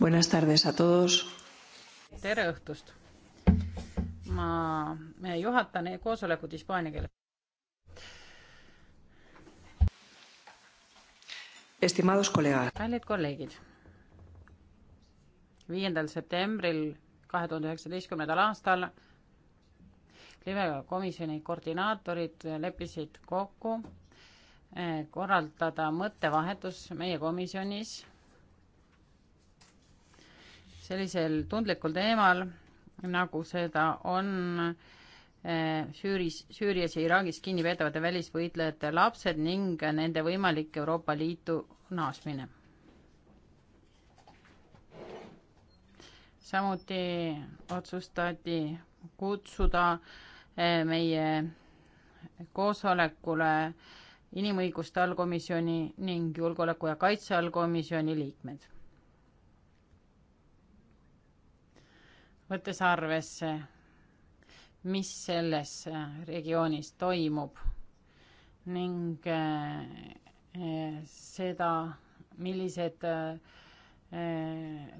Buenas tardes a todos. tere õhtust. ma juhatan e-, koosolekut hispaania keeles. Estimados colegas. kallid kolleegid. viiendal septembril kahe tuhande üheksateistkümnendal aastal Livega komisjoni koordinaatorid leppisid kokku eh, korraldada mõttevahetus meie komisjonis sellisel tundlikul teemal, nagu seda on eh, Süüris, Süürias ja Iraagis kinni peetavate välisvõitlejate lapsed ning nende võimalik Euroopa Liitu naasmine. samuti otsustati kutsuda eh, meie koosolekule inimõiguste allkomisjoni ning julgeoleku ja kaitse allkomisjoni liikmed võttes arvesse, mis selles regioonis toimub ning eh, seda, millised eh,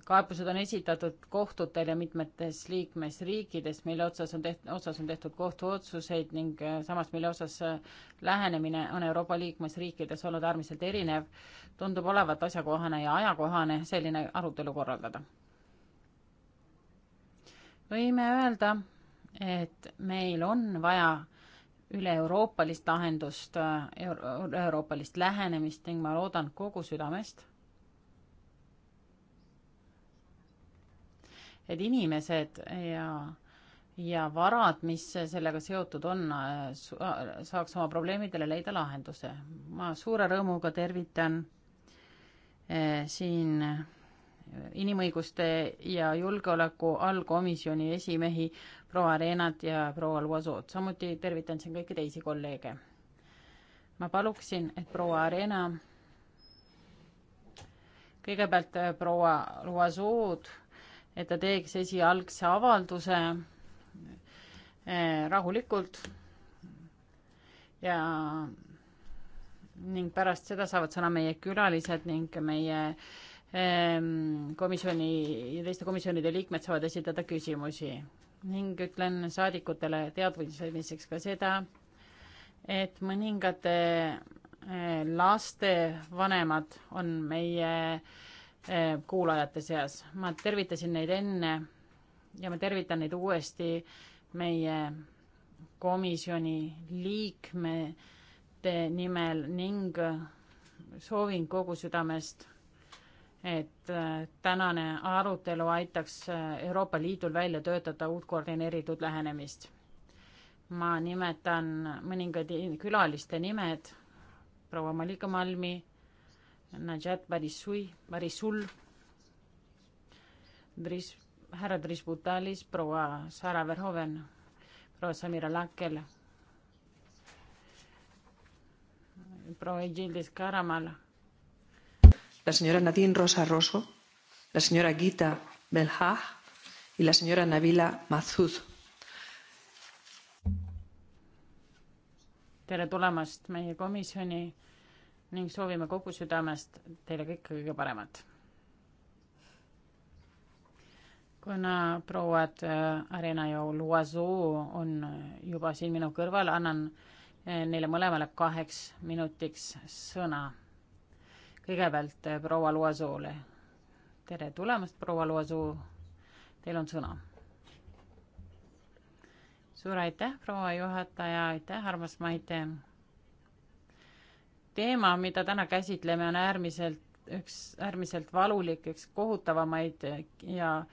kaebused on esitatud kohtutel ja mitmetes liikmesriikides, mille otsas on tehtud, otsas on tehtud kohtuotsuseid ning eh, samas, mille osas lähenemine on Euroopa liikmesriikides olnud äärmiselt erinev, tundub olevat asjakohane ja ajakohane selline arutelu korraldada võime öelda, et meil on vaja üle-euroopalist lahendust, üle-euroopalist lähenemist ning ma loodan kogu südamest, et inimesed ja, ja varad, mis sellega seotud on, saaks oma probleemidele leida lahenduse. ma suure rõõmuga tervitan eh, siin inimõiguste ja julgeoleku allkomisjoni esimehi proua Reenat ja proua Luasot, samuti tervitan siin kõiki teisi kolleege. ma paluksin, et proua Reena, kõigepealt äh, proua Luasot, et ta teeks esialgse avalduse äh, rahulikult ja ning pärast seda saavad sõna meie külalised ning meie äh, Ehm, komisjoni ja teiste komisjonide liikmed saavad esitada küsimusi ning ütlen saadikutele teadvustamiseks ka seda, et mõningate eh, laste vanemad on meie eh, kuulajate seas. ma tervitasin neid enne ja ma tervitan neid uuesti meie komisjoni liikmete nimel ning soovin kogu südamest et äh, tänane arutelu aitaks äh, Euroopa Liidul välja töötada uut koordineeritud lähenemist. ma nimetan mõningad külaliste nimed, proua Malika Malmi, Najat Barisui, Barisul, Dris, härra Dris Butalis, proua Sara Verhoven, proua Samira Lakkel, proua Egildis Karamal la señora Nadine Rosa Rosso, la señora Gita Belhaj y la señora Nabila Mazud. tere tulemast meie komisjoni ning soovime kogu südamest teile kõike kõige paremat. kuna prouad äh, Arena ja Loiseau on äh, juba siin minu kõrval, annan äh, neile mõlemale kaheks minutiks sõna kõigepealt eh, proua Loasoole. tere tulemast, proua Loasoo, teil on sõna. suur aitäh, proua juhataja, aitäh, armas Maite. teema, mida täna käsitleme, on äärmiselt, üks äärmiselt valulik, üks kohutavamaid ja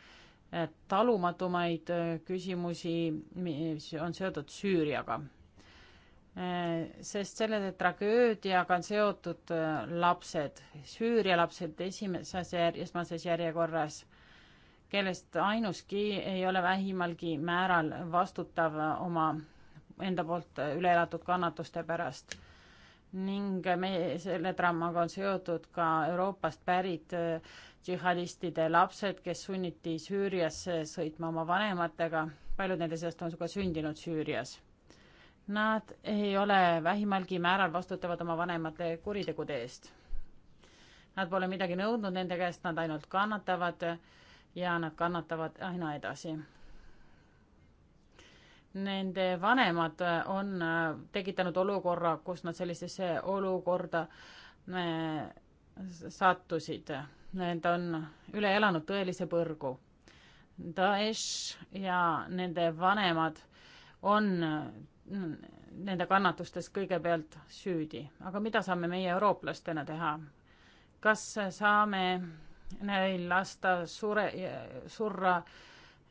eh, talumatumaid eh, küsimusi, mis on seotud Süüriaga Äh, sest selle tragöödiaga on seotud äh, lapsed, Süüria lapsed esimeses, esmases järjekorras, kellest ainuski ei ole vähimalgi määral vastutav äh, oma enda poolt üle elatud kannatuste pärast. ning meie selle draamaga on seotud ka Euroopast pärit džihadistide lapsed, kes sunniti Süüriasse sõitma oma vanematega, paljud nende seast on ka sündinud Süürias Nad ei ole vähimalgi määral vastutavad oma vanemate kuritegude eest. Nad pole midagi nõudnud nende käest, nad ainult kannatavad ja nad kannatavad aina edasi. Nende vanemad on tekitanud olukorra, kus nad sellisesse olukorda äh, sattusid. Need on üle elanud tõelise põrgu. Daesh ja nende vanemad on nende kannatustes kõigepealt süüdi. aga mida saame meie eurooplastena teha? kas saame neil lasta sure, surra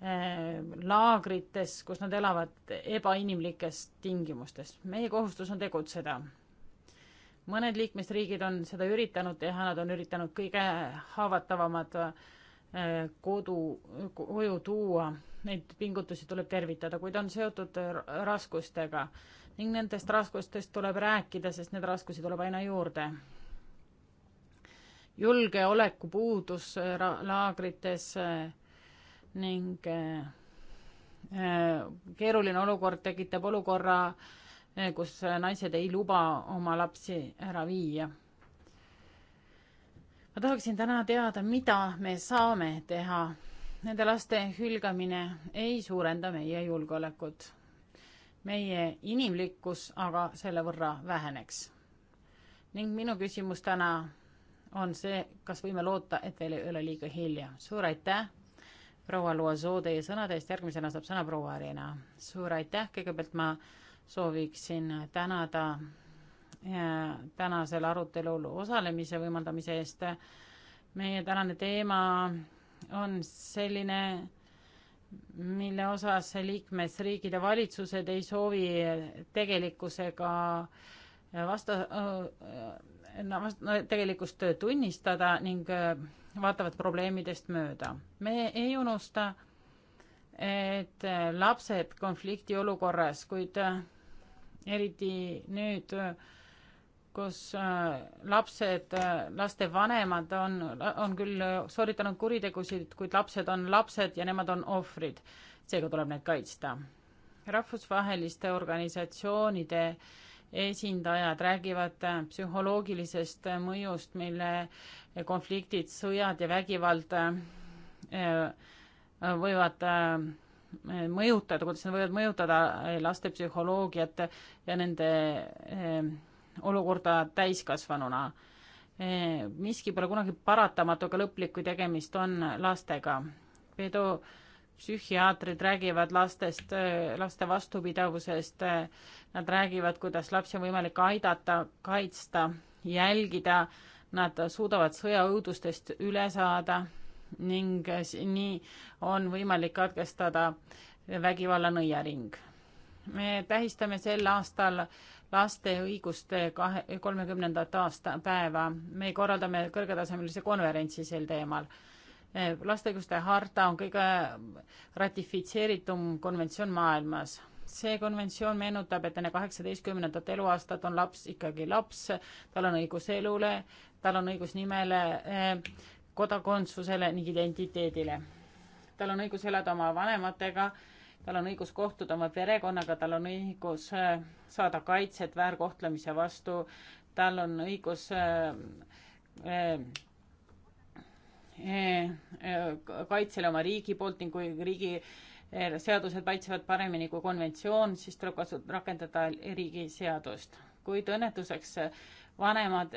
äh, laagrites, kus nad elavad ebainimlikes tingimustes. meie kohustus on tegutseda. mõned liikmesriigid on seda üritanud teha, nad on üritanud kõige haavatavamad äh, kodu, koju tuua neid pingutusi tuleb tervitada, kuid on seotud äh, raskustega ning nendest raskustest tuleb rääkida, sest neid raskusi tuleb aina juurde. julgeoleku puudus äh, laagrites äh, ning keeruline olukord tekitab olukorra, kus naised ei luba oma lapsi ära viia ma tahaksin täna teada, mida me saame teha Nende laste hülgamine ei suurenda meie julgeolekut. meie inimlikkus aga selle võrra väheneks. ning minu küsimus täna on see, kas võime loota, et veel ei ole liiga hilja. suur aitäh, proua Loasoo, teie sõnade eest, järgmisena saab sõna proua Arina. suur aitäh, kõigepealt ma sooviksin tänada äh, tänasel arutelul osalemise võimaldamise eest. meie tänane teema on selline, mille osas liikmesriigid ja valitsused ei soovi tegelikkusega vasta- no,, tegelikkust tunnistada ning vaatavad probleemidest mööda. me ei unusta, et lapsed konfliktiolukorras, kuid eriti nüüd äh, kus äh, lapsed, äh, laste vanemad on, on küll sooritanud kuritegusid, kuid lapsed on lapsed ja nemad on ohvrid. seega tuleb neid kaitsta. rahvusvaheliste organisatsioonide esindajad räägivad äh, psühholoogilisest mõjust, mille konfliktid, sõjad ja vägivald võivad mõjutada, kuidas nad võivad mõjutada laste psühholoogiat ja nende olukorda täiskasvanuna. miski pole kunagi paratamatu, aga lõplik, kui tegemist on lastega. pedo-, psühhiaatrid räägivad lastest, laste vastupidavusest, nad räägivad, kuidas lapsi on võimalik aidata, kaitsta, jälgida, nad suudavad sõjaõudustest üle saada ning nii on võimalik katkestada vägivalla nõiaring. me tähistame sel aastal laste õiguste kahe, kolmekümnendat aastapäeva. me korraldame kõrgetasemelise konverentsi sel teemal. Eh, laste õiguste harta on kõige ratifitseeritum konventsioon maailmas. see konventsioon meenutab, et enne kaheksateistkümnendat eluaastat on laps ikkagi laps, tal on õigus elule, tal on õigus nimele, eh, kodakondsusele ning identiteedile. tal on õigus elada oma vanematega tal on õigus kohtuda oma perekonnaga, tal on õigus äh, saada kaitset väärkohtlemise vastu, tal on õigus äh, äh, kaitsele oma riigi poolt ning kui riigi seadused kaitsevad paremini kui konventsioon, siis tuleb kasu-, rakendada riigi seadust. kuid õnnetuseks vanemad,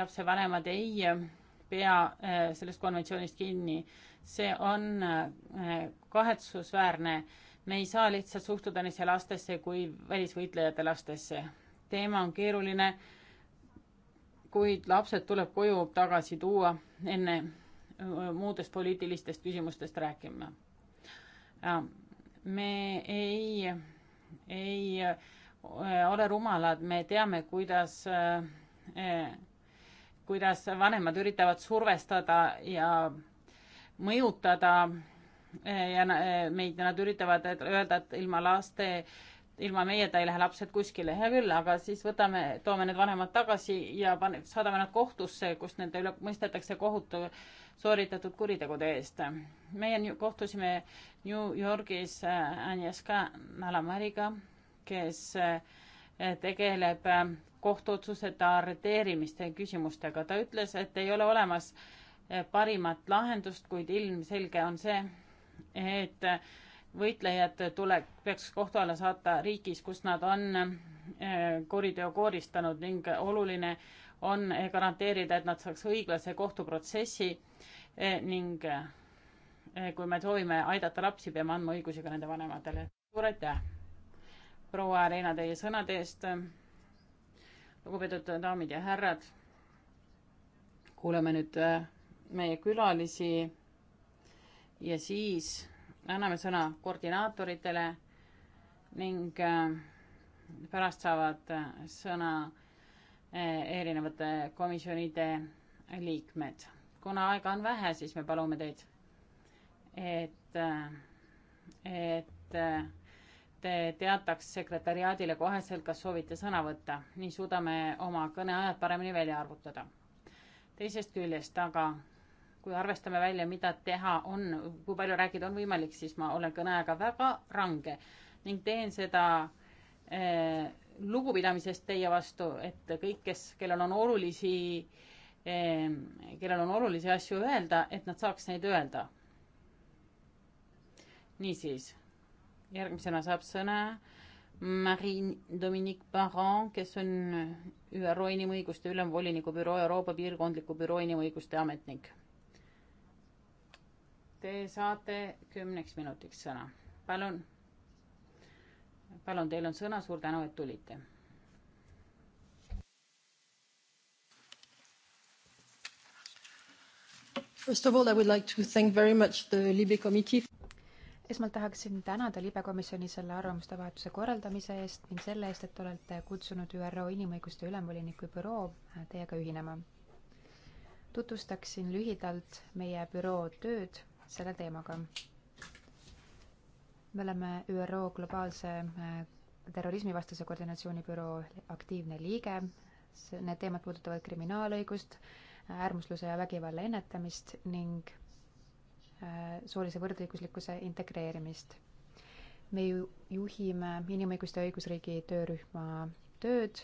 lapsevanemad ei pea sellest konventsioonist kinni. see on kahetsusväärne me ei saa lihtsalt suhtuda neisse lastesse kui välisvõitlejate lastesse. teema on keeruline, kuid lapsed tuleb koju tagasi tuua enne muudest poliitilistest küsimustest rääkima. me ei, ei ole rumalad, me teame, kuidas, kuidas vanemad üritavad survestada ja mõjutada Eh, ja eh, meid, nad üritavad öelda, et ilma laste, ilma meieta ei lähe lapsed kuskile, hea küll, aga siis võtame, toome need vanemad tagasi ja pane, saadame nad kohtusse, kus nende üle mõistetakse kohut sooritatud kuritegude eest. meie kohtusime New Yorgis eh, Agnieszka Nalamariga, kes tegeleb kohtuotsuseta arreteerimiste küsimustega. ta ütles, et ei ole olemas parimat lahendust, kuid ilmselge on see, et võitlejad tuleb, peaks kohtu alla saata riigis, kus nad on äh, kuriteo kooristanud ning oluline on äh, garanteerida, et nad saaks õiglase kohtuprotsessi äh, ning kui me soovime aidata lapsi, peame andma õigusi ka nende vanematele. suur aitäh, proua Reena, teie sõnade eest. lugupeetud daamid ja härrad, kuulame nüüd meie külalisi ja siis anname sõna koordinaatoritele ning äh, pärast saavad äh, sõna äh, erinevate komisjonide liikmed. kuna aega on vähe, siis me palume teid, et, et te teataks sekretäriaadile koheselt, kas soovite sõna võtta, nii suudame oma kõneajad paremini välja arvutada. teisest küljest aga kui arvestame välja, mida teha on, kui palju rääkida on võimalik, siis ma olen kõneajaga väga range ning teen seda eh, lugupidamisest teie vastu, et kõik, kes, kellel on olulisi eh,, kellel on olulisi asju öelda, et nad saaks neid öelda. niisiis, järgmisena saab sõna Marine Dominique Baron, kes on ÜRO inimõiguste ülemvoliniku büroo Euroopa piirkondliku büroo inimõiguste ametnik Te saate kümneks minutiks sõna. palun, palun, teil on sõna, suur tänu, et tulite First of all, I would like to thank very much the Libe committee. esmalt tahaksin tänada Libe komisjoni selle arvamuste vahetuse korraldamise eest ning selle eest, et olete kutsunud ÜRO Inimõiguste Ülemvoliniku büroo teiega ühinema. tutvustaksin lühidalt meie büroo tööd selle teemaga. me oleme ÜRO globaalse äh, terrorismivastase koordinatsiooni büroo aktiivne liige, need teemad puudutavad kriminaalõigust, äärmusluse ja vägivalla ennetamist ning äh, soolise võrdõiguslikkuse integreerimist. me ju juhime inimõiguste ja õigusriigi töörühma tööd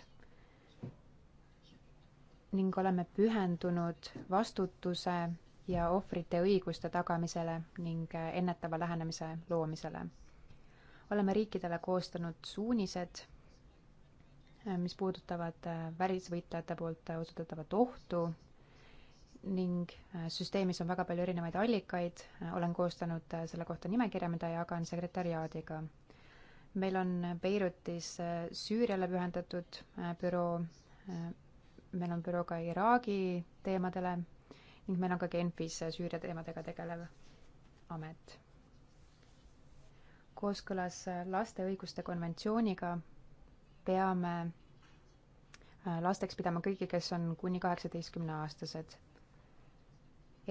ning oleme pühendunud vastutuse ja ohvrite õiguste tagamisele ning ennetava lähenemise loomisele. oleme riikidele koostanud suunised, mis puudutavad äh, välisvõitlejate poolt osutatavat ohtu ning äh, süsteemis on väga palju erinevaid allikaid, olen koostanud äh, selle kohta nimekirja, mida jagan sekretäriaadiga. meil on Beirutis Süüriale pühendatud büroo, meil on büroo ka Iraagi teemadele ning meil on ka Genfis Süüria teemadega tegelev amet. kooskõlas laste õiguste konventsiooniga peame äh, lasteks pidama kõigi, kes on kuni kaheksateistkümneaastased.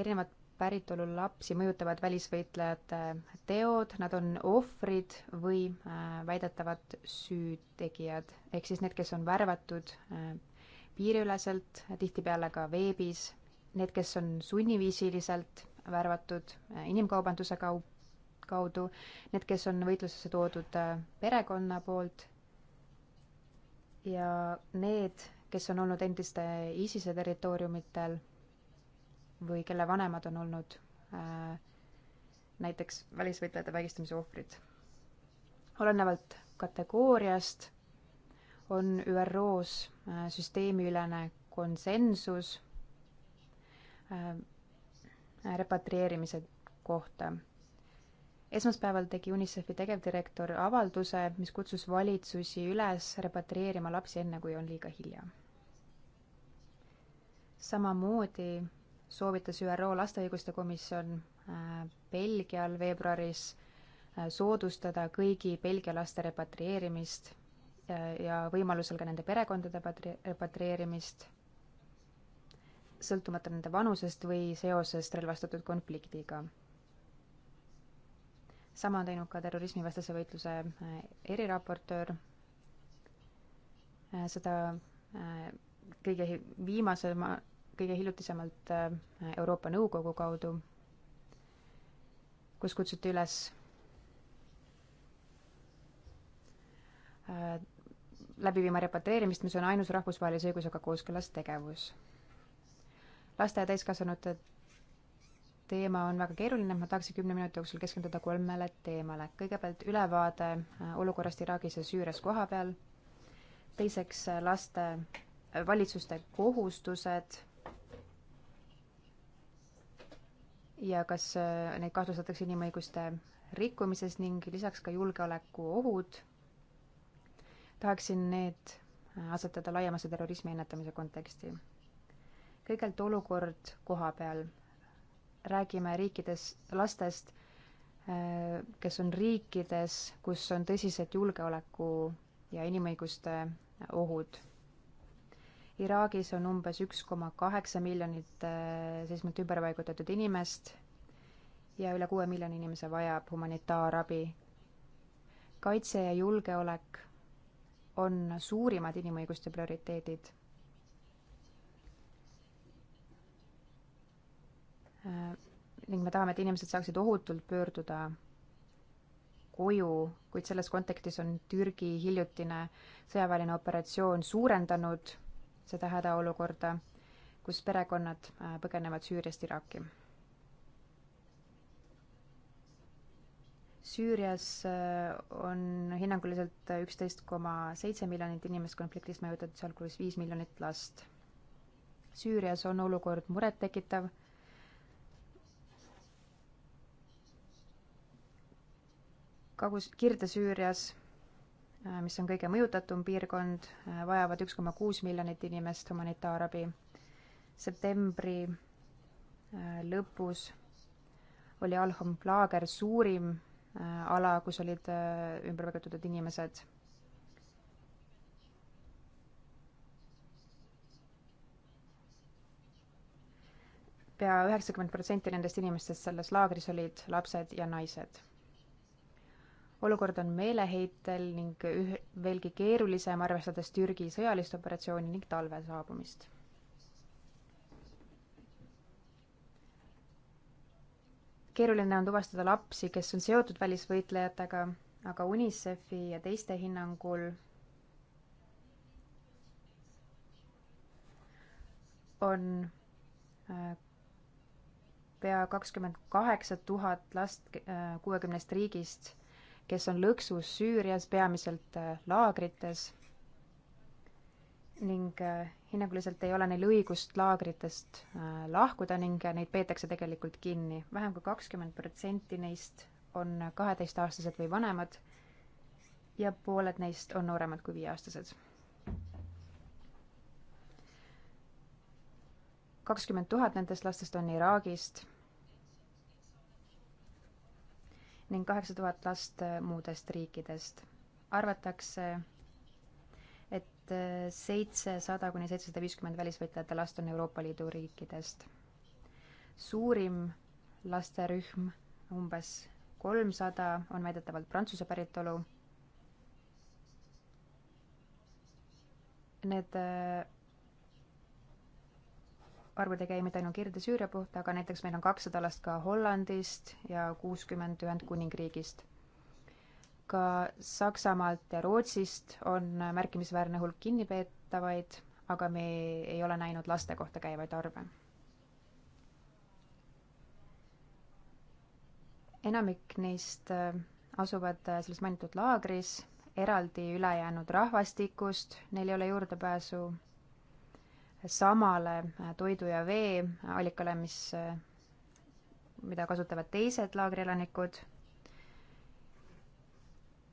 erinevad päritolu lapsi mõjutavad välisvõitlejate teod, nad on ohvrid või äh, väidetavad süütegijad, ehk siis need, kes on värvatud äh, piiriüleselt, tihtipeale ka veebis need, kes on sunniviisiliselt värvatud äh, inimkaubanduse kaup, kaudu, need, kes on võitlusesse toodud äh, perekonna poolt ja need, kes on olnud endiste ISISe territooriumitel või kelle vanemad on olnud äh, näiteks välisvõitlejate vägistamise ohvrid. olenevalt kategooriast on ÜRO-s äh, süsteemiülene konsensus Äh, repatrieerimise kohta. esmaspäeval tegi UNICEF-i tegevdirektor avalduse, mis kutsus valitsusi üles repatrieerima lapsi enne, kui on liiga hilja. samamoodi soovitas ÜRO laste õiguste komisjon äh, Belgial veebruaris äh, soodustada kõigi Belgia laste repatrieerimist ja võimalusel ka nende perekondade repatrieerimist sõltumata nende vanusest või seosest relvastatud konfliktiga. sama on teinud ka terrorismivastase võitluse äh, eriraportöör. Äh, seda äh, kõige viimasema, kõige hiljutisemalt Euroopa Nõukogu kaudu, kus kutsuti üles läbi viima repatrieerimist, mis on ainus rahvusvahelise õigusega kooskõlas tegevus laste ja täiskasvanute teema on väga keeruline, ma tahaksin kümne minuti jooksul keskenduda kolmele teemale. kõigepealt ülevaade äh, olukorrast Iraagis ja Süürias koha peal, teiseks äh, laste, äh, valitsuste kohustused ja kas neid kahtlustatakse inimõiguste rikkumises ning lisaks ka julgeolekuohud. tahaksin need asetada laiemasse terrorismi ennetamise konteksti kõigepealt olukord koha peal. räägime riikides, lastest, äh, kes on riikides, kus on tõsised julgeoleku ja inimõiguste ohud. Iraagis on umbes üks koma kaheksa miljonit äh, seismilt ümber paigutatud inimest ja üle kuue miljoni inimese vajab humanitaarabi. kaitse ja julgeolek on suurimad inimõiguste prioriteedid Äh, ning me tahame, et inimesed saaksid ohutult pöörduda koju, kuid selles kontekstis on Türgi hiljutine sõjaväeline operatsioon suurendanud seda hädaolukorda, kus perekonnad äh, põgenevad Süüriast Iraaki. Süürias äh, on hinnanguliselt üksteist koma seitse miljonit inimest konfliktist mõjutatud, sealhulgas viis miljonit last. Süürias on olukord murettekitav Kagus, Kirde-Süürias, äh, mis on kõige mõjutatum piirkond, äh, vajavad üks koma kuus miljonit inimest humanitaarabi. septembri äh, lõpus oli Al-Hom laager suurim ala, kus olid ümber paigutatud inimesed pea üheksakümmend protsenti nendest inimestest selles laagris olid lapsed ja naised olukord on meeleheitel ning üh-, veelgi keerulisem, arvestades Türgi sõjalist operatsiooni ning talve saabumist. keeruline on tuvastada lapsi, kes on seotud välisvõitlejatega, aga UNICEF-i ja teiste hinnangul on äh, pea kakskümmend kaheksa tuhat last äh, kuuekümnest riigist kes on lõksus Süürias, peamiselt äh, laagrites ning äh, hinnanguliselt ei ole neil õigust laagritest äh, lahkuda ning neid peetakse tegelikult kinni. vähem kui kakskümmend protsenti neist on kaheteistaastased või vanemad ja pooled neist on nooremad kui viieaastased. kakskümmend tuhat nendest lastest on Iraagist ning kaheksa tuhat last äh, muudest riikidest. arvatakse, et äh, seitsesada kuni seitsesada viiskümmend välisvõitlejate last on Euroopa Liidu riikidest. suurim lasterühm, umbes kolmsada, on väidetavalt Prantsuse päritolu. Need äh, arvude käi mitte ainult Kirde-Süüria kohta, aga näiteks meil on kakssada last ka Hollandist ja kuuskümmend Ühendkuningriigist. ka Saksamaalt ja Rootsist on märkimisväärne hulk kinnipeetavaid, aga me ei ole näinud laste kohta käivaid arve. enamik neist äh, asuvad äh, selles mainitud laagris, eraldi ülejäänud rahvastikust, neil ei ole juurdepääsu samale äh, toidu ja vee allikale, mis, äh, mida kasutavad teised laagrielanikud.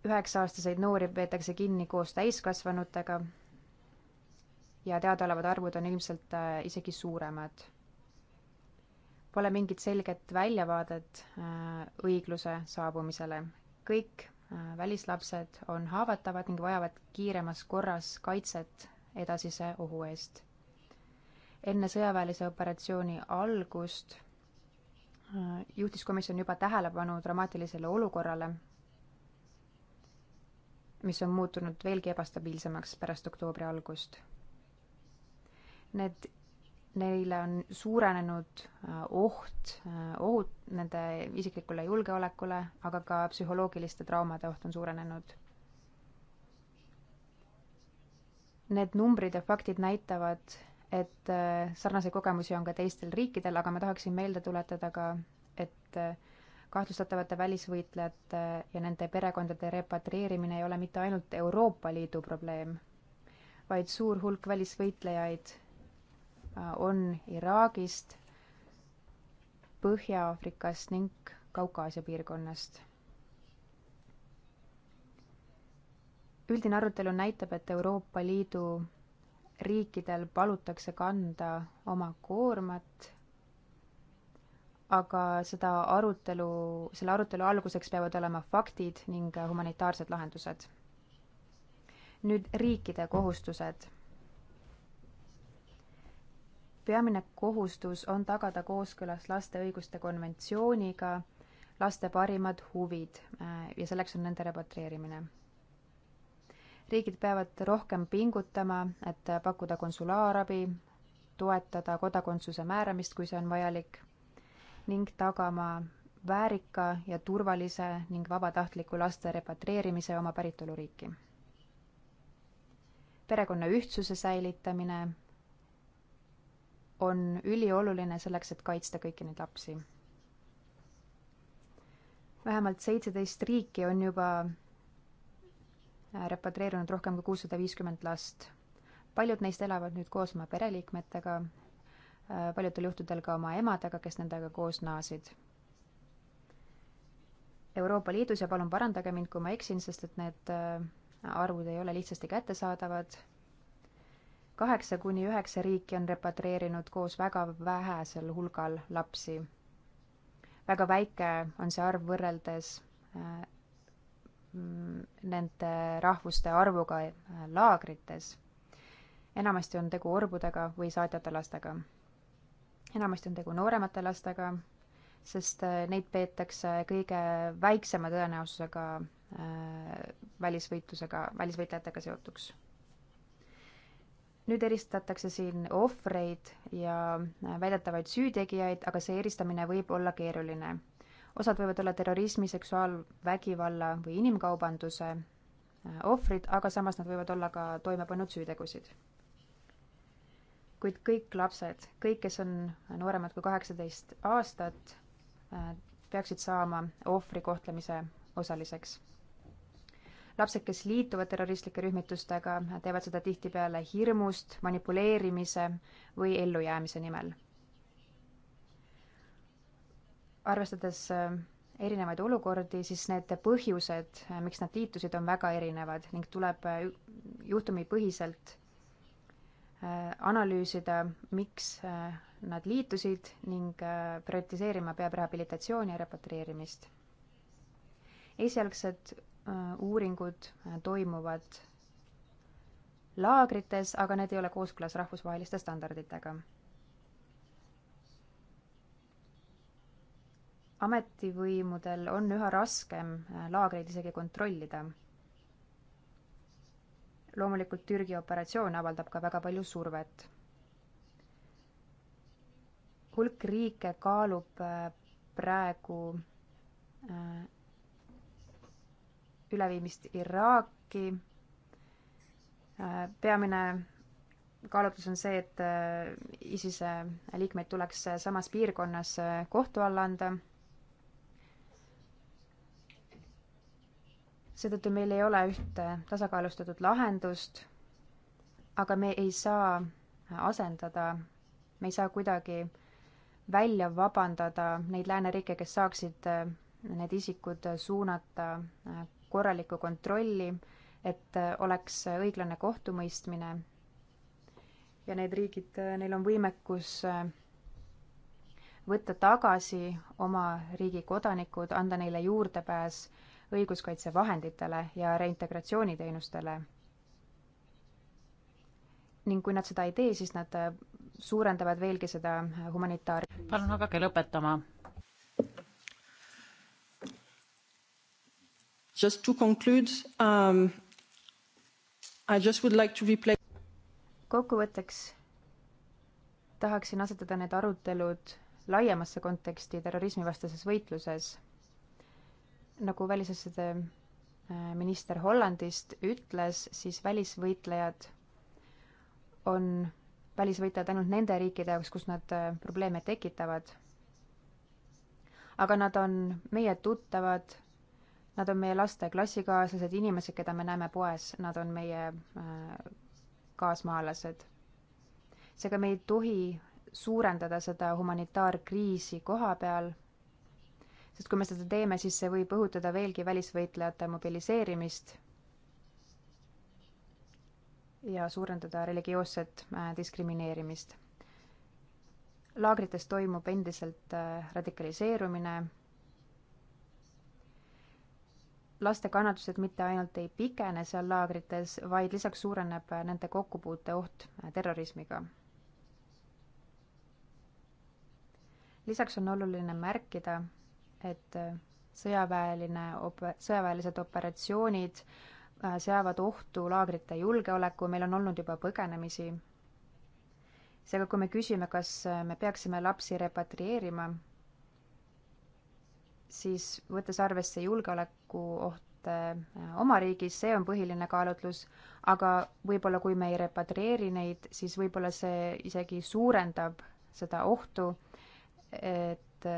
üheksa-aastaseid noori peetakse kinni koos täiskasvanutega. ja teadaolevad arvud on ilmselt äh, isegi suuremad. Pole mingit selget väljavaadet õigluse saabumisele. kõik välislapsed on haavatavad ning vajavad kiiremas korras kaitset edasise ohu eest enne sõjaväelise operatsiooni algust äh, juhtis komisjon juba tähelepanu dramaatilisele olukorrale, mis on muutunud veelgi ebastabiilsemaks pärast oktoobri algust. Need, neile on suurenenud äh, oht, äh, ohud nende isiklikule julgeolekule, aga ka psühholoogiliste traumade oht on suurenenud. Need numbrid ja faktid näitavad, et äh, sarnaseid kogemusi on ka teistel riikidel, aga ma tahaksin meelde tuletada ka, et äh, kahtlustatavate välisvõitlejate äh, ja nende perekondade repatrieerimine ei ole mitte ainult Euroopa Liidu probleem, vaid suur hulk välisvõitlejaid on Iraagist, Põhja-Aafrikast ning Kaukaasia piirkonnast. üldine arutelu näitab, et Euroopa Liidu riikidel palutakse kanda oma koormat, aga seda arutelu, selle arutelu alguseks peavad olema faktid ning humanitaarsed lahendused. nüüd riikide kohustused. peamine kohustus on tagada kooskõlas laste õiguste konventsiooniga laste parimad huvid äh, ja selleks on nende repatrieerimine riigid peavad rohkem pingutama, et pakkuda konsulaarabi, toetada kodakondsuse määramist, kui see on vajalik, ning tagama väärika ja turvalise ning vabatahtliku laste repatrieerimise oma päritoluriiki. perekonna ühtsuse säilitamine on ülioluline selleks, et kaitsta kõiki neid lapsi. vähemalt seitseteist riiki on juba repatrieerunud rohkem kui kuussada viiskümmend last. paljud neist elavad nüüd koos oma pereliikmetega, paljudel juhtudel ka oma emadega, kes nendega koos naasid. Euroopa Liidus ja palun parandage mind, kui ma eksin, sest et need äh, arvud ei ole lihtsasti kättesaadavad. kaheksa kuni üheksa riiki on repatrieerinud koos väga vähesel hulgal lapsi. väga väike on see arv võrreldes äh, Mm, nende rahvuste arvuga äh, laagrites. enamasti on tegu orbudega või saatjate lastega. enamasti on tegu nooremate lastega, sest äh, neid peetakse kõige väiksema tõenäosusega äh, välisvõitlusega, välisvõitlejatega seotuks. nüüd eristatakse siin ohvreid ja väidetavaid süütegijaid, aga see eristamine võib olla keeruline osad võivad olla terrorismi, seksuaalvägivalla või inimkaubanduse äh, ohvrid, aga samas nad võivad olla ka toime pannud süütegusid. kuid kõik lapsed, kõik, kes on nooremad kui kaheksateist aastat, äh, peaksid saama ohvri kohtlemise osaliseks. lapsed, kes liituvad terroristlike rühmitustega, teevad seda tihtipeale hirmust, manipuleerimise või ellujäämise nimel arvestades äh, erinevaid olukordi, siis need põhjused, äh, miks nad liitusid, on väga erinevad ning tuleb äh, juhtumipõhiselt analüüsida, miks nad liitusid ning prioritiseerima peab rehabilitatsiooni ja repatrieerimist. esialgsed uuringud toimuvad laagrites, aga need ei ole kooskõlas rahvusvaheliste standarditega ametivõimudel on üha raskem äh, laagreid isegi kontrollida. loomulikult Türgi operatsioon avaldab ka väga palju survet. hulk riike kaalub äh, praegu äh, üleviimist Iraaki. peamine kaalutlus on see, et ISISe liikmeid tuleks samas piirkonnas kohtu alla anda seetõttu meil ei ole ühte tasakaalustatud lahendust, aga me ei saa asendada, me ei saa kuidagi välja vabandada neid lääneriike, kes saaksid äh, need isikud suunata äh, korralikku kontrolli, et äh, oleks õiglane kohtumõistmine. ja need riigid, neil on võimekus võtta tagasi oma riigi kodanikud, anda neile juurdepääs äh, õiguskaitsevahenditele ja reintegratsiooniteenustele. ning kui nad seda ei tee, siis nad äh, suurendavad veelgi seda äh, humanitaar-. palun hakake lõpetama. Just to conclude um,, I just would like to replay. kokkuvõtteks tahaksin asetada need arutelud laiemasse konteksti terrorismivastases võitluses nagu välisasjade äh, minister Hollandist ütles, siis välisvõitlejad on välisvõitlejad ainult nende riikide jaoks, kus nad äh, probleeme tekitavad. aga nad on meie tuttavad, nad on meie laste klassikaaslased, inimesed, keda me näeme poes, nad on meie äh, kaasmaalased. seega me ei tohi suurendada seda humanitaarkriisi koha peal sest kui me seda teeme, siis see võib õhutada veelgi välisvõitlejate mobiliseerimist ja suurendada religioosset äh, diskrimineerimist. laagrites toimub endiselt äh, radikaliseerumine. laste kannatused mitte ainult ei pikene seal laagrites, vaid lisaks suureneb äh, nende kokkupuute oht terrorismiga. lisaks on oluline märkida, et äh, sõjaväeline op-, sõjaväelised operatsioonid äh, seavad ohtu laagrite julgeoleku, meil on olnud juba põgenemisi. seega, kui me küsime, kas äh, me peaksime lapsi repatrieerima, siis võttes arvesse julgeolekuohte oma riigis, see on põhiline kaalutlus, aga võib-olla kui me ei repatrieeri neid, siis võib-olla see isegi suurendab seda ohtu, et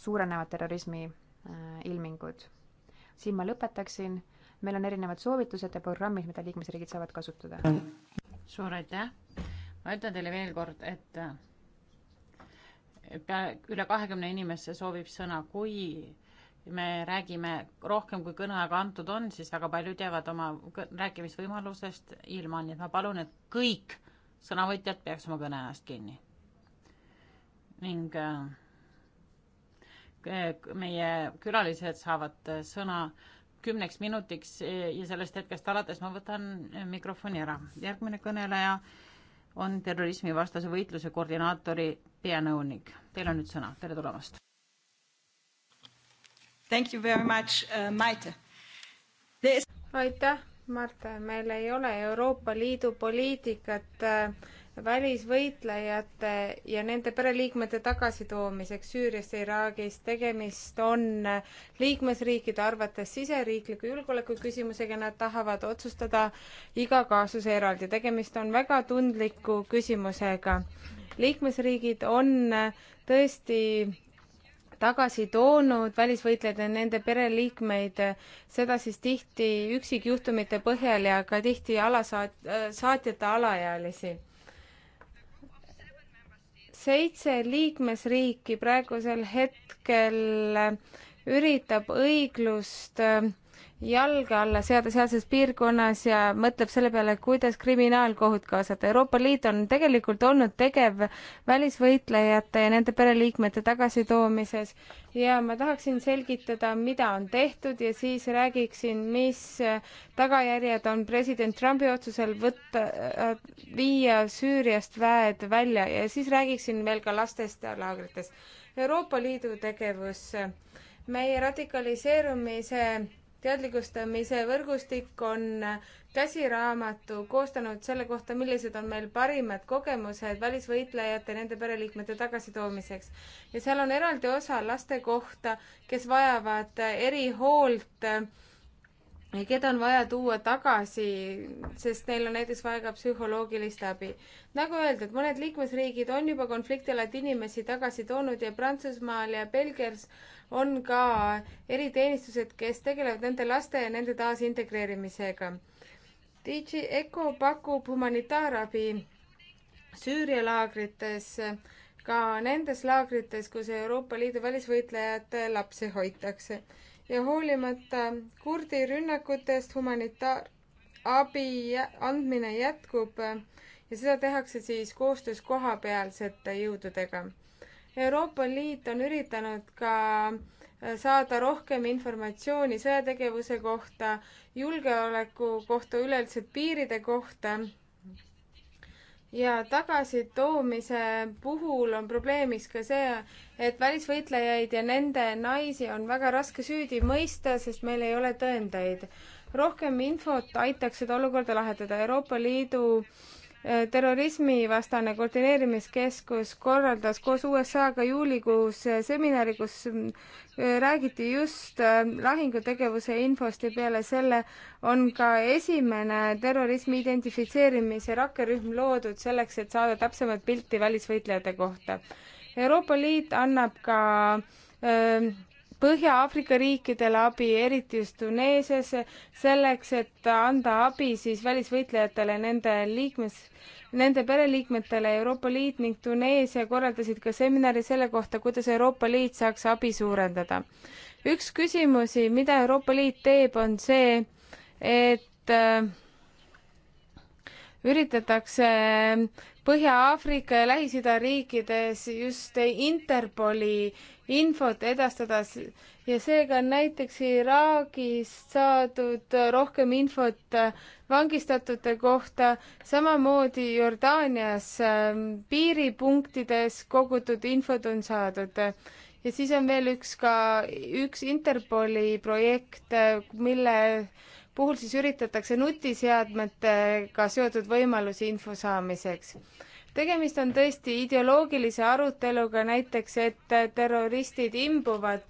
suurenevad terrorismi äh, ilmingud. siin ma lõpetaksin, meil on erinevad soovitused ja programmid, mida liikmesriigid saavad kasutada. suur aitäh, ma ütlen teile veel kord, et äh, pea, üle kahekümne inimese soovib sõna, kui me räägime rohkem, kui kõneaega antud on, siis väga paljud jäävad oma rääkimisvõimalusest ilma, nii et ma palun, et kõik sõnavõtjad peaks oma kõne ennast kinni. ning äh, meie külalised saavad sõna kümneks minutiks ja sellest hetkest alates ma võtan mikrofoni ära. järgmine kõneleja on terrorismivastase võitluse koordinaatori peanõunik. Teil on nüüd sõna, tere tulemast. Thank you very much uh,, Maite This.... aitäh, Mart, meil ei ole Euroopa Liidu poliitikat uh, välisvõitlejate ja nende pereliikmete tagasitoomiseks Süüriast ja Iraagist. tegemist on liikmesriikide arvates siseriikliku julgeoleku küsimusega, nad tahavad otsustada iga kaasuse eraldi. tegemist on väga tundliku küsimusega. liikmesriigid on tõesti tagasi toonud välisvõitlejad ja nende pereliikmeid, seda siis tihti üksikjuhtumite põhjal ja ka tihti alasaat-, saatjate alaealisi seitse liikmesriiki praegusel hetkel üritab õiglust äh, jalge alla seada sealses piirkonnas ja mõtleb selle peale, kuidas kriminaalkohut kaasata. Euroopa Liit on tegelikult olnud tegev välisvõitlejate ja nende pereliikmete tagasitoomises ja ma tahaksin selgitada, mida on tehtud ja siis räägiksin, mis tagajärjed on president Trumpi otsusel võtta, viia Süüriast väed välja ja siis räägiksin veel ka lastest ja laagritest. Euroopa Liidu tegevus meie radikaliseerumise teadlikustamise võrgustik on käsiraamatu koostanud selle kohta, millised on meil parimad kogemused välisvõitlejate, nende pereliikmete tagasitoomiseks. ja seal on eraldi osa laste kohta, kes vajavad erihoolt keda on vaja tuua tagasi, sest neil on näiteks vaja ka psühholoogilist abi. nagu öeldud, mõned liikmesriigid on juba konflikti alati inimesi tagasi toonud ja Prantsusmaal ja Belgias on ka eriteenistused, kes tegelevad nende laste ja nende taasintegreerimisega. DJ Eco pakub humanitaarabi Süüria laagrites, ka nendes laagrites, kus Euroopa Liidu välisvõitlejate lapsi hoitakse ja hoolimata kurdi rünnakutest humanitaarabi andmine jätkub äh, ja seda tehakse siis koostöös kohapealsete jõududega. Euroopa Liit on üritanud ka äh, saada rohkem informatsiooni sõjategevuse kohta, julgeoleku kohta, üleüldiselt piiride kohta ja tagasitoomise puhul on probleemiks ka see, et välisvõitlejaid ja nende naisi on väga raske süüdi mõista, sest meil ei ole tõendeid. rohkem infot aitaks seda olukorda lahendada. Euroopa Liidu Äh, terrorismivastane koordineerimiskeskus korraldas koos USA-ga juulikuus äh, seminari, kus äh, räägiti just lahingutegevuse infost ja peale selle on ka esimene terrorismi identifitseerimise rakkerühm loodud selleks, et saada täpsemat pilti välisvõitlejate kohta. Euroopa Liit annab ka öö, Põhja-Aafrika riikidele abi, eriti just Tuneesias, selleks, et anda abi siis välisvõitlejatele, nende liikmes, nende pereliikmetele. Euroopa Liit ning Tuneesia korraldasid ka seminari selle kohta, kuidas Euroopa Liit saaks abi suurendada. üks küsimusi, mida Euroopa Liit teeb, on see, et äh, üritatakse Põhja-Aafrika ja Lähis-Ida riikides just Interpoli infot edastada ja seega on näiteks Iraagist saadud rohkem infot vangistatute kohta, samamoodi Jordaanias ähm, piiripunktides kogutud infot on saadud ja siis on veel üks ka, üks Interpoli projekt, äh, mille puhul siis üritatakse nutiseadmetega seotud võimalusi info saamiseks. tegemist on tõesti ideoloogilise aruteluga, näiteks et terroristid imbuvad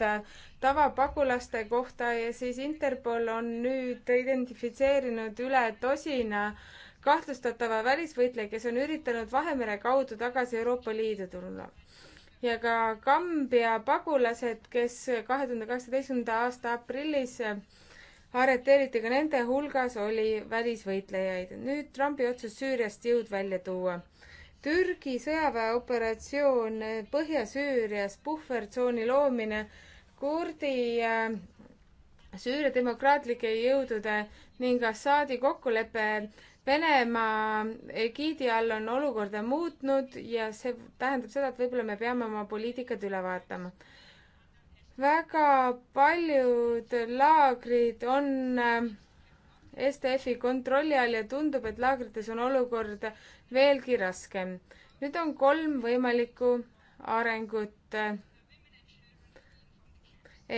tavapagulaste kohta ja siis Interpol on nüüd identifitseerinud üle tosina kahtlustatava välisvõitleja, kes on üritanud Vahemere kaudu tagasi Euroopa Liidu tulla ja ka Kambja pagulased, kes kahe tuhande kaheksateistkümnenda aasta aprillis arreteeriti ka nende hulgas oli välisvõitlejaid. nüüd Trumpi otsus Süüriast jõud välja tuua. Türgi sõjaväeoperatsioon Põhja-Süürias, puhvertsooni loomine, kurdi äh, Süüria demokraatlike jõudude ning Assaadi kokkulepe Venemaa egiidi all on olukorda muutnud ja see tähendab seda, et võib-olla me peame oma poliitikat üle vaatama väga paljud laagrid on äh, STF-i kontrolli all ja tundub, et laagrites on olukord veelgi raskem. nüüd on kolm võimalikku arengut. Äh,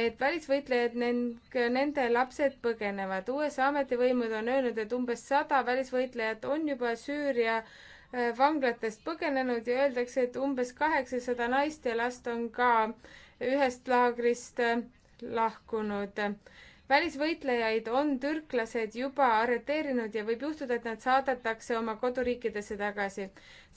et välisvõitlejad ning nende lapsed põgenevad. USA ametivõimud on öelnud, et umbes sada välisvõitlejat on juba Süüria äh, vanglatest põgenenud ja öeldakse, et umbes kaheksasada naist ja last on ka äh, ühest laagrist äh, lahkunud. välisvõitlejaid on türklased juba arreteerinud ja võib juhtuda, et nad saadetakse oma koduriikidesse tagasi.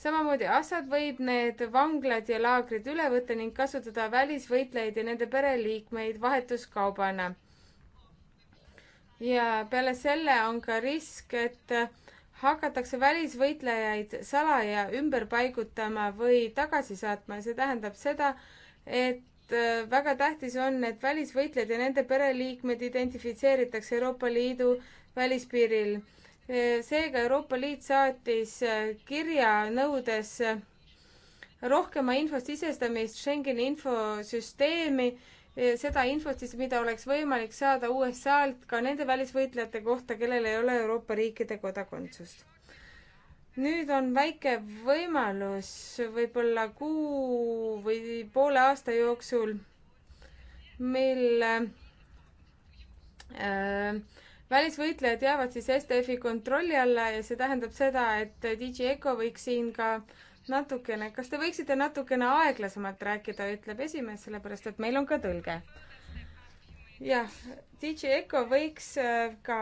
samamoodi Assad võib need vanglad ja laagrid üle võtta ning kasutada välisvõitlejaid ja nende pereliikmeid vahetuskaubana. ja peale selle on ka risk, et äh, hakatakse välisvõitlejaid salaja ümber paigutama või tagasi saatma ja see tähendab seda, et Äh, väga tähtis on, et välisvõitlejad ja nende pereliikmed identifitseeritakse Euroopa Liidu välispiiril. Äh, seega Euroopa Liit saatis äh, kirja nõudes rohkema info sisestamist Schengeni infosüsteemi, seda infot siis, mida oleks võimalik saada USA-lt ka nende välisvõitlejate kohta, kellel ei ole Euroopa riikide kodakondsust nüüd on väike võimalus võib-olla kuu või poole aasta jooksul, mil äh, välisvõitlejad jäävad siis STF-i kontrolli alla ja see tähendab seda, et DJ Eco võiks siin ka natukene, kas te võiksite natukene aeglasemalt rääkida, ütleb esimees, sellepärast et meil on ka tõlge. jah, DJ Eco võiks äh, ka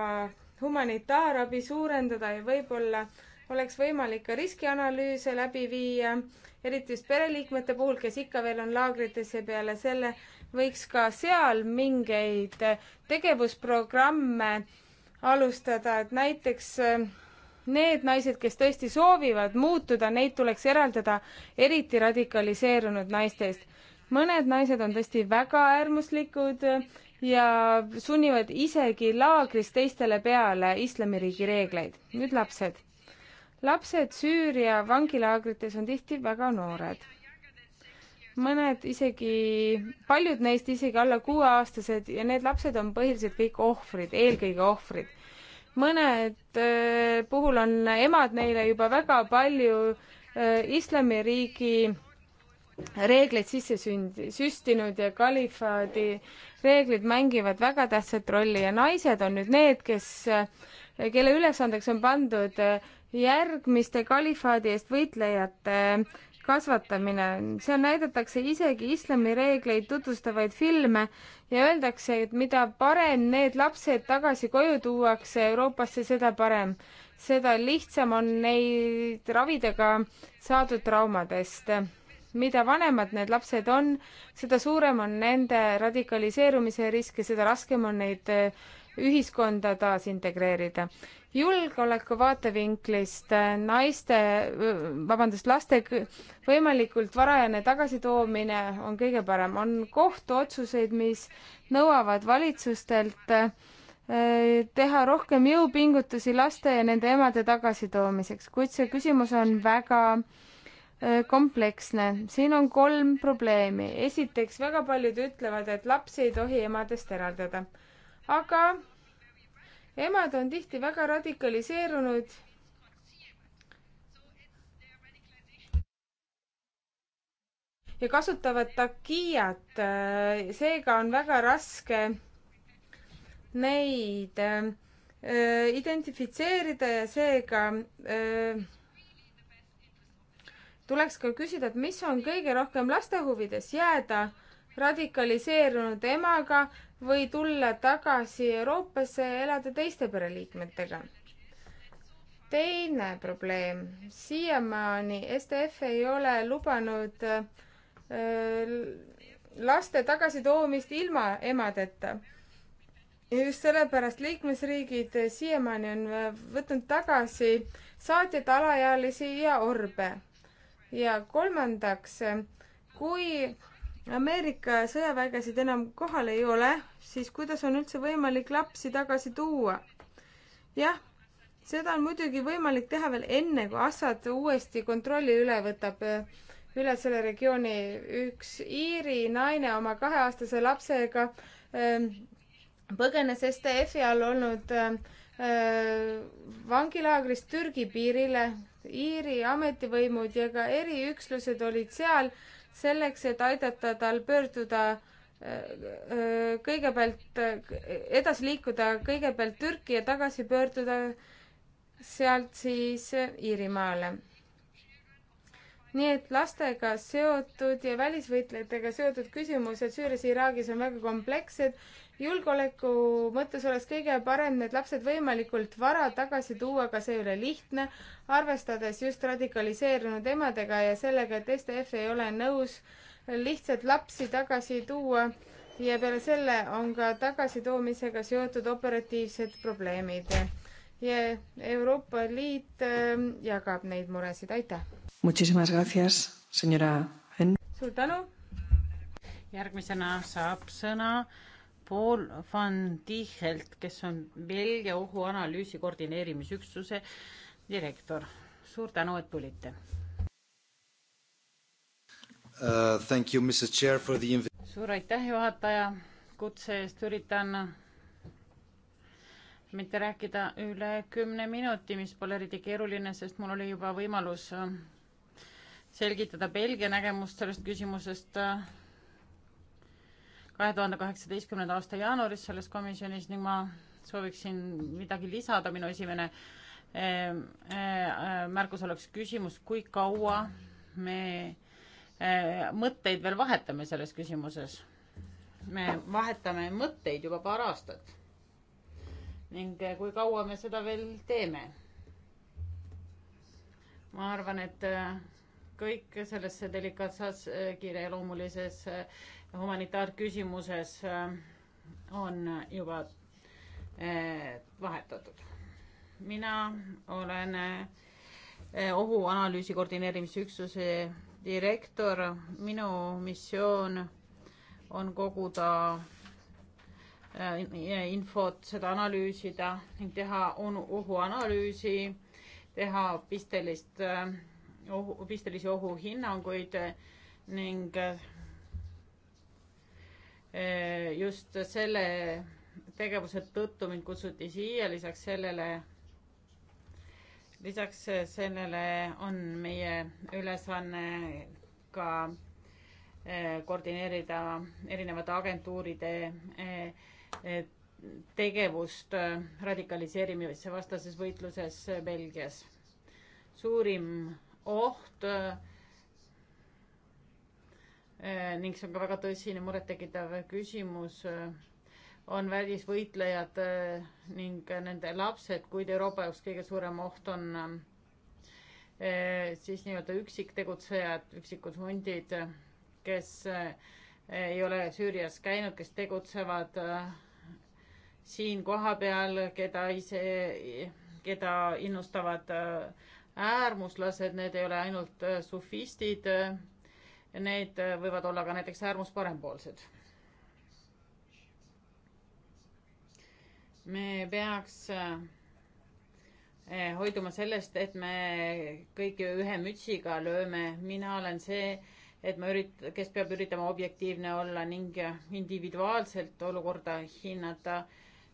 humanitaarabi suurendada ja võib-olla äh, oleks võimalik ka riskianalüüse läbi viia, eriti just pereliikmete puhul, kes ikka veel on laagrites ja peale selle võiks ka seal mingeid tegevusprogramme alustada, et näiteks äh, need naised, kes tõesti soovivad muutuda, neid tuleks eraldada eriti radikaliseerunud naistest. mõned naised on tõesti väga äärmuslikud ja sunnivad isegi laagris teistele peale islamiriigi reegleid. nüüd lapsed lapsed Süüria vangilaagrites on tihti väga noored. mõned isegi, paljud neist isegi alla kuueaastased ja need lapsed on põhiliselt kõik ohvrid, eelkõige ohvrid. mõned äh, puhul on emad neile juba väga palju äh, islamiriigi reegleid sisse sündi, süstinud ja kalifaadi reeglid mängivad väga tähtsat rolli ja naised on nüüd need, kes, kelle ülesandeks on pandud järgmiste kalifaadi eest võitlejate kasvatamine, seal näidatakse isegi islami reegleid tutvustavaid filme ja öeldakse, et mida parem need lapsed tagasi koju tuuakse Euroopasse, seda parem. seda lihtsam on neid ravida ka saadud traumadest. mida vanemad need lapsed on, seda suurem on nende radikaliseerumise risk ja seda raskem on neid ühiskonda taasintegreerida. julgeoleku vaatevinklist äh, naiste, äh, vabandust, laste võimalikult varajane tagasitoomine on kõige parem. on kohtuotsuseid, mis nõuavad valitsustelt äh, teha rohkem jõupingutusi laste ja nende emade tagasitoomiseks, kuid see küsimus on väga kompleksne. siin on kolm probleemi. esiteks, väga paljud ütlevad, et lapsi ei tohi emadest eraldada aga emad on tihti väga radikaliseerunud. ja kasutavad takiat, seega on väga raske neid äh, identifitseerida ja seega äh, tuleks ka küsida, et mis on kõige rohkem laste huvides, jääda radikaliseerunud emaga või tulla tagasi Euroopasse ja elada teiste pereliikmetega. teine probleem, siiamaani STF ei ole lubanud äh, laste tagasitoomist ilma emadeta. just sellepärast liikmesriigid siiamaani on äh, võtnud tagasi saatjad alaealisi ja orbe. ja kolmandaks, äh, kui Ameerika sõjavägesid enam kohal ei ole, siis kuidas on üldse võimalik lapsi tagasi tuua? jah, seda on muidugi võimalik teha veel enne, kui Assad uuesti kontrolli üle võtab, äh, üle selle regiooni. üks Iiri naine oma kaheaastase lapsega ähm, põgenes STF-i all olnud äh, äh, vangilaagrist Türgi piirile. Iiri ametivõimud ja ka eriüksused olid seal selleks, et aidata tal pöörduda äh, äh, kõigepealt, äh, edasi liikuda kõigepealt Türki ja tagasi pöörduda sealt siis Iirimaale nii et lastega seotud ja välisvõitlejatega seotud küsimused Süürias ja Iraagis on väga komplekssed. julgeoleku mõttes oleks kõige parem need lapsed võimalikult vara tagasi tuua, aga see ei ole lihtne, arvestades just radikaliseerunud emadega ja sellega, et STF ei ole nõus lihtsalt lapsi tagasi tuua ja peale selle on ka tagasitoomisega seotud operatiivsed probleemid. ja Euroopa Liit ähm, jagab neid muresid, aitäh! Muchísimas gracias, señora Henn. suur tänu. järgmisena saab sõna Paul van Tichelt, kes on Belgia ohuanalüüsi koordineerimisüksuse direktor. suur tänu, et tulite uh,. Thank you, Mrs Chair for the inv-. suur aitäh, juhataja, kutse eest üritan mitte rääkida üle kümne minuti, mis pole eriti keeruline, sest mul oli juba võimalus selgitada Belgia nägemust sellest küsimusest äh, kahe tuhande kaheksateistkümnenda aasta jaanuaris selles komisjonis ning ma sooviksin midagi lisada, minu esimene ähm, äh, äh, märkus oleks küsimus, kui kaua me mõtteid veel vahetame selles küsimuses. me vahetame mõtteid juba paar aastat. ning kui kaua me seda veel teeme? ma arvan, et kõik sellesse delikaatsas äh, kiireloomulises äh, humanitaarküsimuses äh, on juba vahetatud. mina olen ohuanalüüsi koordineerimisüksuse direktor, minu missioon on koguda infot, seda analüüsida ning teha ohuanalüüsi, teha pistelist äh, ohu, pistelisi ohuhinnanguid ning eh, just selle tegevuse tõttu mind kutsuti siia, lisaks sellele, lisaks sellele on meie ülesanne ka eh, koordineerida erinevate agentuuride eh, tegevust radikaliseerimise vastases võitluses Belgias. suurim oht eh, ning see on ka väga tõsine murettekitav küsimus, eh, on välisvõitlejad eh, ning nende lapsed, kuid Euroopa jaoks kõige suurem oht on siis nii-öelda üksiktegutsejad, üksikud hundid, kes ei ole Süürias käinud, kes tegutsevad siin kohapeal, keda ise, keda innustavad äh, äärmuslased, need ei ole ainult äh, sufistid, äh, need äh, võivad olla ka näiteks äärmusparempoolsed. me peaks hoiduma sellest, et me kõiki ühe mütsiga lööme, mina olen see, et ma ürit-, kes peab üritama objektiivne olla ning individuaalselt olukorda hinnata.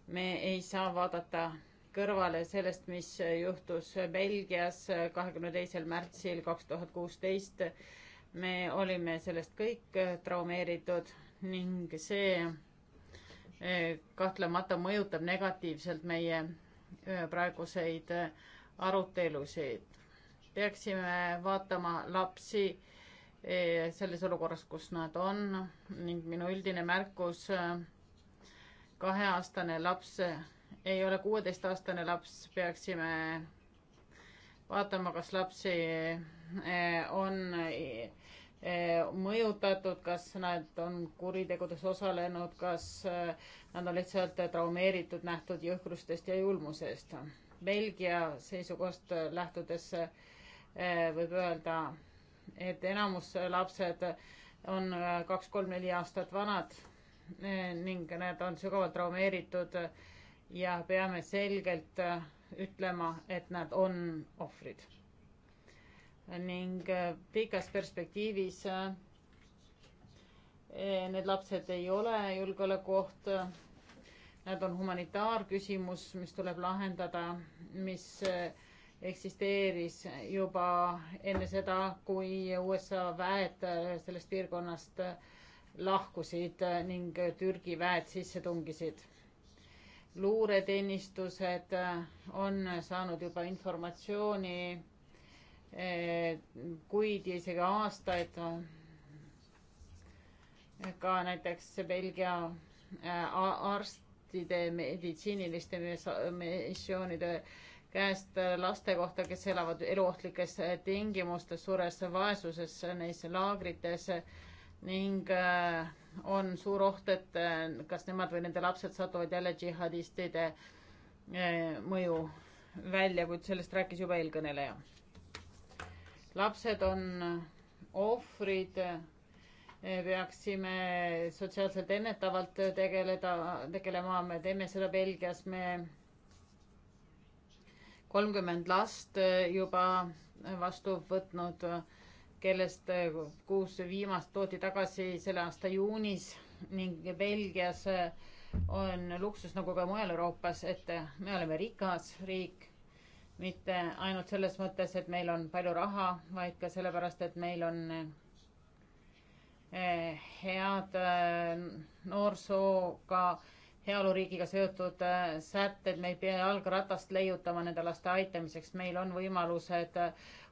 me ei saa vaadata kõrvale sellest, mis juhtus Belgias kahekümne teisel märtsil kaks tuhat kuusteist. me olime sellest kõik traumeeritud ning see eh, kahtlemata mõjutab negatiivselt meie eh, praeguseid eh, arutelusid. peaksime vaatama lapsi selles olukorras, kus nad on ning minu üldine märkus, kaheaastane laps ei ole kuueteistaastane laps, peaksime vaatama, kas lapsi eh, on eh, mõjutatud, kas nad on kuritegudes osalenud, kas eh, nad on lihtsalt traumeeritud, nähtud jõhkrustest ja julmusest. Belgia seisukohast lähtudes võib öelda, et enamus lapsed on kaks-kolm-neli aastat vanad ning need on sügavalt traumeeritud äh, ja peame selgelt äh, ütlema, et nad on ohvrid. ning äh, pikas perspektiivis äh, eh, need lapsed ei ole julgeolekuoht. Nad on humanitaarküsimus, mis tuleb lahendada, mis eksisteeris juba enne seda, kui USA väed sellest piirkonnast lahkusid ning Türgi väed sisse tungisid luureteenistused äh, on saanud juba informatsiooni äh, kuid ja isegi aastaid. Äh, ka näiteks Belgia arstide meditsiiniliste missioonide käest laste kohta, kes elavad eluohtlikes tingimustes, suures vaesuses neis laagrites ning äh, on suur oht, et eh, kas nemad või nende lapsed satuvad jälle džihadistide eh, mõju välja, kuid sellest rääkis juba eelkõneleja. lapsed on ohvrid, eh, peaksime sotsiaalselt ennetavalt tegeleda, tegelema, me teeme seda Belgias, me kolmkümmend last juba vastu võtnud kellest äh, kuus viimast toodi tagasi selle aasta juunis ning Belgias äh, on luksus nagu ka mujal Euroopas, et äh, me oleme rikas riik, mitte ainult selles mõttes, et meil on palju raha, vaid ka sellepärast, et meil on head noorsooga, heaoluriigiga seotud sätted, me ei pea jalgratast leiutama nende laste aitamiseks, meil on võimalused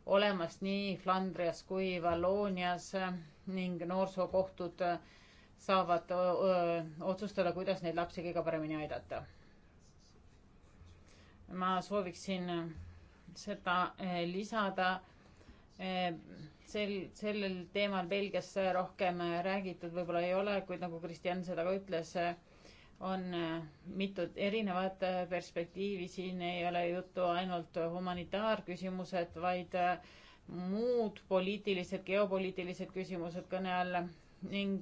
olemas nii Flandrias kui Valloonias ning noorsookohtud saavad otsustada, kuidas neid lapsi kõige paremini aidata. ma sooviksin seda eh, lisada. Eh, sel, sellel teemal Belgias rohkem eh, räägitud võib-olla ei ole, kuid nagu Kristjan seda ka ütles on äh, mitut erinevat äh, perspektiivi, siin ei ole juttu ainult humanitaarküsimused, vaid äh, muud poliitilised, geopoliitilised küsimused kõne all ning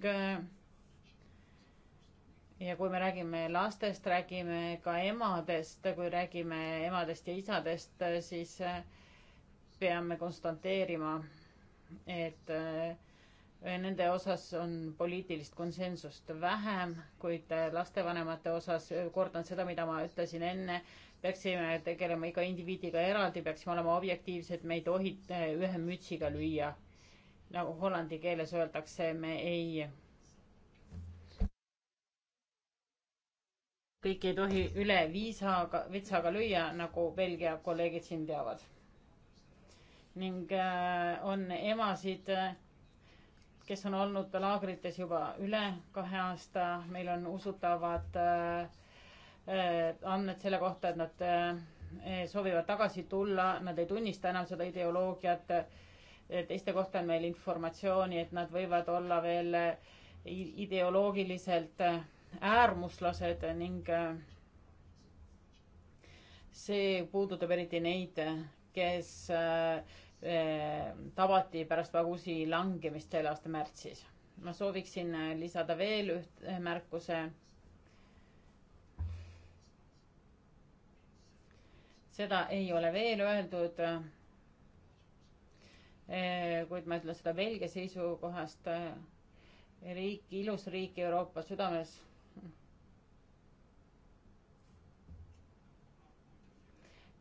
ja kui me räägime lastest, räägime ka emadest, kui räägime emadest ja isadest, siis peame konstateerima, et äh, nende osas on poliitilist konsensust vähem, kuid lastevanemate osas, kordan seda, mida ma ütlesin enne, peaksime tegelema iga indiviidiga eraldi, peaksime olema objektiivsed, me ei tohi eh, ühe mütsiga lüüa. nagu hollandi keeles öeldakse, me ei. kõiki ei tohi üle viisaga, vitsaga lüüa, nagu Belgia kolleegid siin teavad. ning äh, on emasid äh, kes on olnud laagrites juba üle kahe aasta, meil on usutavad äh, äh, andmed selle kohta, et nad äh, soovivad tagasi tulla, nad ei tunnista enam seda ideoloogiat. teiste kohta on meil informatsiooni, et nad võivad olla veel ideoloogiliselt äärmuslased ning see puudutab eriti neid, kes Eh, tabati pärast Bagusi langemist selle aasta märtsis. ma sooviksin lisada veel üht eh, märkuse. seda ei ole veel öeldud eh, kuid ma ütlen seda Belgia seisukohast, riik, ilus riik Euroopa südames.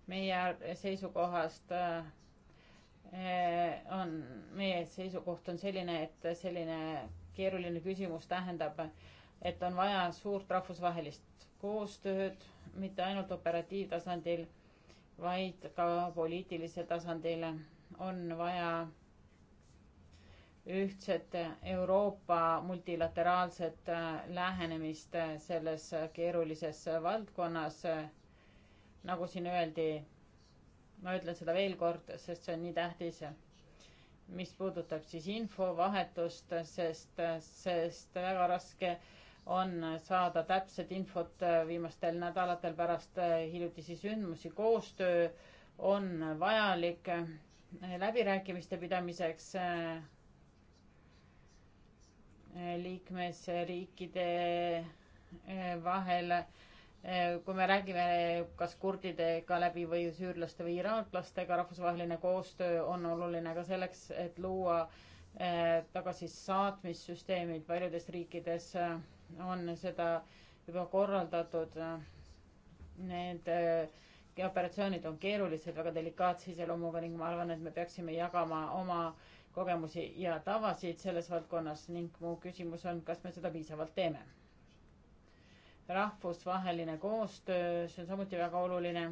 meie seisukohast Eh, on, meie seisukoht on selline, et selline keeruline küsimus tähendab, et on vaja suurt rahvusvahelist koostööd, mitte ainult operatiivtasandil, vaid ka poliitilisel tasandil on vaja ühtset Euroopa multilateraalset äh, lähenemist selles keerulises valdkonnas. nagu siin öeldi ma ütlen seda veel kord, sest see on nii tähtis, mis puudutab siis infovahetust, sest, sest väga raske on saada täpset infot viimastel nädalatel pärast hiljutisi sündmusi. koostöö on vajalik läbirääkimiste pidamiseks liikmesriikide vahel kui me räägime kas kurdidega läbi või süürlaste või iraaklastega, rahvusvaheline koostöö on oluline ka selleks, et luua eh, tagasisaatmissüsteemid paljudes riikides eh, on seda juba korraldatud. Need eh, operatsioonid on keerulised, väga delikaatse iseloomuga ning ma arvan, et me peaksime jagama oma kogemusi ja tavasid selles valdkonnas ning mu küsimus on, kas me seda piisavalt teeme rahvusvaheline koostöö, see on samuti väga oluline.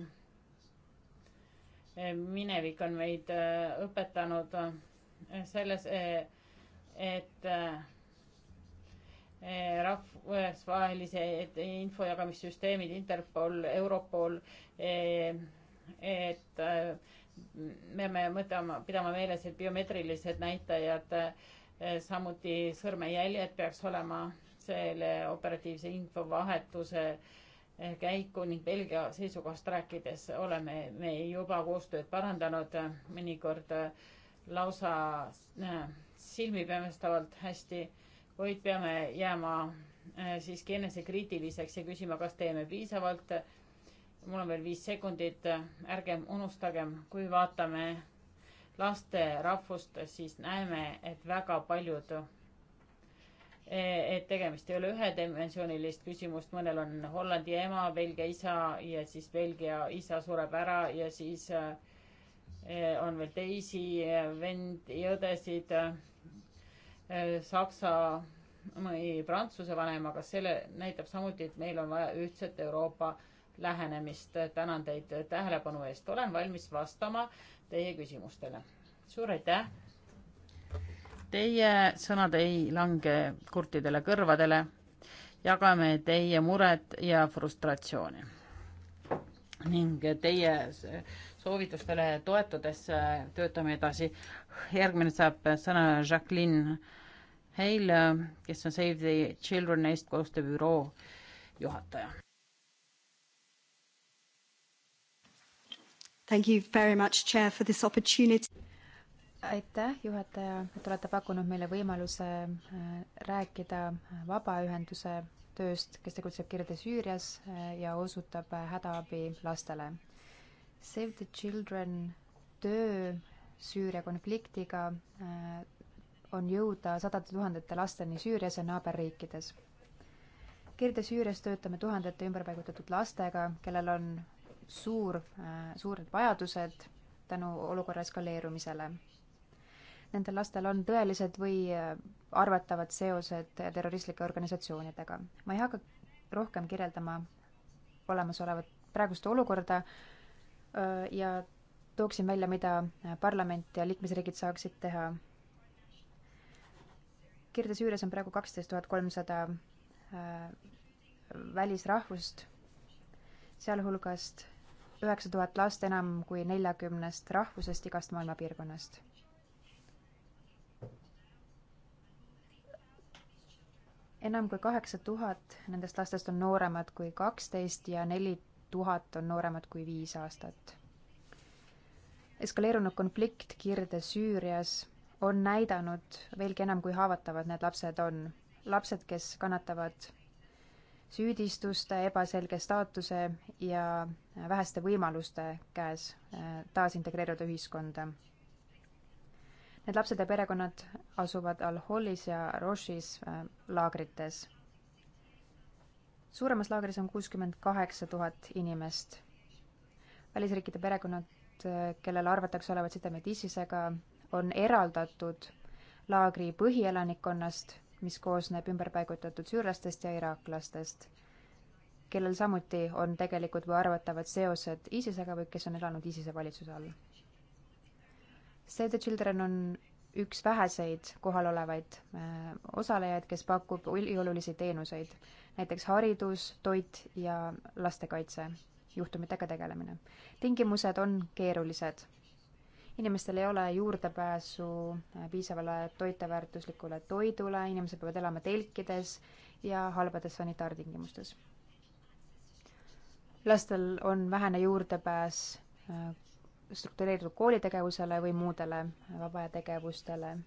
minevik on meid äh, õpetanud äh, selles, äh, et rahvusvahelised infojagamissüsteemid, Interpol, Europol, et me peame mõtlema, pidama meeles, et biomeetrilised näitajad, samuti sõrmejäljed peaks olema selle operatiivse infovahetuse eh, käiku ning Belgia seisukohast rääkides oleme me juba koostööd parandanud, mõnikord eh, lausa eh, silmipimestavaltki hästi, kuid peame jääma siiski enesekriitiliseks ja küsima, kas teeme piisavalt. mul on veel viis sekundit, ärgem unustagem, kui vaatame laste rahvust, siis näeme, et väga paljud et tegemist ei ole ühedimensioonilist küsimust, mõnel on Hollandi ema, Belgia isa ja siis Belgia isa sureb ära ja siis eh, on veel teisi eh, vendi ja õdesid, eh, Saksa või Prantsuse vanemaga, selle näitab samuti, et meil on vaja ühtset Euroopa lähenemist. tänan teid tähelepanu eest, olen valmis vastama teie küsimustele. suur aitäh Teie sõnad ei lange kurtidele kõrvadele. jagame teie muret ja frustratsiooni. ning teie soovitustele toetudes äh, töötame edasi. järgmine saab sõna Jacqueline Heil, äh, kes on Save the Children Eest koostööbüroo juhataja. Thank you very much, Chair, for this opportunity aitäh, juhataja, et olete pakkunud meile võimaluse äh, rääkida vabaühenduse tööst, kes tegutseb Kirde-Süürias äh, ja osutab äh, hädaabi lastele. Save the Children töö Süüria konfliktiga on jõuda sadade tuhandete lasteni Süürias ja naaberriikides. Kirde-Süürias töötame tuhandete ümberpaigutatud lastega, kellel on suur, suured vajadused tänu olukorra eskaleerumisele nendel lastel on tõelised või äh, arvatavad seosed terroristlike organisatsioonidega. ma ei hakka rohkem kirjeldama olemasolevat praegust olukorda äh, ja tooksin välja, mida parlament ja liikmesriigid saaksid teha. Kirde-Süürias on praegu kaksteist tuhat kolmsada äh, välisrahvust, sealhulgast üheksa tuhat last enam kui neljakümnest rahvusest igast maailma piirkonnast enam kui kaheksa tuhat nendest lastest on nooremad kui kaksteist ja neli tuhat on nooremad kui viis aastat. eskaleerunud konflikt Kirde-Süürias on näidanud veelgi enam, kui haavatavad need lapsed on. lapsed, kes kannatavad süüdistuste, ebaselge staatuse ja väheste võimaluste käes äh, taasintegreeruda ühiskonda Need lapsed ja perekonnad asuvad Al-Holis ja Roshis äh, laagrites. suuremas laagris on kuuskümmend kaheksa tuhat inimest. välisriikide perekonnad, äh, kellel arvatakse olevat sidemed ISISega, on eraldatud laagri põhielanikkonnast, mis koosneb ümberpaigutatud süürlastest ja iraaklastest, kellel samuti on tegelikud või arvatavad seosed ISISega või kes on elanud ISISe valitsuse all Save the Children on üks väheseid kohalolevaid äh, osalejaid, kes pakub üliolulisi teenuseid, näiteks haridus, toit ja lastekaitse juhtumitega tegelemine. tingimused on keerulised. inimestel ei ole juurdepääsu äh, piisavale toiteväärtuslikule toidule, inimesed peavad elama telkides ja halbades sanitaartingimustes. lastel on vähene juurdepääs äh, struktureeritud koolitegevusele või muudele vaba aja tegevustele.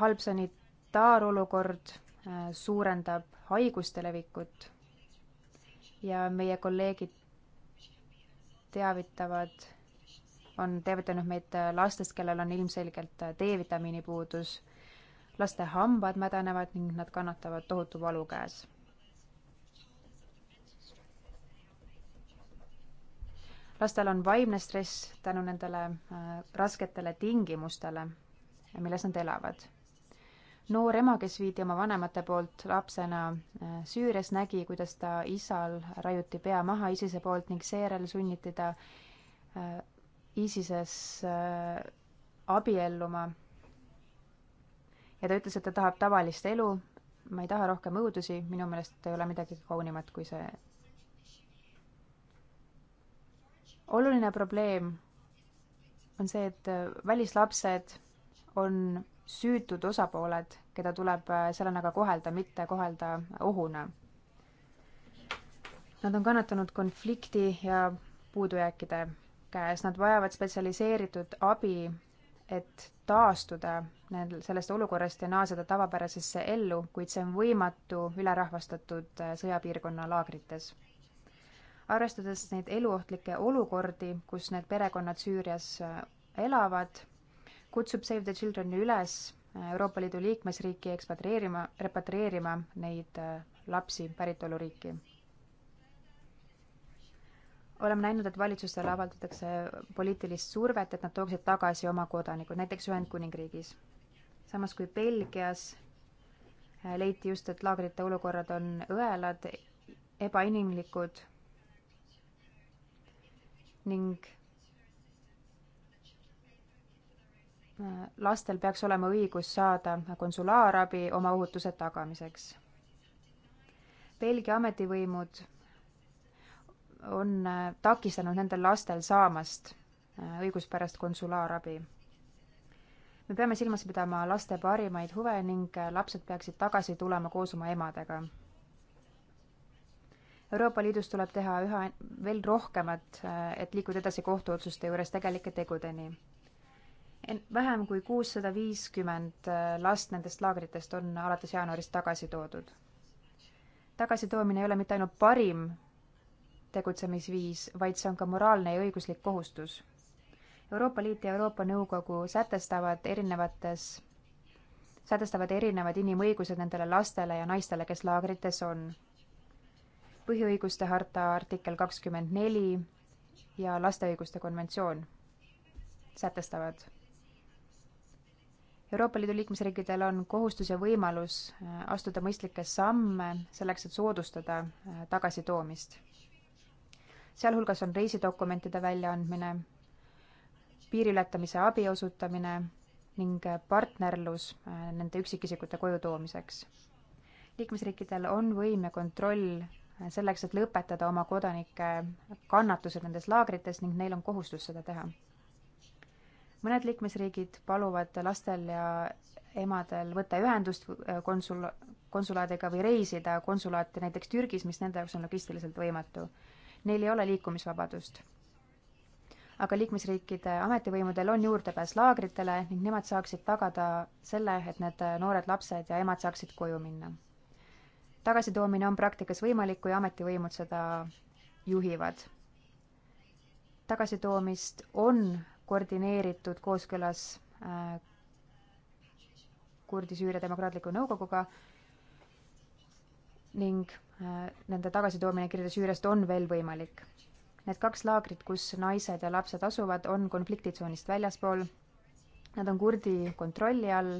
halb sanitaarolukord äh, suurendab haiguste levikut ja meie kolleegid teavitavad, on teavitanud meid äh, lastest, kellel on ilmselgelt äh, D-vitamiini puudus. laste hambad mädanevad ning nad kannatavad tohutu valu käes lastel on vaimne stress tänu nendele äh, rasketele tingimustele, milles nad elavad. noor ema, kes viidi oma vanemate poolt lapsena äh, Süürias, nägi, kuidas ta isal raiuti pea maha ISISe poolt ning seejärel sunniti ta äh, ISISes abielluma. ja ta ütles, et ta tahab tavalist elu, ma ei taha rohkem õudusi, minu meelest ei ole midagi kaunimat kui see oluline probleem on see, et äh, välislapsed on süütud osapooled, keda tuleb äh, sellena ka kohelda, mitte kohelda ohuna. Nad on kannatanud konflikti ja puudujääkide käes, nad vajavad spetsialiseeritud abi, et taastuda nendel, sellest olukorrast ja naaseda tavapärasesse ellu, kuid see on võimatu ülerahvastatud äh, sõjapiirkonna laagrites arvestades neid eluohtlikke olukordi, kus need perekonnad Süürias äh, elavad, kutsub Save the Children üles äh, Euroopa Liidu liikmesriiki ekspatrieerima, repatrieerima neid äh, lapsi päritoluriiki. oleme näinud, et valitsustele avaldatakse poliitilist survet, et nad tooksid tagasi oma kodanikud, näiteks Ühendkuningriigis. samas kui Belgias leiti just, et laagrite olukorrad on õelad, ebainimlikud ning äh, lastel peaks olema õigus saada konsulaarabi oma ohutuse tagamiseks. Belgia ametivõimud on äh, takistanud nendel lastel saamast äh, õiguspärast konsulaarabi. me peame silmas pidama laste parimaid huve ning lapsed peaksid tagasi tulema koos oma emadega Euroopa Liidus tuleb teha üha veel rohkemat, äh, et liikuda edasi kohtuotsuste juures tegelike tegudeni. vähem kui kuussada viiskümmend äh, last nendest laagritest on alates jaanuarist tagasi toodud. tagasitoomine ei ole mitte ainult parim tegutsemisviis, vaid see on ka moraalne ja õiguslik kohustus. Euroopa Liit ja Euroopa Nõukogu sätestavad erinevates, sätestavad erinevad inimõigused nendele lastele ja naistele, kes laagrites on põhiõiguste harta artikkel kakskümmend neli ja laste õiguste konventsioon sätestavad. Euroopa Liidu liikmesriikidel on kohustus ja võimalus äh, astuda mõistlikke samme selleks, et soodustada äh, tagasitoomist. sealhulgas on reisidokumentide väljaandmine, piiriületamise abi osutamine ning äh, partnerlus nende üksikisikute koju toomiseks. liikmesriikidel on võim ja kontroll selleks, et lõpetada oma kodanike kannatused nendes laagrites ning neil on kohustus seda teha. mõned liikmesriigid paluvad lastel ja emadel võtta ühendust äh, konsul-, konsulaadiga või reisida konsulaati näiteks Türgis, mis nende jaoks on logistiliselt võimatu. Neil ei ole liikumisvabadust. aga liikmesriikide ametivõimudel on juurdepääs laagritele ning nemad saaksid tagada selle, et need äh, noored lapsed ja emad saaksid koju minna tagasitoomine on praktikas võimalik, kui ametivõimud seda juhivad. tagasitoomist on koordineeritud kooskõlas äh, Kurdi-Süüria Demokraatliku Nõukoguga ning äh, nende tagasitoomine kirjade Süüriast on veel võimalik. Need kaks laagrit, kus naised ja lapsed asuvad, on konfliktitsoonist väljaspool. Nad on kurdi kontrolli all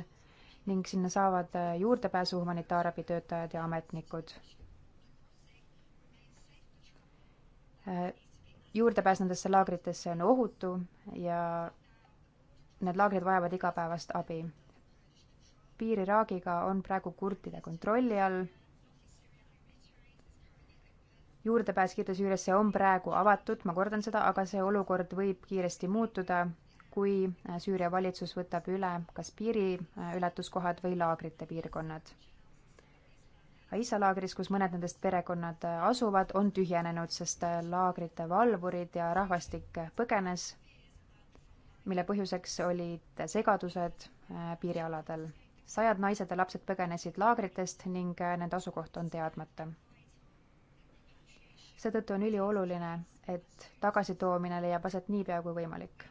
ning sinna saavad äh, juurdepääsu humanitaarabitöötajad ja ametnikud. Äh, juurdepääs nendesse laagritesse on ohutu ja need laagrid vajavad igapäevast abi. piir Iraagiga on praegu kurtide kontrolli all. juurdepääs Kirde-Süüriasse on praegu avatud, ma kordan seda, aga see olukord võib kiiresti muutuda kui äh, Süüria valitsus võtab üle kas piiriületuskohad või laagrite piirkonnad. Aissa laagris, kus mõned nendest perekonnad äh, asuvad, on tühjenenud, sest äh, laagrite valvurid ja rahvastik põgenes, mille põhjuseks olid segadused piirialadel. sajad naised ja lapsed põgenesid laagritest ning nende asukoht on teadmata seetõttu on ülioluline, et tagasitoomine leiab aset niipea kui võimalik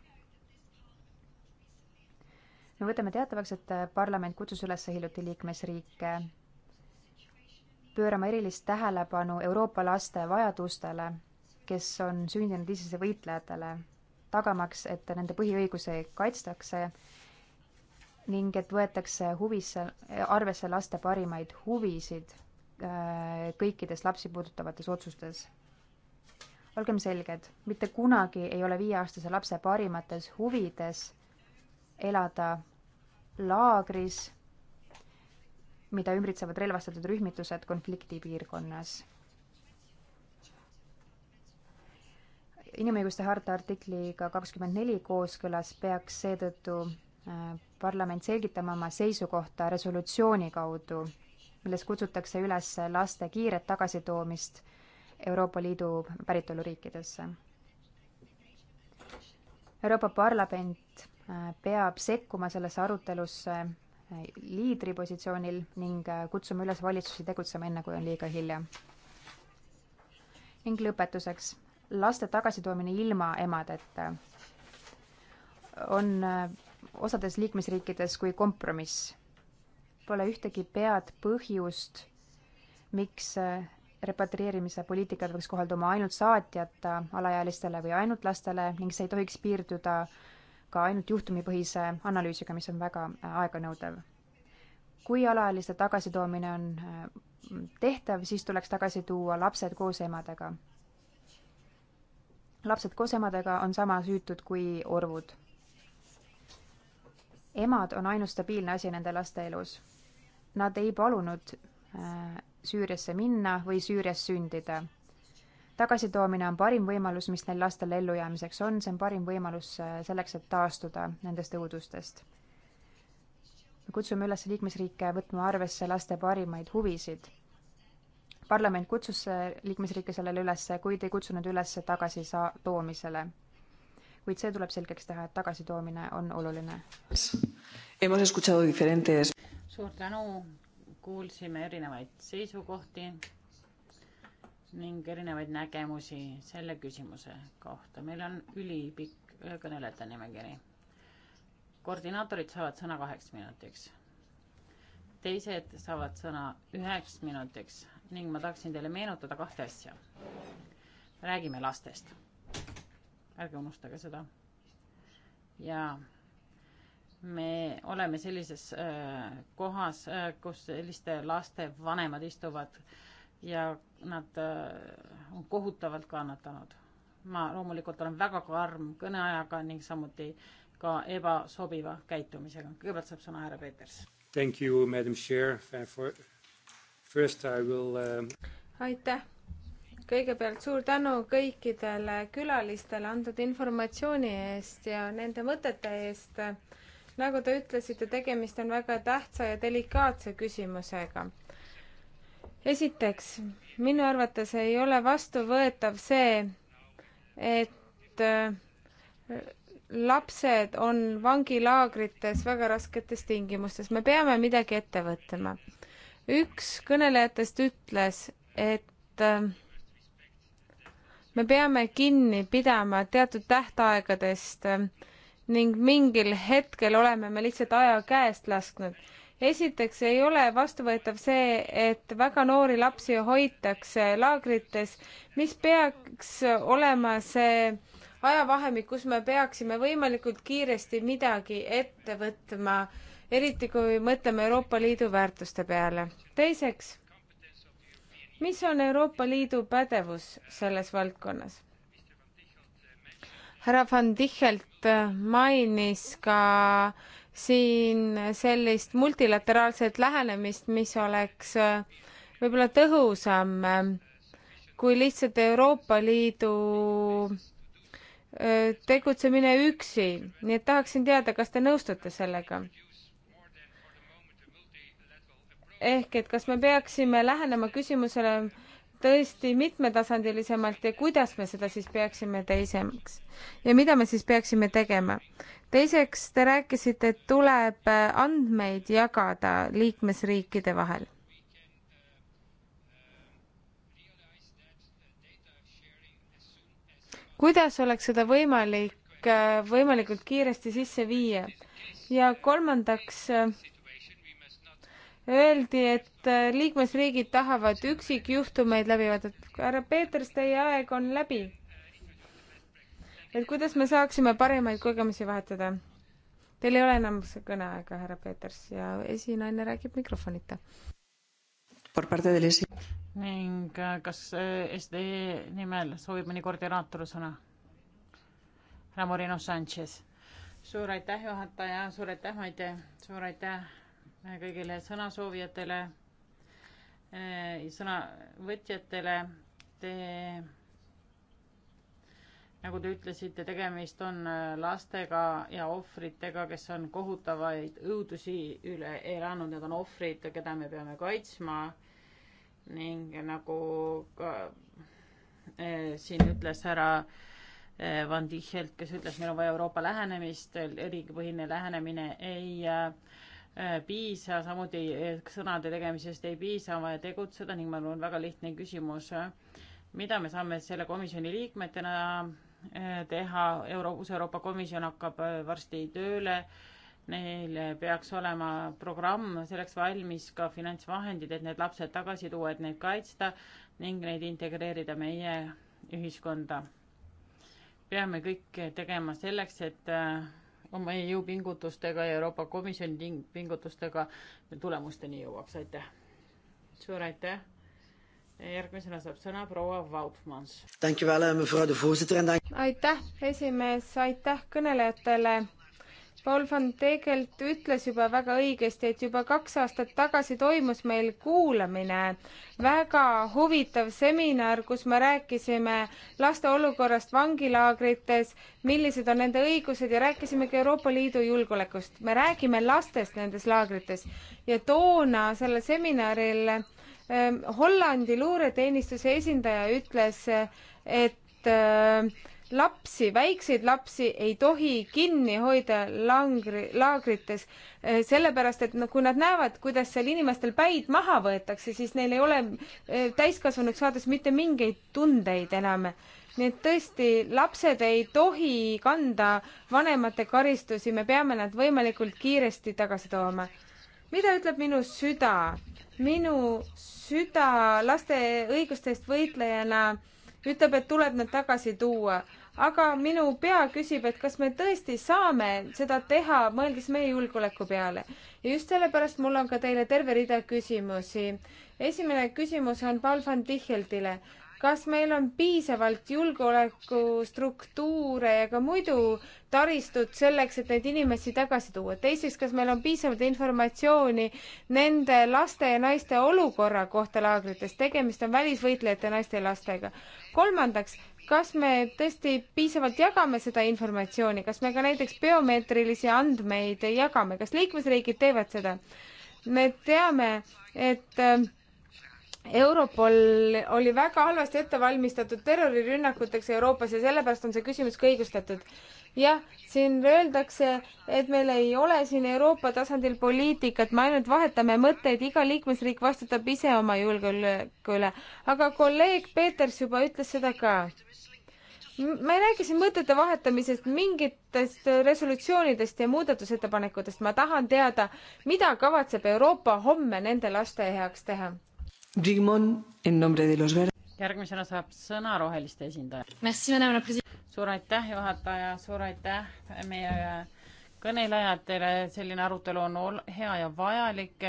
me võtame teatavaks, et parlament kutsus üles hiljuti liikmesriike pöörama erilist tähelepanu Euroopa laste vajadustele, kes on sündinud ISISe võitlejatele, tagamaks, et nende põhiõigusi kaitstakse ning et võetakse huvisse, arvesse laste parimaid huvisid äh, kõikides lapsi puudutavates otsustes. olgem selged, mitte kunagi ei ole viieaastase lapse parimates huvides elada laagris, mida ümbritsevad relvastatud rühmitused konfliktipiirkonnas. inimõiguste harta artikliga kakskümmend neli kooskõlas peaks seetõttu äh, parlament selgitama oma seisukohta resolutsiooni kaudu, milles kutsutakse üles laste kiiret tagasitoomist Euroopa Liidu päritoluriikidesse. Euroopa Parlament peab sekkuma sellesse arutelusse äh, liidripositsioonil ning äh, kutsuma üles valitsusi tegutsema enne, kui on liiga hilja. ning lõpetuseks, laste tagasitoomine ilma emadeta on äh, osades liikmesriikides kui kompromiss. Pole ühtegi pead põhjust, miks repatrieerimise poliitikad peaks kohalduma ainult saatjata alaealistele või ainult lastele ning see ei tohiks piirduda äh, ka ainult juhtumipõhise analüüsiga, mis on väga äh, aeganõudev. kui alaealiste tagasitoomine on äh, tehtav, siis tuleks tagasi tuua lapsed koos emadega. lapsed koos emadega on sama süütud kui orvud. emad on ainus stabiilne asi nende laste elus. Nad ei palunud äh, Süüriasse minna või Süürias sündida tagasitoomine on parim võimalus, mis neil lastel ellujäämiseks on, see on parim võimalus äh, selleks, et taastuda nendest õudustest. me kutsume üles liikmesriike võtma arvesse laste parimaid huvisid. parlament kutsus äh, liikmesriike sellele üles, kuid ei kutsunud üles tagasi saa-, toomisele. kuid see tuleb selgeks teha, et tagasitoomine on oluline. suur tänu, kuulsime erinevaid seisukohti ning erinevaid nägemusi selle küsimuse kohta. meil on ülipikk kõnelejate nimekiri. koordinaatorid saavad sõna kaheks minutiks. teised saavad sõna üheks minutiks ning ma tahaksin teile meenutada kahte asja. räägime lastest. ärge unustage seda. ja me oleme sellises äh, kohas, äh, kus selliste laste vanemad istuvad äh, ja nad äh, on kohutavalt kannatanud. ma loomulikult olen väga karm kõneajaga ning samuti ka ebasobiva käitumisega. kõigepealt saab sõna härra Peeters. Thank you, madam chair for first I will um... aitäh! kõigepealt suur tänu kõikidele külalistele antud informatsiooni eest ja nende mõtete eest. nagu te ütlesite, tegemist on väga tähtsa ja delikaatse küsimusega esiteks, minu arvates ei ole vastuvõetav see, et äh, lapsed on vangilaagrites väga rasketes tingimustes, me peame midagi ette võtma. üks kõnelejatest ütles, et äh, me peame kinni pidama teatud tähtaegadest äh, ning mingil hetkel oleme me lihtsalt aja käest lasknud esiteks ei ole vastuvõetav see, et väga noori lapsi hoitakse laagrites, mis peaks olema see ajavahemik, kus me peaksime võimalikult kiiresti midagi ette võtma, eriti kui mõtleme Euroopa Liidu väärtuste peale. teiseks, mis on Euroopa Liidu pädevus selles valdkonnas? härra Van Tichelt mainis ka äh, siin sellist multilateraalset lähenemist, mis oleks äh, võib-olla tõhusam äh, kui lihtsalt Euroopa Liidu äh, tegutsemine üksi, nii et tahaksin teada, kas te nõustute sellega? ehk et kas me peaksime lähenema küsimusele tõesti mitmetasandilisemalt ja kuidas me seda siis peaksime teiseks ja mida me siis peaksime tegema teiseks, te rääkisite, et tuleb äh, andmeid jagada liikmesriikide vahel. kuidas oleks seda võimalik äh, võimalikult kiiresti sisse viia? ja kolmandaks äh, öeldi, et liikmesriigid tahavad üksikjuhtumeid läbi vaadata. härra Peeters, teie aeg on läbi et kuidas me saaksime parimaid kogemusi vahetada. Teil ei ole enam kõneaega, härra Peeters ja esinaine räägib mikrofonita. ning äh, kas äh, SD nimel soovib mõni koordinaator sõna? härra Moreno Sanchez. suur aitäh, juhataja, suur aitäh, Maite, suur aitäh äh, kõigile sõnasoovijatele, sõnavõtjatele. Te nagu te ütlesite, tegemist on äh, lastega ja ohvritega, kes on kohutavaid õudusi üle elanud, nad on ohvrid, keda me peame kaitsma ning nagu ka eh, siin ütles härra eh, Van Tichelt, kes ütles, meil on vaja Euroopa lähenemist, riigipõhine lähenemine ei eh, piisa, samuti sõnade tegemisest ei piisa, on vaja tegutseda ning mul on väga lihtne küsimus. mida me saame selle komisjoni liikmetena teha, Euro-, uus Euroopa Komisjon hakkab äh, varsti tööle, neil peaks olema programm selleks valmis, ka finantsvahendid, et need lapsed tagasi tuua, et neid kaitsta ning neid integreerida meie ühiskonda. peame kõik tegema selleks, et äh, oma jõupingutustega ja Euroopa Komisjoni pingutustega tulemusteni jõuaks, aitäh! suur aitäh! järgmisena saab sõna proua Vautmans. aitäh, esimees, aitäh kõnelejatele. Paul van Tegelt ütles juba väga õigesti, et juba kaks aastat tagasi toimus meil kuulamine, väga huvitav seminar, kus me rääkisime laste olukorrast vangilaagrites, millised on nende õigused ja rääkisime ka Euroopa Liidu julgeolekust. me räägime lastest nendes laagrites ja toona sellel seminaril Ehm, Hollandi luureteenistuse esindaja ütles, et ehm, lapsi, väikseid lapsi ei tohi kinni hoida langri, laagrites, ehm, sellepärast et no kui nad näevad, kuidas seal inimestel päid maha võetakse, siis neil ei ole täiskasvanuks saades mitte mingeid tundeid enam nii et tõesti, lapsed ei tohi kanda vanemate karistusi, me peame nad võimalikult kiiresti tagasi tooma. mida ütleb minu süda? minu süda laste õiguste eest võitlejana ütleb, et tuleb nad tagasi tuua. aga minu pea küsib, et kas me tõesti saame seda teha, mõeldes meie julgeoleku peale. ja just sellepärast mul on ka teile terve rida küsimusi. esimene küsimus on Paul van Ticheldile kas meil on piisavalt julgeolekustruktuure ja ka muidu taristut selleks, et neid inimesi tagasi tuua? teiseks, kas meil on piisavalt informatsiooni nende laste ja naiste olukorra kohta laagrites, tegemist on välisvõitlejate naiste ja lastega. kolmandaks, kas me tõesti piisavalt jagame seda informatsiooni, kas me ka näiteks biomeetrilisi andmeid jagame, kas liikmesriigid teevad seda? me teame, et äh, Europol oli väga halvasti ette valmistatud terrorirünnakuteks Euroopas ja sellepärast on see küsimus ka õigustatud. jah, siin öeldakse, et meil ei ole siin Euroopa tasandil poliitikat, me ainult vahetame mõtteid, iga liikmesriik vastutab ise oma julgeoleku üle. aga kolleeg Peeters juba ütles seda ka. ma ei räägi siin mõtete vahetamisest, mingitest resolutsioonidest ja muudatusettepanekutest, ma tahan teada, mida kavatseb Euroopa homme nende laste heaks teha Digimon en nombre de los ver-. järgmisena saab sõna roheliste esindaja. suur aitäh, juhataja, suur aitäh meie kõnelejatele, selline arutelu on ol-, hea ja vajalik,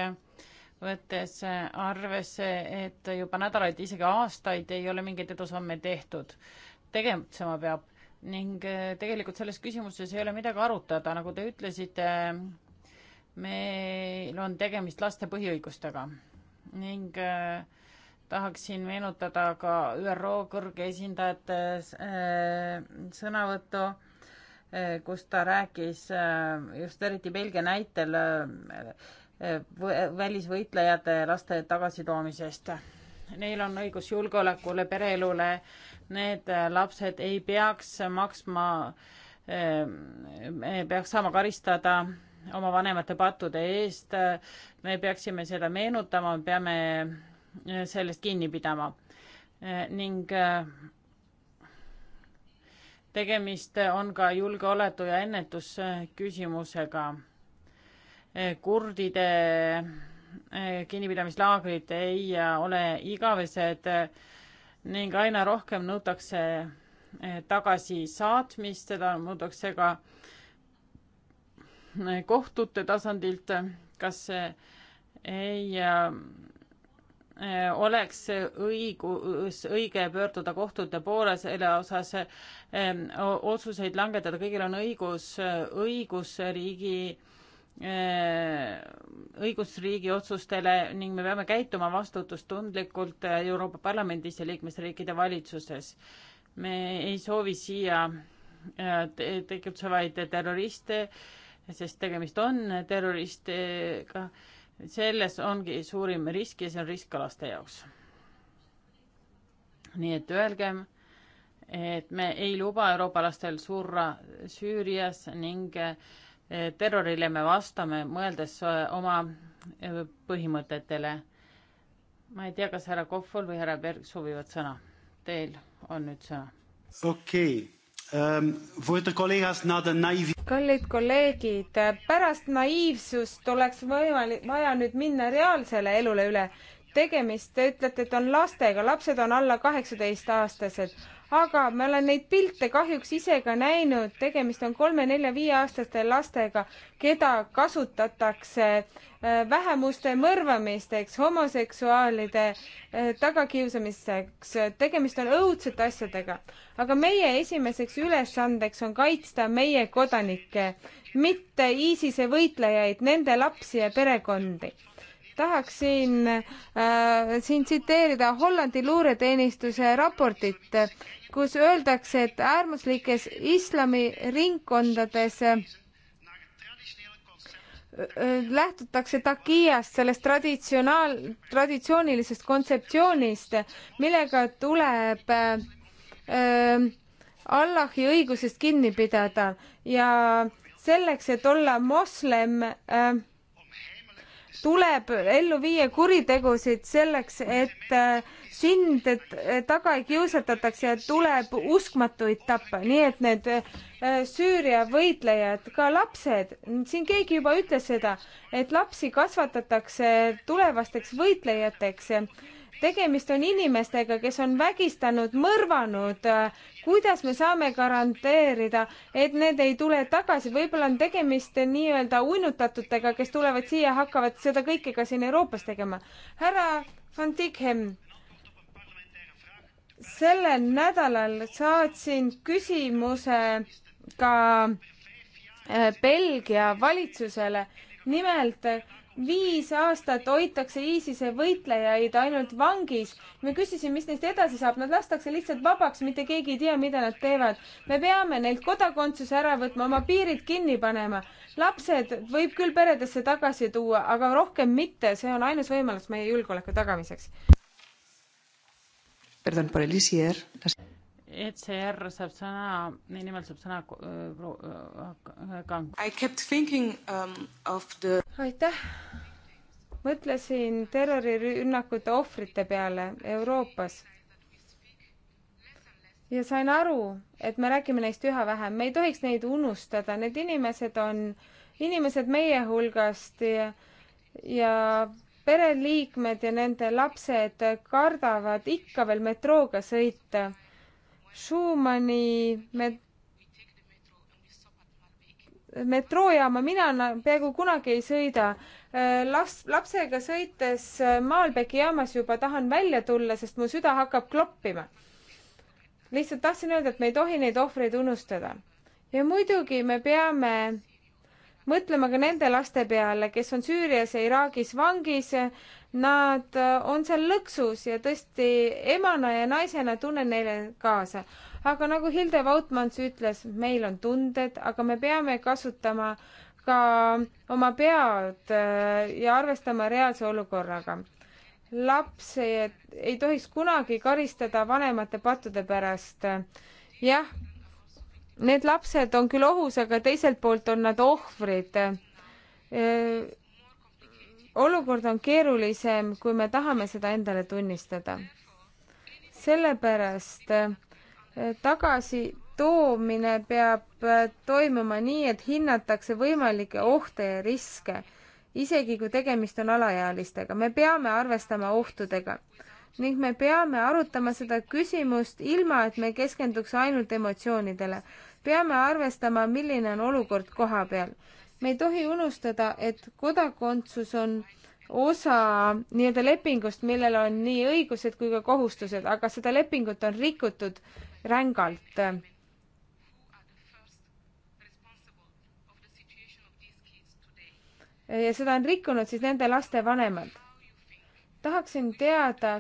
võttes arvesse, et juba nädalaid, isegi aastaid ei ole mingeid edusamme tehtud. tegutsema peab ning tegelikult selles küsimuses ei ole midagi arutada, nagu te ütlesite, meil on tegemist laste põhiõigustega ning äh, tahaksin meenutada ka ÜRO kõrge esindajate äh, sõnavõttu, äh, kus ta rääkis just eriti Belgia näitel välisvõitlejate laste tagasitoomisest. Neil on õigus julgeolekule, pereelule, need lapsed ei peaks maksma, peaks saama karistada oma vanemate pattude eest. me peaksime seda meenutama, peame eh, sellest kinni pidama eh, ning eh, tegemist on ka julgeoleku ja ennetusküsimusega. kurdide kinnipidamislaagrid ei ole igavesed ning aina rohkem nõutakse tagasisaatmist, seda nõutakse ka äh, kohtute tasandilt, kas see ei äh, oleks õigus, õige pöörduda kohtute poole selle osas ähm, otsuseid langetada, kõigil on õigus õigusriigi, äh, õigusriigi otsustele ning me peame käituma vastutustundlikult äh, Euroopa Parlamendis ja liikmesriikide valitsuses. me ei soovi siia tegutsevaid terroriste, sest tegemist on terroristidega, selles ongi suurim risk ja see on risk ka laste jaoks. nii et öelgem, et me ei luba Euroopa lastel surra Süürias ning eh, terrorile me vastame, mõeldes eh, oma eh, põhimõtetele. ma ei tea, kas härra Kohvol või härra Berg soovivad sõna. Teil on nüüd sõna. okei okay Ehm, kallid kolleegid, pärast naiivsust oleks võimalik, vaja nüüd minna reaalsele elule üle. tegemist, te ütlete, et on lastega, lapsed on alla kaheksateist aastased, aga ma olen neid pilte kahjuks ise ka näinud, tegemist on kolme-nelja-viieaastaste lastega, keda kasutatakse äh, vähemuste mõrvamisteks, homoseksuaalide äh, tagakiusamiseks, tegemist on õudsete asjadega. aga meie esimeseks ülesandeks on kaitsta meie kodanikke, mitte ISISe võitlejaid, nende lapsi ja perekondi tahaksin äh, siin tsiteerida Hollandi luureteenistuse raportit, kus öeldakse, et äärmuslikes islamiringkondades äh, äh, lähtutakse takiast, sellest traditsionaal, traditsioonilisest kontseptsioonist, millega tuleb äh, äh, Allahi õigusest kinni pidada ja selleks, et olla moslem äh,, tuleb ellu viia kuritegusid selleks, et äh, sind taga ei kiusatataks ja tuleb uskmatuid tappa, nii et need äh, Süüria võitlejad, ka lapsed, siin keegi juba ütles seda, et lapsi kasvatatakse tulevasteks võitlejateks tegemist on inimestega, kes on vägistanud, mõrvanud. kuidas me saame garanteerida, et need ei tule tagasi, võib-olla on tegemist nii-öelda uinutatutega, kes tulevad siia, hakkavad seda kõike ka siin Euroopas tegema. härra Van Dikhem, sellel nädalal saatsin küsimuse ka äh, Belgia valitsusele, nimelt viis aastat hoitakse ISISe võitlejaid ainult vangis. me küsisime, mis neist edasi saab, nad lastakse lihtsalt vabaks, mitte keegi ei tea, mida nad teevad. me peame neilt kodakondsuse ära võtma, oma piirid kinni panema. lapsed võib küll peredesse tagasi tuua, aga rohkem mitte, see on ainus võimalus meie julgeoleku tagamiseks. Perdón por el ICR. Las... ECR saab sõna, nimel saab sõna äh, Kang. Äh, I kept thinking um, of the aitäh! mõtlesin terrorirünnakute ohvrite peale Euroopas. ja sain aru, et me räägime neist üha vähem, me ei tohiks neid unustada, need inimesed on inimesed meie hulgast ja, ja pereliikmed ja nende lapsed kardavad ikka veel metrooga sõita Schumanni met-, metroojaama mina peaaegu kunagi ei sõida. Äh, las-, lapsega sõites äh, Maalbeki jaamas juba tahan välja tulla, sest mu süda hakkab kloppima. lihtsalt tahtsin öelda, et me ei tohi neid ohvreid unustada. ja muidugi me peame mõtlema ka nende laste peale, kes on Süürias ja Iraagis vangis. Nad äh, on seal lõksus ja tõesti emana ja naisena tunnen neile kaasa. aga nagu Hilde Vautmans ütles, meil on tunded, aga me peame kasutama ka oma pead äh, ja arvestama reaalse olukorraga laps ei, ei tohiks kunagi karistada vanemate pattude pärast. jah, Need lapsed on küll ohus, aga teiselt poolt on nad ohvrid. olukord on keerulisem, kui me tahame seda endale tunnistada. sellepärast tagasitoomine peab toimuma nii, et hinnatakse võimalikke ohte ja riske, isegi kui tegemist on alaealistega. me peame arvestama ohtudega ning me peame arutama seda küsimust ilma, et me keskenduks ainult emotsioonidele peame arvestama, milline on olukord koha peal. me ei tohi unustada, et kodakondsus on osa nii-öelda lepingust, millel on nii õigused kui ka kohustused, aga seda lepingut on rikutud rängalt. ja seda on rikkunud siis nende laste vanemad. tahaksin teada,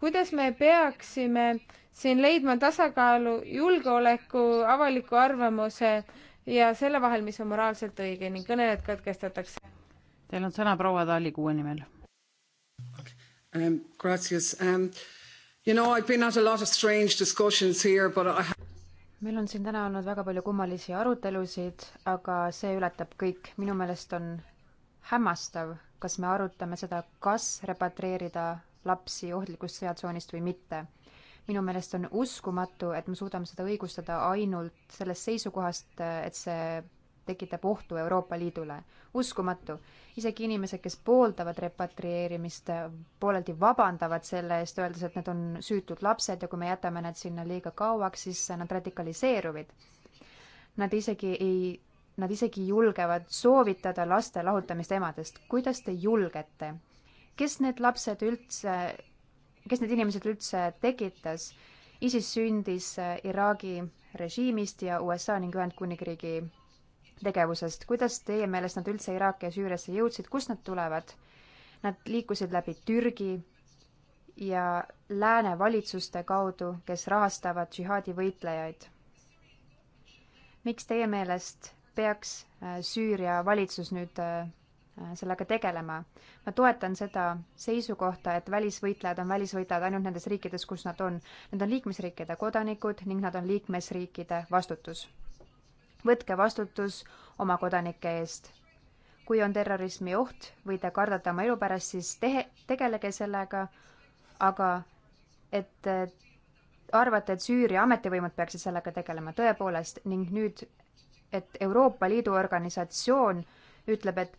kuidas me peaksime siin leidma tasakaalu julgeoleku, avaliku arvamuse ja selle vahel, mis on moraalselt õige ning kõneled katkestatakse. Teil on sõna proua Tali kuue nimel um,. Gracias um,. You know, I have been at a lot of strange discussions here, but I meil on siin täna olnud väga palju kummalisi arutelusid, aga see ületab kõik. minu meelest on hämmastav, kas me arutame seda, kas repatrieerida lapsi ohtlikust sõjatsoonist või mitte minu meelest on uskumatu, et me suudame seda õigustada ainult sellest seisukohast, et see tekitab ohtu Euroopa Liidule. uskumatu. isegi inimesed, kes pooldavad repatrieerimist, pooleldi vabandavad selle eest, öeldes, et need on süütud lapsed ja kui me jätame nad sinna liiga kauaks, siis nad radikaliseeruvad. Nad isegi ei, nad isegi julgevad soovitada laste lahutamist emadest. kuidas te julgete? kes need lapsed üldse kes need inimesed üldse tekitas. ISIS sündis äh, Iraagi režiimist ja USA ning Ühendkuningriigi tegevusest. kuidas teie meelest nad üldse Iraaki ja Süüriasse jõudsid, kust nad tulevad? Nad liikusid läbi Türgi ja lääne valitsuste kaudu, kes rahastavad džihaadivõitlejaid. miks teie meelest peaks äh, Süüria valitsus nüüd äh, Äh, sellega tegelema. ma toetan seda seisukohta, et välisvõitlejad on välisvõitlejad ainult nendes riikides, kus nad on. Need on liikmesriikide kodanikud ning nad on liikmesriikide vastutus. võtke vastutus oma kodanike eest. kui on terrorismi oht või te kardate oma elu pärast, siis tehe, tegelege sellega, aga et arvate, et Süüria ametivõimud peaksid sellega tegelema, tõepoolest, ning nüüd, et Euroopa Liidu organisatsioon ütleb, et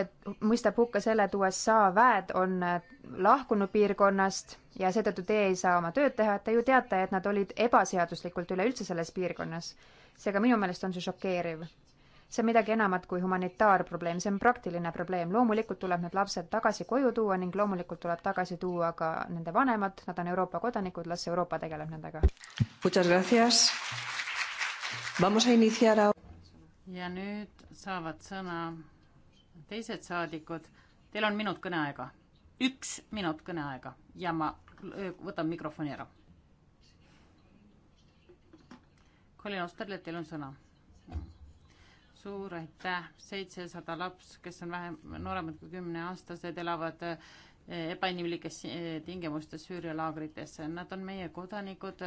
et mõistab hukka selle, et USA väed on äh, lahkunud piirkonnast ja seetõttu te ei saa oma tööd teha, et te ju teate, et nad olid ebaseaduslikult üleüldse selles piirkonnas. seega minu meelest on see šokeeriv. see on midagi enamat kui humanitaarprobleem, see on praktiline probleem, loomulikult tuleb need lapsed tagasi koju tuua ning loomulikult tuleb tagasi tuua ka nende vanemad, nad on Euroopa kodanikud, las Euroopa tegeleb nendega. ja nüüd saavad sõna teised saadikud, teil on minut kõneaega, üks minut kõneaega ja ma äh, võtan mikrofoni ära. Colin Osterle, teil on sõna. suur aitäh, seitsesada laps, kes on vähem, nooremad kui kümneaastased, elavad äh, ebainimlikes äh, tingimustes Süüria laagrites, nad on meie kodanikud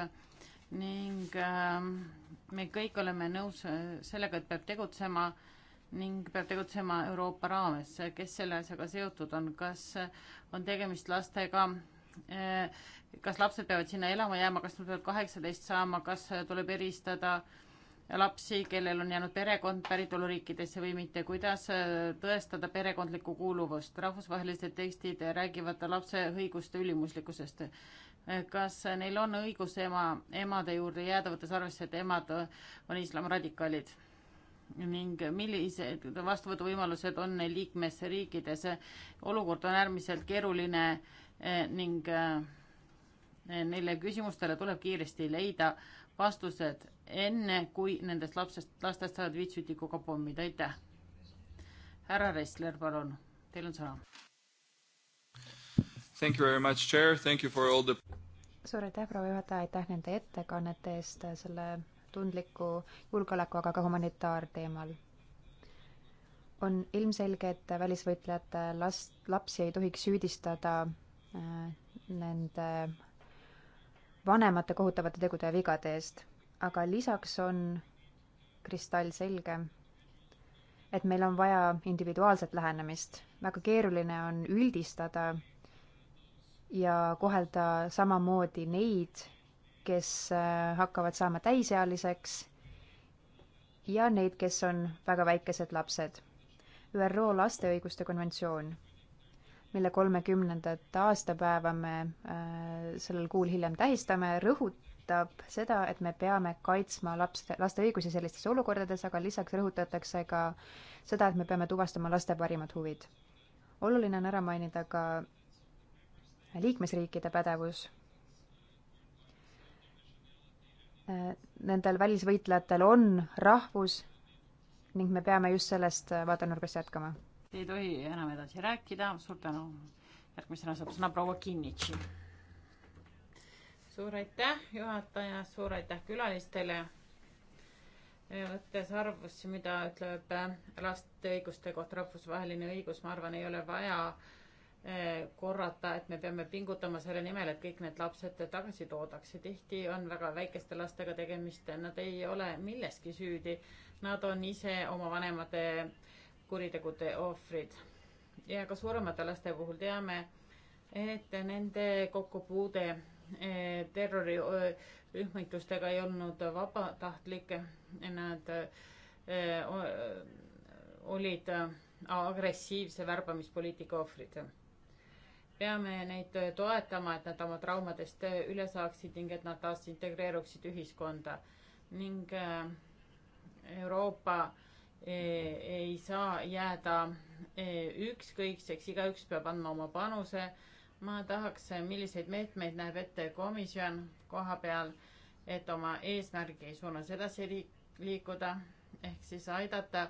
ning ähm, me kõik oleme nõus sellega, et peab tegutsema äh, ning peab tegutsema Euroopa raames. kes selle asjaga seotud on, kas on tegemist lastega, eh, kas lapsed peavad sinna elama jääma, kas nad peavad kaheksateist saama, kas tuleb eristada lapsi, kellel on jäänud perekond päritoluriikidesse või mitte, kuidas eh, tõestada perekondlikku kuuluvust, rahvusvahelised tekstid räägivad lapse õiguste ülimuslikkusest. Eh, kas neil on õigus ema, emade juurde jääda, võttes arvesse, et emad on islamradikaalid? ning millised vastuvõtuvõimalused on neil liikmesriikides. olukord on äärmiselt keeruline eh, ning eh, neile küsimustele tuleb kiiresti leida vastused, enne kui nendest lapsest, lastest saavad viitsütikuga pommid, aitäh. härra Ressler, palun, teil on sõna. Thank you very much, chair, thank you for all the suur aitäh, proua juhataja, aitäh nende ettekannete eest, selle tundliku julgeoleku, aga ka humanitaarteemal. on ilmselge, et välisvõitlejate last, lapsi ei tohiks süüdistada äh, nende vanemate kohutavate tegude ja vigade eest, aga lisaks on kristallselge, et meil on vaja individuaalset lähenemist. väga keeruline on üldistada ja kohelda samamoodi neid, kes äh, hakkavad saama täisealiseks ja neid, kes on väga väikesed lapsed. ÜRO laste õiguste konventsioon, mille kolmekümnendat aastapäeva me äh, sellel kuul hiljem tähistame, rõhutab seda, et me peame kaitsma lapse, laste õigusi sellistes olukordades, aga lisaks rõhutatakse ka seda, et me peame tuvastama laste parimad huvid. oluline on ära mainida ka liikmesriikide pädevus nendel välisvõitlejatel on rahvus ning me peame just sellest vaatenurgast jätkama. ei tohi enam edasi rääkida, suur tänu. järgmisena saab sõna proua Kinnitši. suur aitäh, juhataja, suur aitäh külalistele. võttes arvusse, mida ütleb laste õiguste kohta rahvusvaheline õigus, ma arvan, ei ole vaja äh, korrata, et me peame pingutama selle nimel, et kõik need lapsed tagasi toodaks ja tihti on väga väikeste lastega tegemist, nad ei ole milleski süüdi. Nad on ise oma vanemate kuritegude ohvrid. ja ka suuremate laste puhul teame, et nende kokkupuude eh, terrorirühmitustega eh, ei olnud vabatahtlik, nad eh, olid agressiivse värbamispoliitika ohvrid peame neid toetama, et nad oma traumadest üle saaksid ning et nad taas integreeruksid ühiskonda. ning äh, Euroopa äh, ei saa jääda äh, ükskõikseks, igaüks peab andma oma panuse. ma tahaks, milliseid meetmeid näeb ette komisjon koha peal, et oma eesmärgi suunas edasi liikuda, ehk siis aidata äh,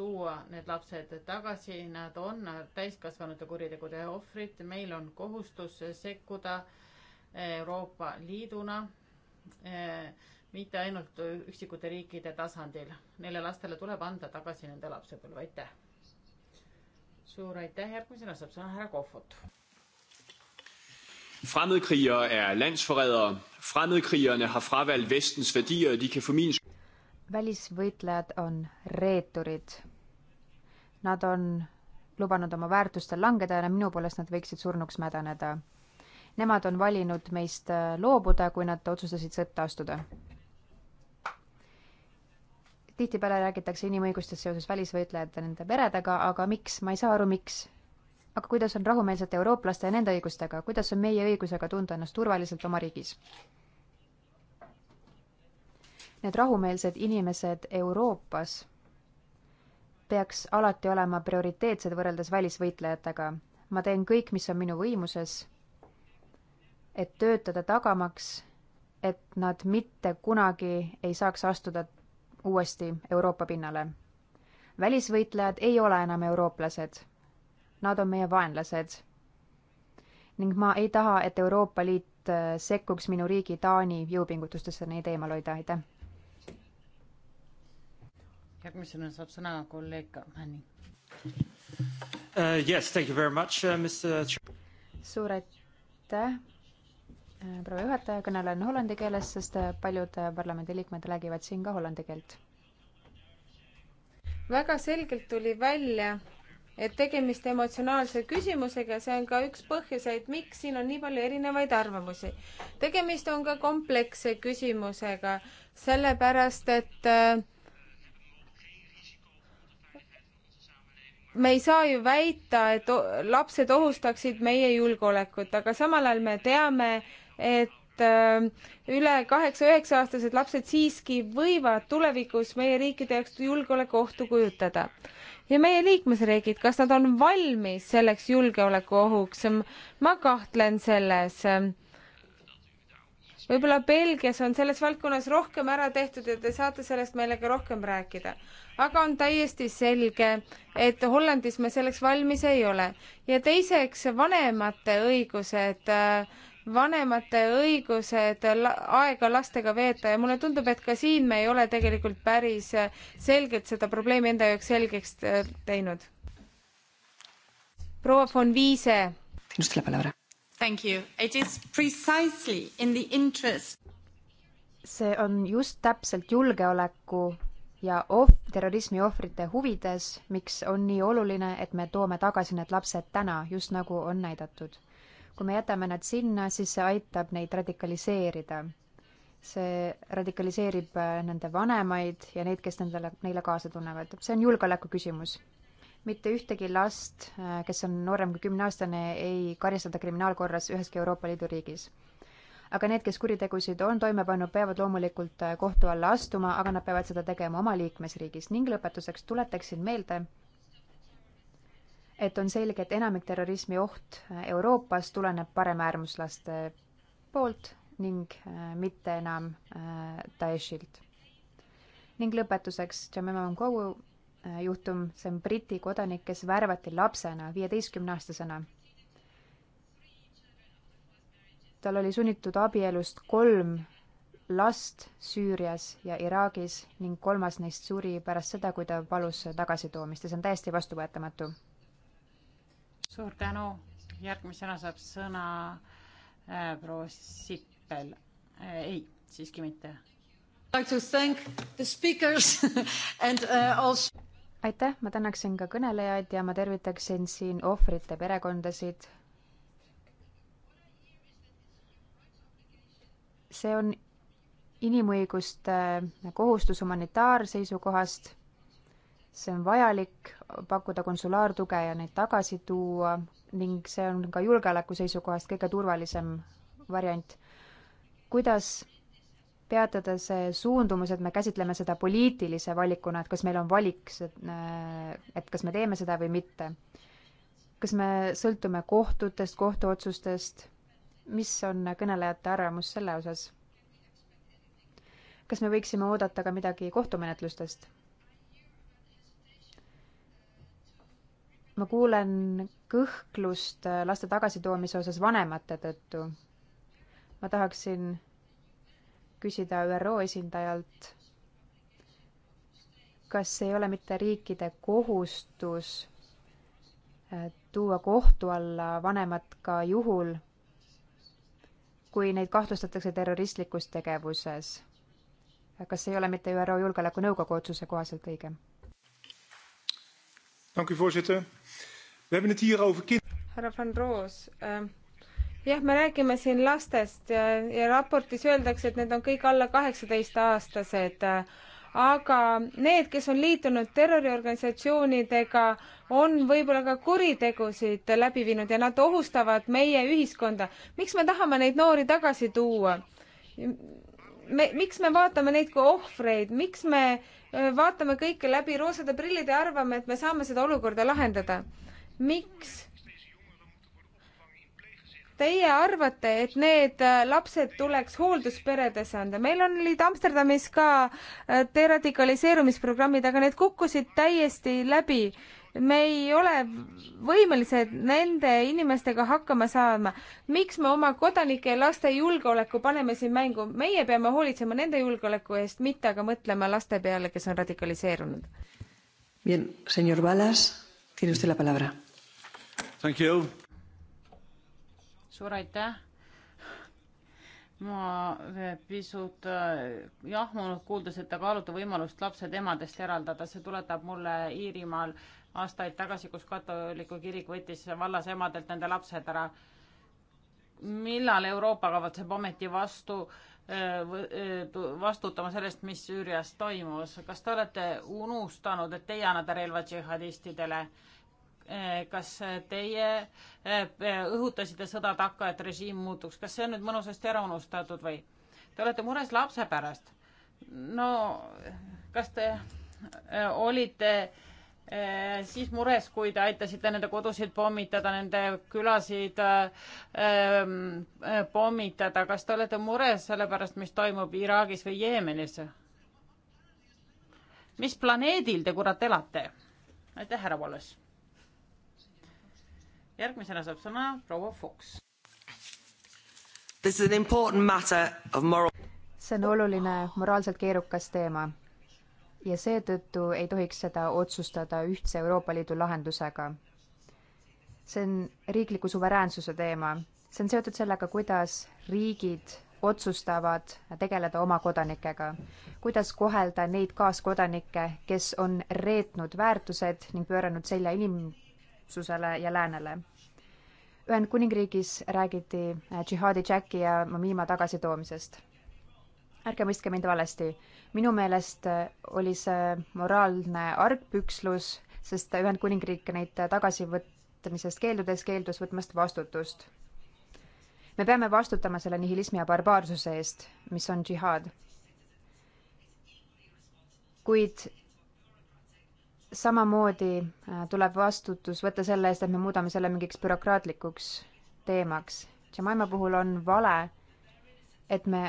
tuua need lapsed tagasi, nad on täiskasvanute kuritegude ohvrid, meil on kohustus sekkuda eh, Euroopa Liiduna, eh, mitte ainult üksikute riikide tasandil. Neile lastele tuleb anda tagasi nende lapsepõlv, aitäh! suur aitäh, järgmisena saab sõna härra Kohvut. Fremmedkrigere er landsforrædere. Fremmedkrigerne har fravalgt vestens værdier, de kan formins välisvõitlejad on reeturid nad on lubanud oma väärtustel langeda ja minu poolest nad võiksid surnuks mädaneda. Nemad on valinud meist äh, loobuda, kui nad otsustasid sõtta astuda. tihtipeale räägitakse inimõigustest seoses välisvõitlejate, nende peredega, aga miks, ma ei saa aru, miks. aga kuidas on rahumeelsete eurooplaste ja nende õigustega, kuidas on meie õigusega tunda ennast turvaliselt oma riigis? Need rahumeelsed inimesed Euroopas peaks alati olema prioriteetsed võrreldes välisvõitlejatega. ma teen kõik, mis on minu võimuses, et töötada tagamaks, et nad mitte kunagi ei saaks astuda uuesti Euroopa pinnale. välisvõitlejad ei ole enam eurooplased. Nad on meie vaenlased. ning ma ei taha, et Euroopa Liit äh, sekkuks minu riigi Taani jõupingutustesse neid eemal hoida, aitäh! järgmisena saab sõna kolleeg Manning uh,. Yes, thank you very much uh,, Mr. suur aitäh, uh, proua juhataja, kõnelen hollandi keeles, sest uh, paljud uh, parlamendiliikmed räägivad siin ka hollandi keelt. väga selgelt tuli välja, et tegemist emotsionaalse küsimusega ja see on ka üks põhjuseid, miks siin on nii palju erinevaid arvamusi. tegemist on ka kompleksse küsimusega, sellepärast et äh, me ei saa ju väita, et lapsed ohustaksid meie julgeolekut, aga samal ajal me teame, et äh, üle kaheksa-üheksa-aastased lapsed siiski võivad tulevikus meie riikide jaoks julgeolekuohtu kujutada. ja meie liikmesriigid, kas nad on valmis selleks julgeolekuohuks? ma kahtlen selles võib-olla Belgias on selles valdkonnas rohkem ära tehtud ja te saate sellest meile ka rohkem rääkida. aga on täiesti selge, et Hollandis me selleks valmis ei ole. ja teiseks, vanemate õigused äh, vanemate õigused aega lastega veeta ja mulle tundub, et ka siin me ei ole tegelikult päris äh, selgelt seda probleemi enda jaoks selgeks äh, teinud. proua von Viise. just selle peale ära. Thank you. It is precisely in the interest see on just täpselt julgeoleku ja ohv-, terrorismi ohvrite huvides, miks on nii oluline, et me toome tagasi need lapsed täna, just nagu on näidatud. kui me jätame nad sinna, siis see aitab neid radikaliseerida. see radikaliseerib äh, nende vanemaid ja neid, kes nendele, neile kaasa tunnevad. see on julgeoleku küsimus mitte ühtegi last, äh, kes on noorem kui kümneaastane, ei karistata kriminaalkorras üheski Euroopa Liidu riigis. aga need, kes kuritegusid on toime pannud, peavad loomulikult äh, kohtu alla astuma, aga nad peavad seda tegema oma liikmesriigis ning lõpetuseks tuletaksin meelde, et on selge, et enamik terrorismi oht äh, Euroopas tuleneb paremäärmuslaste poolt ning mitte enam Daeshilt. ning lõpetuseks, Jamema Mkogu Äh, juhtum, see on Briti kodanik, kes värvati lapsena, viieteistkümneaastasena. tal oli sunnitud abielust kolm last Süürias ja Iraagis ning kolmas neist suri pärast seda, kui ta palus tagasitoomist ja see on täiesti vastuvõetamatu. suur tänu, järgmisena saab sõna äh, proua Sippel äh,. ei, siiski mitte like to thank the speakers and uh, also aitäh, ma tänaksin ka kõnelejaid ja ma tervitaksin siin ohvrite perekondasid. see on inimõiguste kohustus humanitaarseisukohast. see on vajalik pakkuda konsulaartuge ja neid tagasi tuua ning see on ka julgeoleku seisukohast kõige turvalisem variant. kuidas peatada see suundumus, et me käsitleme seda poliitilise valikuna, et kas meil on valik, äh, et kas me teeme seda või mitte. kas me sõltume kohtutest, kohtuotsustest, mis on kõnelejate arvamus selle osas? kas me võiksime oodata ka midagi kohtumenetlustest? ma kuulen kõhklust laste tagasitoomise osas vanemate tõttu. ma tahaksin küsida ÜRO esindajalt, kas ei ole mitte riikide kohustus äh, tuua kohtu alla vanemad ka juhul, kui neid kahtlustatakse terroristlikus tegevuses. kas ei ole mitte ÜRO Julgeolekunõukogu otsuse kohaselt õige? härra Van Roos äh,, jah, me räägime siin lastest ja, ja raportis öeldakse, et need on kõik alla kaheksateistaastased. aga need, kes on liitunud terroriorganisatsioonidega, on võib-olla ka kuritegusid läbi viinud ja nad ohustavad meie ühiskonda. miks me tahame neid noori tagasi tuua? me, miks me vaatame neid kui ohvreid, miks me vaatame kõike läbi roosade prillide ja arvame, et me saame seda olukorda lahendada? miks teie arvate, et need äh, lapsed tuleks hooldusperedesse anda? meil on, olid Amsterdamis ka äh, deradikaliseerumisprogrammid, aga need kukkusid täiesti läbi. me ei ole võimelised nende inimestega hakkama saama. miks me oma kodanike ja laste julgeoleku paneme siin mängu? meie peame hoolitsema nende julgeoleku eest, mitte aga mõtlema laste peale, kes on radikaliseerunud. Bien, señor Balas, tiene usted la palabra. Thank you suur aitäh. ma pisut äh, jahmunud kuuldes, et te kaalute võimalust lapsed emadest eraldada, see tuletab mulle Iirimaal aastaid tagasi, kus katoliku kirik võttis vallas emadelt nende lapsed ära. millal Euroopa kavatseb ometi vastu äh, äh, vastutama sellest, mis Süürias toimus, kas te olete unustanud, et teie annate relva džihadistidele? Eh, kas teie eh, õhutasite sõda takka, et režiim muutuks, kas see on nüüd mõnusasti ära unustatud või? Te olete mures lapse pärast. no kas te eh, olite siis mures, kui te aitasite nende kodusid pommitada, nende külasid pommitada, kas te olete mures selle pärast, mis toimub Iraagis või Jeemenis? mis planeedil te kurat elate? aitäh, härra Wallace järgmisena saab sõna proua Fox. see on oluline moraalselt keerukas teema ja seetõttu ei tohiks seda otsustada ühtse Euroopa Liidu lahendusega. see on riikliku suveräänsuse teema, see on seotud sellega, kuidas riigid otsustavad tegeleda oma kodanikega, kuidas kohelda neid kaaskodanikke, kes on reetnud väärtused ning pööranud selja inim-, idasusele ja läänele. Ühendkuningriigis räägiti äh, džihaadi Jacki ja Mamima tagasitoomisest. ärge mõistke mind valesti, minu meelest äh, oli see moraalne argpükslus, sest Ühendkuningriik neid tagasivõtmisest keeldudes keeldus võtmast vastutust me peame vastutama selle nihilismi ja barbaarsuse eest, mis on džihaad. kuid samamoodi äh, tuleb vastutus võtta selle eest, et me muudame selle mingiks bürokraatlikuks teemaks. Jemima puhul on vale, et me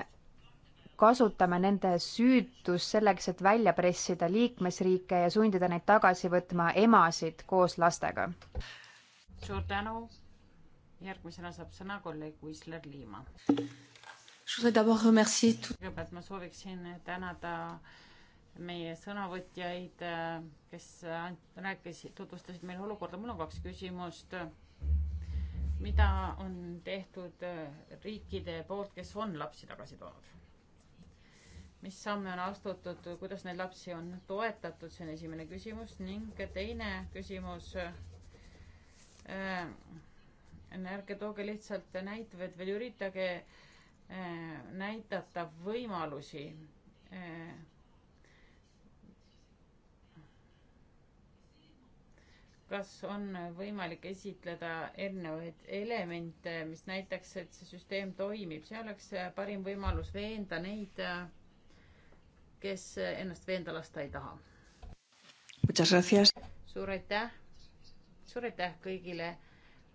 kasutame nende süütust selleks, et välja pressida liikmesriike ja sundida neid tagasi võtma emasid koos lastega. suur tänu. järgmisena saab sõna kolleeg Wisler Liima. kõigepealt ma sooviksin tänada äh, meie sõnavõtjaid, kes rääkisid, tutvustasid meile olukorda. mul on kaks küsimust. mida on tehtud riikide poolt, kes on lapsi tagasi toonud? mis samme on astutud, kuidas neid lapsi on toetatud, see on esimene küsimus ning teine küsimus äh,. ärge tooge lihtsalt näiteid, vaid üritage äh, näidata võimalusi äh, kas on võimalik esitleda erinevaid elemente, mis näitaks, et see süsteem toimib, see oleks parim võimalus veenda neid, kes ennast veenda lasta ei taha. suur aitäh, suur aitäh kõigile.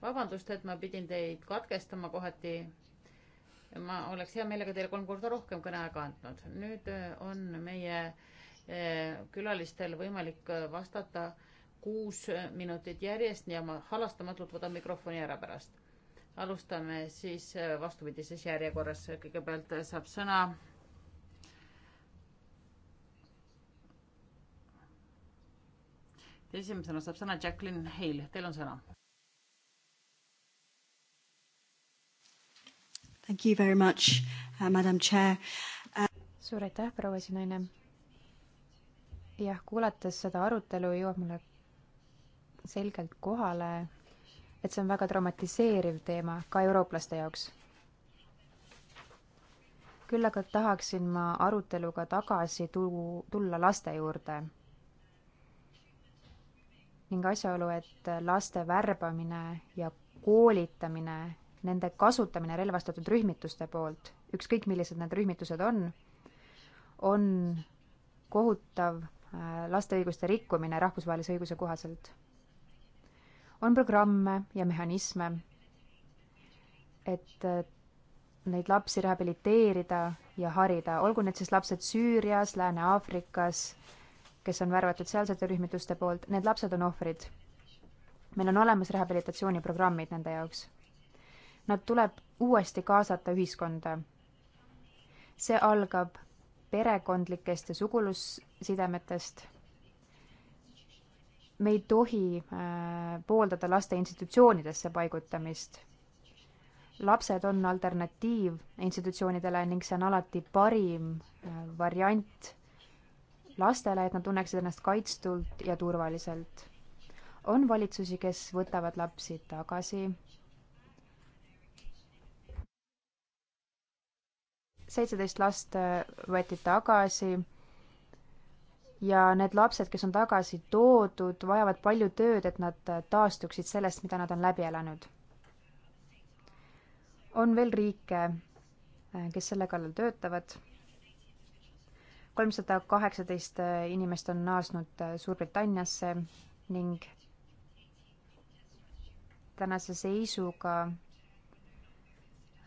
vabandust, et ma pidin teid katkestama kohati. ma oleks hea meelega teile kolm korda rohkem kõneaega andnud. nüüd on meie eh, külalistel võimalik vastata kuus minutit järjest ja ma halastamatult võtan mikrofoni ära pärast. alustame siis äh, vastupidises järjekorras, kõigepealt äh, saab sõna esimesena saab sõna Jacqueline Hale, teil on sõna. Thank you very much uh,, madam chair uh.... suur aitäh, proua esinaine. jah, kuulates seda arutelu jõuab mulle selgelt kohale, et see on väga dramatiseeriv teema ka eurooplaste jaoks. küll aga tahaksin ma aruteluga tagasi tu-, tulla laste juurde ning asjaolu, et laste värbamine ja koolitamine, nende kasutamine relvastatud rühmituste poolt, ükskõik millised need rühmitused on, on kohutav äh, laste õiguste rikkumine rahvusvahelise õiguse kohaselt on programme ja mehhanisme, et äh, neid lapsi rehabiliteerida ja harida, olgu need siis lapsed Süürias, Lääne-Aafrikas, kes on värvatud sealsete rühmituste poolt, need lapsed on ohvrid. meil on olemas rehabilitatsiooniprogrammid nende jaoks. Nad tuleb uuesti kaasata ühiskonda. see algab perekondlikest ja sugulussidemetest me ei tohi äh, pooldada laste institutsioonidesse paigutamist. lapsed on alternatiiv institutsioonidele ning see on alati parim äh, variant lastele, et nad tunneksid ennast kaitstult ja turvaliselt. on valitsusi, kes võtavad lapsi tagasi. seitseteist last äh, võeti tagasi ja need lapsed, kes on tagasi toodud, vajavad palju tööd, et nad taastuksid sellest, mida nad on läbi elanud. on veel riike, kes selle kallal töötavad. kolmsada kaheksateist inimest on naasnud Suurbritanniasse ning tänase seisuga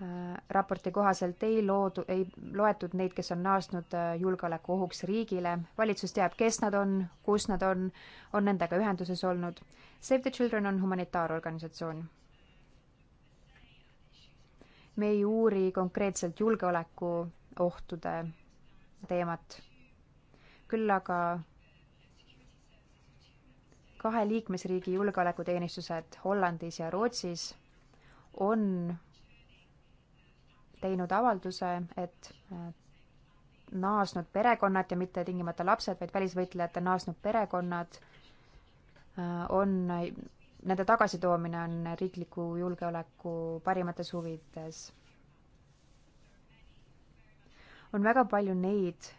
Äh, raporti kohaselt ei loodu, ei loetud neid, kes on naasnud äh, julgeolekuohuks riigile. valitsus teab, kes nad on, kus nad on, on nendega ühenduses olnud. Save the Children on humanitaarorganisatsioon. me ei uuri konkreetselt julgeolekuohtude teemat. küll aga kahe liikmesriigi julgeolekuteenistused Hollandis ja Rootsis on teinud avalduse, et eh, naasnud perekonnad ja mitte tingimata lapsed, vaid välisvõitlejate naasnud perekonnad eh, on, nende tagasitoomine on riikliku julgeoleku parimates huvides. on väga palju neid,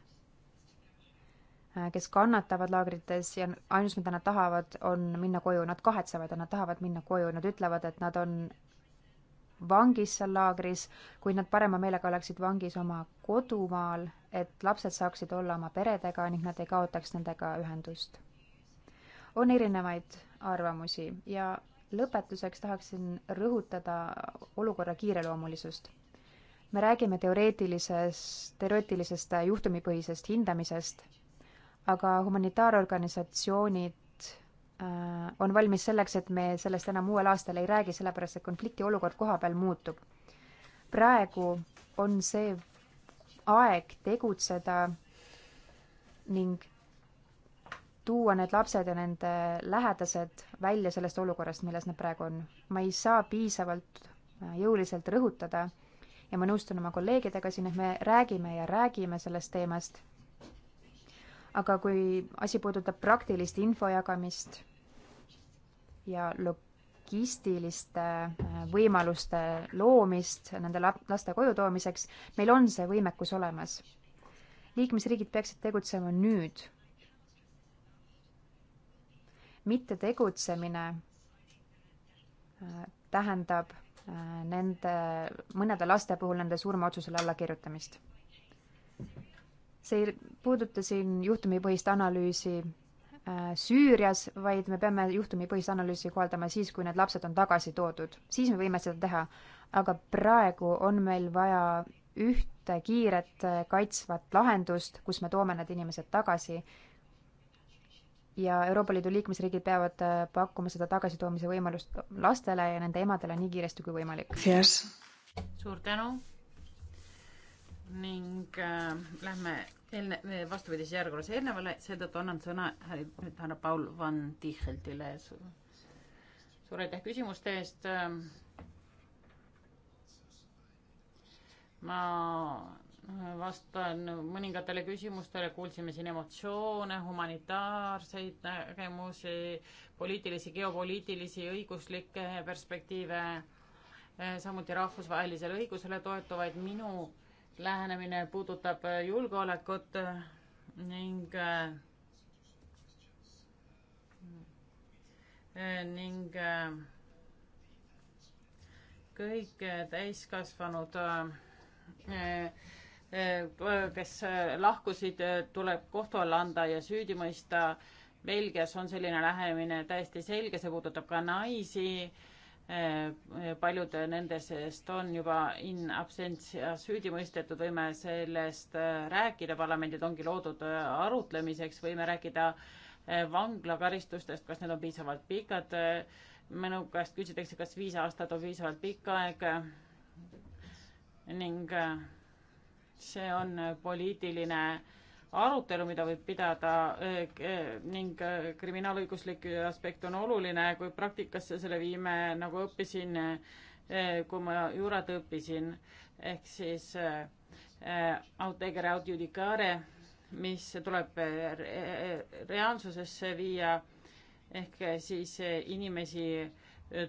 eh, kes kannatavad laagrites ja ainus, mida nad tahavad, on minna koju, nad kahetsevad ja nad tahavad minna koju, nad ütlevad, et nad on vangis seal laagris, kuid nad parema meelega oleksid vangis oma kodumaal, et lapsed saaksid olla oma peredega ning nad ei kaotaks nendega ühendust. on erinevaid arvamusi ja lõpetuseks tahaksin rõhutada olukorra kiireloomulisust. me räägime teoreetilisest, teoreetilisest juhtumipõhisest hindamisest, aga humanitaarorganisatsioonid Äh, on valmis selleks, et me sellest enam uuel aastal ei räägi, sellepärast et konflikti olukord koha peal muutub. praegu on see aeg tegutseda ning tuua need lapsed ja nende lähedased välja sellest olukorrast, milles nad praegu on. ma ei saa piisavalt äh, jõuliselt rõhutada ja ma nõustun oma kolleegidega siin, et me räägime ja räägime sellest teemast. aga kui asi puudutab praktilist info jagamist ja logistiliste äh, võimaluste loomist nende laste koju toomiseks, meil on see võimekus olemas. liikmesriigid peaksid tegutsema nüüd. mitte tegutsemine äh, tähendab äh, nende, mõnede laste puhul nende surmaotsusele allakirjutamist. see ei puuduta siin juhtumipõhist analüüsi Äh, Süürias, vaid me peame juhtumipõhist analüüsi kohaldama siis, kui need lapsed on tagasi toodud. siis me võime seda teha. aga praegu on meil vaja ühte kiiret äh, kaitsvat lahendust, kus me toome need inimesed tagasi. ja Euroopa Liidu liikmesriigid peavad äh, pakkuma seda tagasitoomise võimalust lastele ja nende emadele nii kiiresti kui võimalik yes.. suur tänu ning äh, lähme eelne-, vastupidises järjekorras eelnevale, seetõttu annan sõna nüüd härra Paul van Ticheldile. suur aitäh küsimuste eest. Ähm, ma äh, vastan mõningatele küsimustele, kuulsime siin emotsioone, humanitaarseid nägemusi, poliitilisi, geopoliitilisi, õiguslikke perspektiive, äh, samuti rahvusvahelisele õigusele toetuvaid minu lähenemine puudutab äh, julgeolekut äh, ning äh, ning kõik täiskasvanud, kes lahkusid, tuleb kohtu alla anda ja süüdi mõista. Belgias on selline lähenemine täiesti selge, see puudutab ka naisi Äh, paljud nendest on juba in absentia süüdi mõistetud, võime sellest äh, rääkida, parlamendid ongi loodud äh, arutlemiseks, võime rääkida vanglakaristustest, kas need on piisavalt pikad. minu käest küsitakse, kas viis aastat on piisavalt pikk aeg ning see on poliitiline äh, arutelu, mida võib pidada eh, eh, ning eh, kriminaalõiguslik aspekt on oluline, kui praktikasse selle viime, nagu õppisin, kui ma juurat õppisin, ehk siis autegere audjudicare, mis tuleb reaalsusesse viia, ehk siis inimesi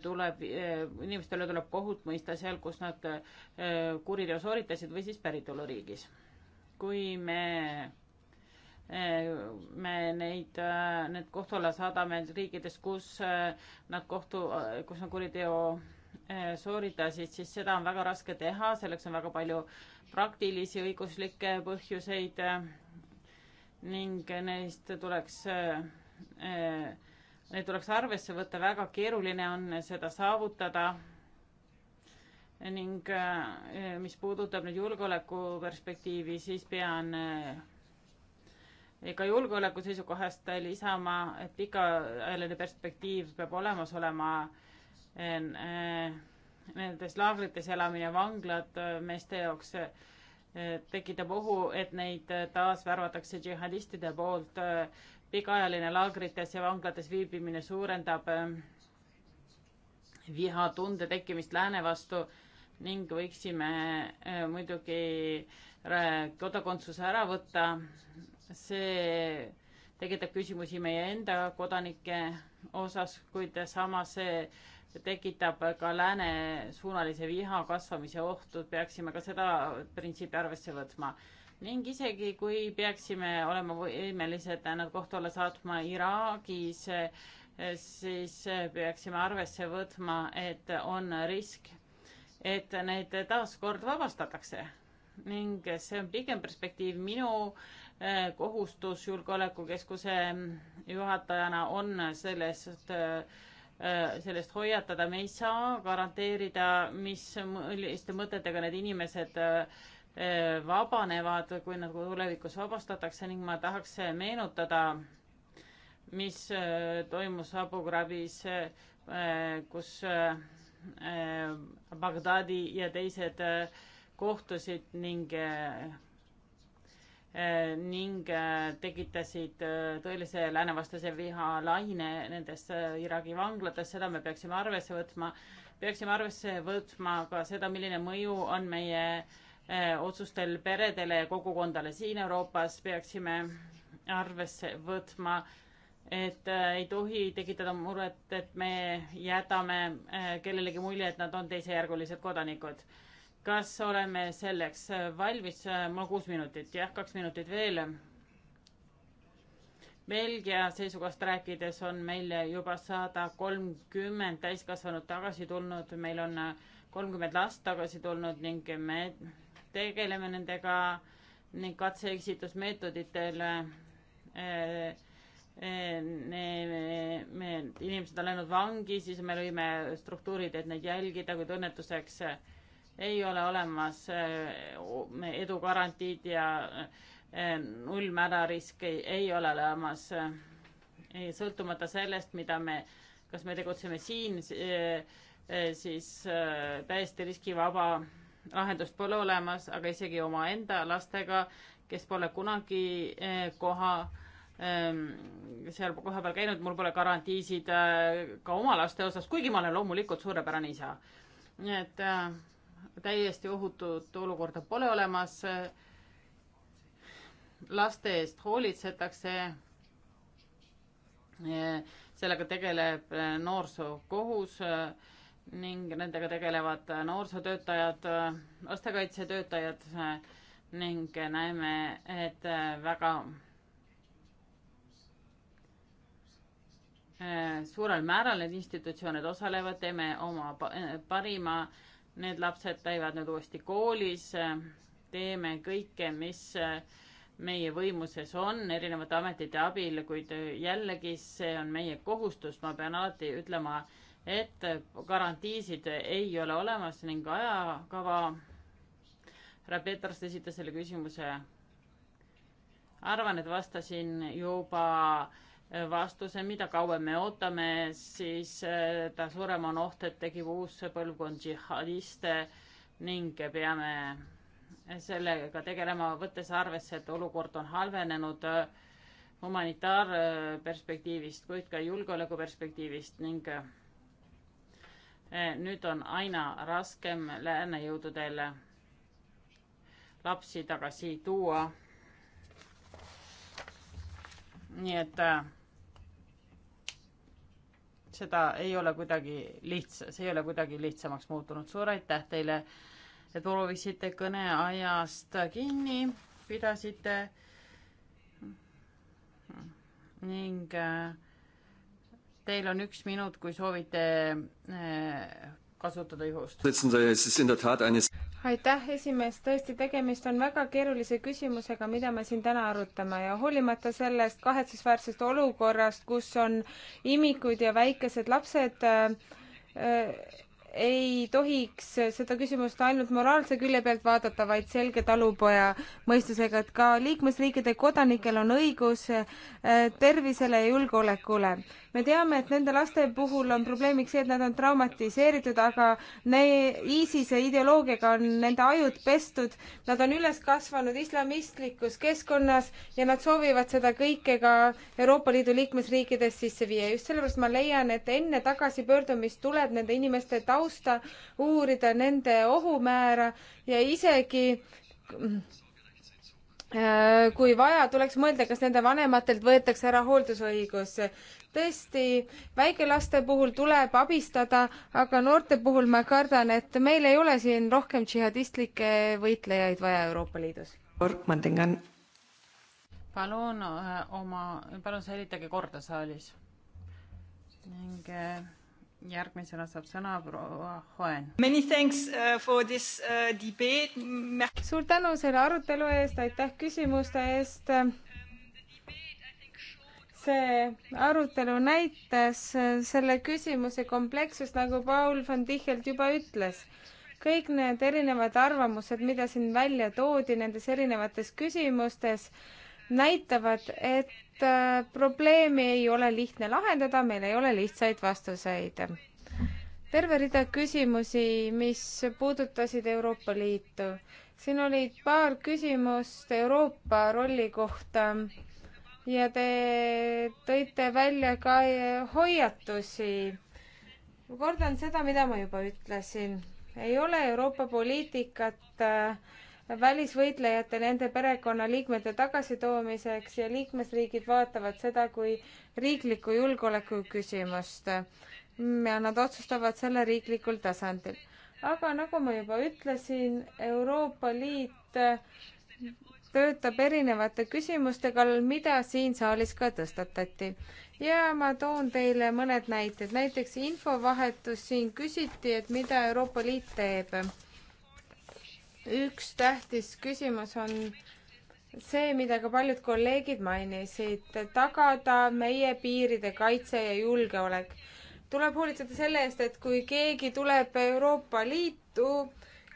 tuleb, inimestele tuleb kohut mõista seal, kus nad kuriteo sooritasid või siis päritoluriigis. kui me me neid, need kohtu alla saadame riikides, kus eh, nad kohtu, eh, kus nad kuriteo eh, sooritasid, siis seda on väga raske teha, selleks on väga palju praktilisi õiguslikke põhjuseid ning neist tuleks, neid tuleks arvesse võtta, väga keeruline on seda saavutada. ning mis puudutab nüüd julgeoleku perspektiivi, siis pean ka julgeoleku seisukohast lisama, et pikaajaline perspektiiv peab olemas olema eh, nendes laagrites elamine, vanglad eh, meeste jaoks eh, tekitab ohu, et neid taas värvatakse džihadistide poolt. pikaajaline laagrites ja vanglates viibimine suurendab vihatunde tekkimist lääne vastu ning võiksime muidugi kodakondsuse ära võtta see tekitab küsimusi meie enda kodanike osas, kuid samas see tekitab ka läänesuunalise viha kasvamise ohtu, peaksime ka seda printsiipi arvesse võtma. ning isegi, kui peaksime olema võimelised nad kohtule saatma Iraagis, siis peaksime arvesse võtma, et on risk, et neid taaskord vabastatakse ning see on pigem perspektiiv minu äh, kohustus Julgeolekukeskuse juhatajana on sellest, sellest hoiatada, me ei saa garanteerida, mis, milliste mõtetega need inimesed eh, vabanevad, kui nad tulevikus vabastatakse ning ma tahaks meenutada, mis eh, toimus Abu Ghrabis, eh, kus Bagdadi ja teised kohtusid ning Eh, ning eh, tekitasid eh, tõelise läänevastase vihalaine nendes Iraagi vanglates, seda me peaksime arvesse võtma. peaksime arvesse võtma ka seda, milline mõju on meie otsustel peredele ja kogukondale siin Euroopas, peaksime arvesse võtma, et ei tohi tekitada muret, et me jätame kellelegi mulje, et nad on teisejärgulised kodanikud kas oleme selleks äh, valmis? Äh, mul kuus minutit, jah, kaks minutit veel. Belgia seisukohast rääkides on meil juba sada kolmkümmend täiskasvanut tagasi tulnud, meil on äh, kolmkümmend last tagasi tulnud ning me tegeleme nendega ning katse-eksitusmeetoditel äh, me, me, inimesed on läinud vangi, siis me lõime struktuurid, et neid jälgida, kuid õnnetuseks äh, ei ole olemas äh, edu garantiid ja äh, nullmäära riski ei ole olemas. sõltumata sellest, mida me, kas me tegutseme siin, äh, siis täiesti riskivaba lahendust pole olemas, aga isegi omaenda lastega, kes pole kunagi koha, ähm, seal kohapeal käinud, mul pole garantiisid ka oma laste osas, kuigi ma olen loomulikult suurepärane isa. nii et äh, täiesti ohutut olukorda pole olemas. laste eest hoolitsetakse. sellega tegeleb noorsookohus ning nendega tegelevad noorsootöötajad, lastekaitsetöötajad ning näeme, et väga suurel määral need institutsioonid osalevad, teeme oma parima need lapsed käivad nüüd uuesti koolis, teeme kõike, mis meie võimuses on erinevate ametite abil, kuid jällegi see on meie kohustus, ma pean alati ütlema, et garantiisid ei ole olemas ning ajakava. härra Peetras esitas selle küsimuse. arvan, et vastasin juba äh, vastuse, mida kauem me ootame, siis äh, ta suurem on oht, et tekib uus põlvkond džihadiste ning peame sellega tegelema, võttes arvesse, et olukord on halvenenud äh, humanitaarperspektiivist, kuid ka julgeoleku perspektiivist ning äh, nüüd on aina raskem läänejõududel lapsi tagasi tuua. nii et seda ei ole kuidagi lihts-, see ei ole kuidagi lihtsamaks muutunud. suur aitäh teile, et proovisite kõneajast kinni, pidasite ning äh, teil on üks minut, kui soovite äh, kasutada juhust aitäh, esimees, tõesti, tegemist on väga keerulise küsimusega, mida me siin täna arutame ja hoolimata sellest kahetsusväärsest olukorrast, kus on imikud ja väikesed lapsed äh,, äh ei tohiks seda küsimust ainult moraalse külje pealt vaadata, vaid selge talupoja mõistusega, et ka liikmesriikide kodanikel on õigus äh, tervisele ja julgeolekule me teame, et nende laste puhul on probleemiks see, et nad on traumatiseeritud, aga ISISe ideoloogiaga on nende ajud pestud, nad on üles kasvanud islamistlikus keskkonnas ja nad soovivad seda kõike ka Euroopa Liidu liikmesriikides sisse viia. just sellepärast ma leian, et enne tagasipöördumist tuleb nende inimeste tausta uurida, nende ohumäära ja isegi Äh, kui vaja, tuleks mõelda, kas nende vanematelt võetakse ära hooldusõigus. tõesti, väikelaste puhul tuleb abistada, aga noorte puhul ma kardan, et meil ei ole siin rohkem džihadistlikke võitlejaid vaja Euroopa Liidus. palun äh, oma, palun säilitage korda saalis ning äh, järgmisena saab sõna proua Hoen. Many thanks uh, for this uh, debate. suur tänu selle arutelu eest, aitäh küsimuste eest. see arutelu näitas uh, selle küsimuse komplekssust, nagu Paul von Tichelt juba ütles. kõik need erinevad arvamused, mida siin välja toodi nendes erinevates küsimustes, näitavad, et Äh, probleemi ei ole lihtne lahendada, meil ei ole lihtsaid vastuseid. terve rida küsimusi, mis puudutasid Euroopa Liitu. siin olid paar küsimust Euroopa rolli kohta ja te tõite välja ka äh, hoiatusi. kordan seda, mida ma juba ütlesin. ei ole Euroopa poliitikat äh, välisvõitlejate, nende perekonnaliikmete tagasitoomiseks ja liikmesriigid vaatavad seda kui riikliku julgeoleku küsimust. ja nad otsustavad selle riiklikul tasandil. aga nagu ma juba ütlesin, Euroopa Liit töötab erinevate küsimuste kallal, mida siin saalis ka tõstatati. ja ma toon teile mõned näited, näiteks infovahetus, siin küsiti, et mida Euroopa Liit teeb üks tähtis küsimus on see, mida ka paljud kolleegid mainisid, tagada meie piiride kaitse ja julgeolek. tuleb hoolitseda selle eest, et kui keegi tuleb Euroopa Liitu,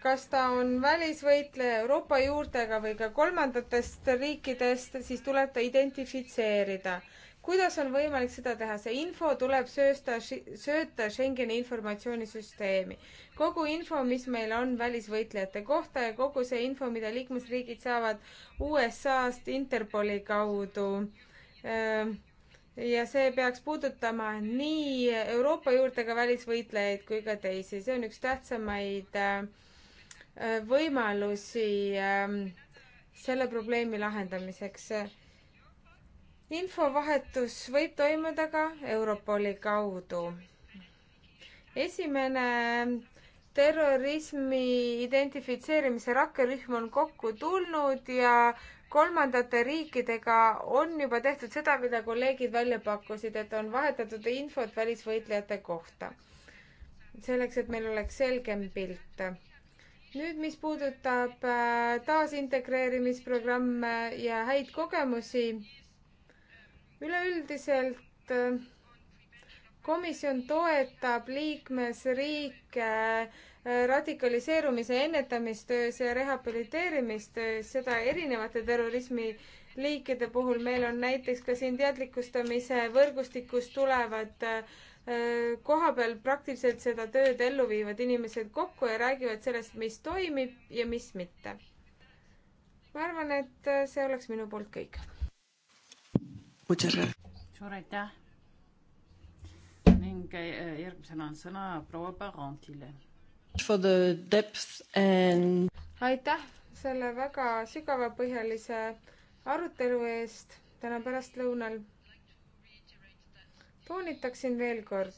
kas ta on välisvõitleja Euroopa juurtega või ka kolmandatest riikidest, siis tuleb ta identifitseerida kuidas on võimalik seda teha? see info tuleb söösta, sööta Schengeni informatsioonisüsteemi. kogu info, mis meil on välisvõitlejate kohta ja kogu see info, mida liikmesriigid saavad USA-st Interpoli kaudu äh, ja see peaks puudutama nii Euroopa juurtega välisvõitlejaid kui ka teisi. see on üks tähtsamaid äh, võimalusi ähm, selle probleemi lahendamiseks infovahetus võib toimuda ka Europoli kaudu. esimene terrorismi identifitseerimise rakkerühm on kokku tulnud ja kolmandate riikidega on juba tehtud seda, mida kolleegid välja pakkusid, et on vahetatud infot välisvõitlejate kohta. selleks, et meil oleks selgem pilt. nüüd, mis puudutab äh, taasintegreerimisprogramme ja häid kogemusi üleüldiselt äh, komisjon toetab liikmesriike äh, radikaliseerumise ennetamistöös ja rehabiliteerimistöös, seda erinevate terrorismiliikide puhul. meil on näiteks ka siin teadlikustamise võrgustikus tulevad äh, kohapeal praktiliselt seda tööd ellu viivad inimesed kokku ja räägivad sellest, mis toimib ja mis mitte. ma arvan, et see oleks minu poolt kõik suur aitäh ning eh, järgmisena on sõna proua Barantile. And... aitäh selle väga sügavapõhjalise arutelu eest täna pärastlõunal. toonitaksin veel kord,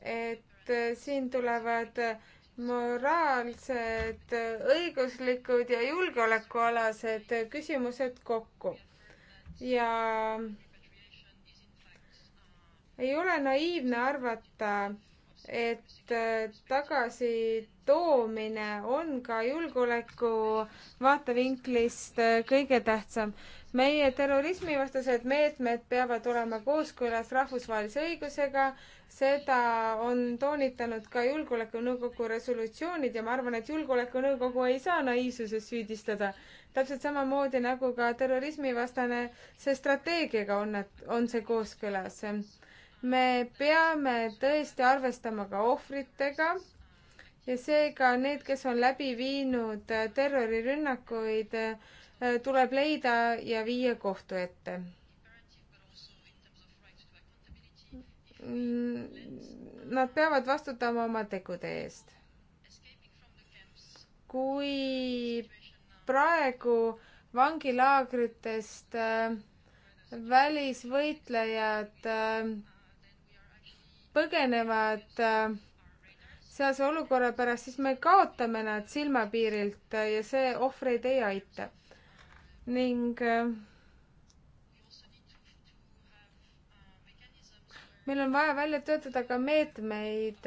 et eh, siin tulevad moraalsed, õiguslikud ja julgeolekualased küsimused kokku. ja ei ole naiivne arvata, et äh, tagasitoomine on ka julgeoleku vaatevinklist äh, kõige tähtsam. meie terrorismivastased meetmed peavad olema kooskõlas rahvusvahelise õigusega, seda on toonitanud ka Julgeolekunõukogu resolutsioonid ja ma arvan, et Julgeolekunõukogu ei saa naiivsuses süüdistada. täpselt samamoodi nagu ka terrorismivastane, see strateegiaga on, on see kooskõlas me peame tõesti arvestama ka ohvritega ja seega need, kes on läbi viinud äh, terrorirünnakuid, äh, tuleb leida ja viia kohtu ette. Mm, nad peavad vastutama oma tegude eest. kui praegu vangilaagritest äh, välisvõitlejad äh, põgenevad äh, sealse olukorra pärast, siis me kaotame nad silmapiirilt äh, ja see ohvreid ei aita. ning äh, meil on vaja välja töötada ka meetmeid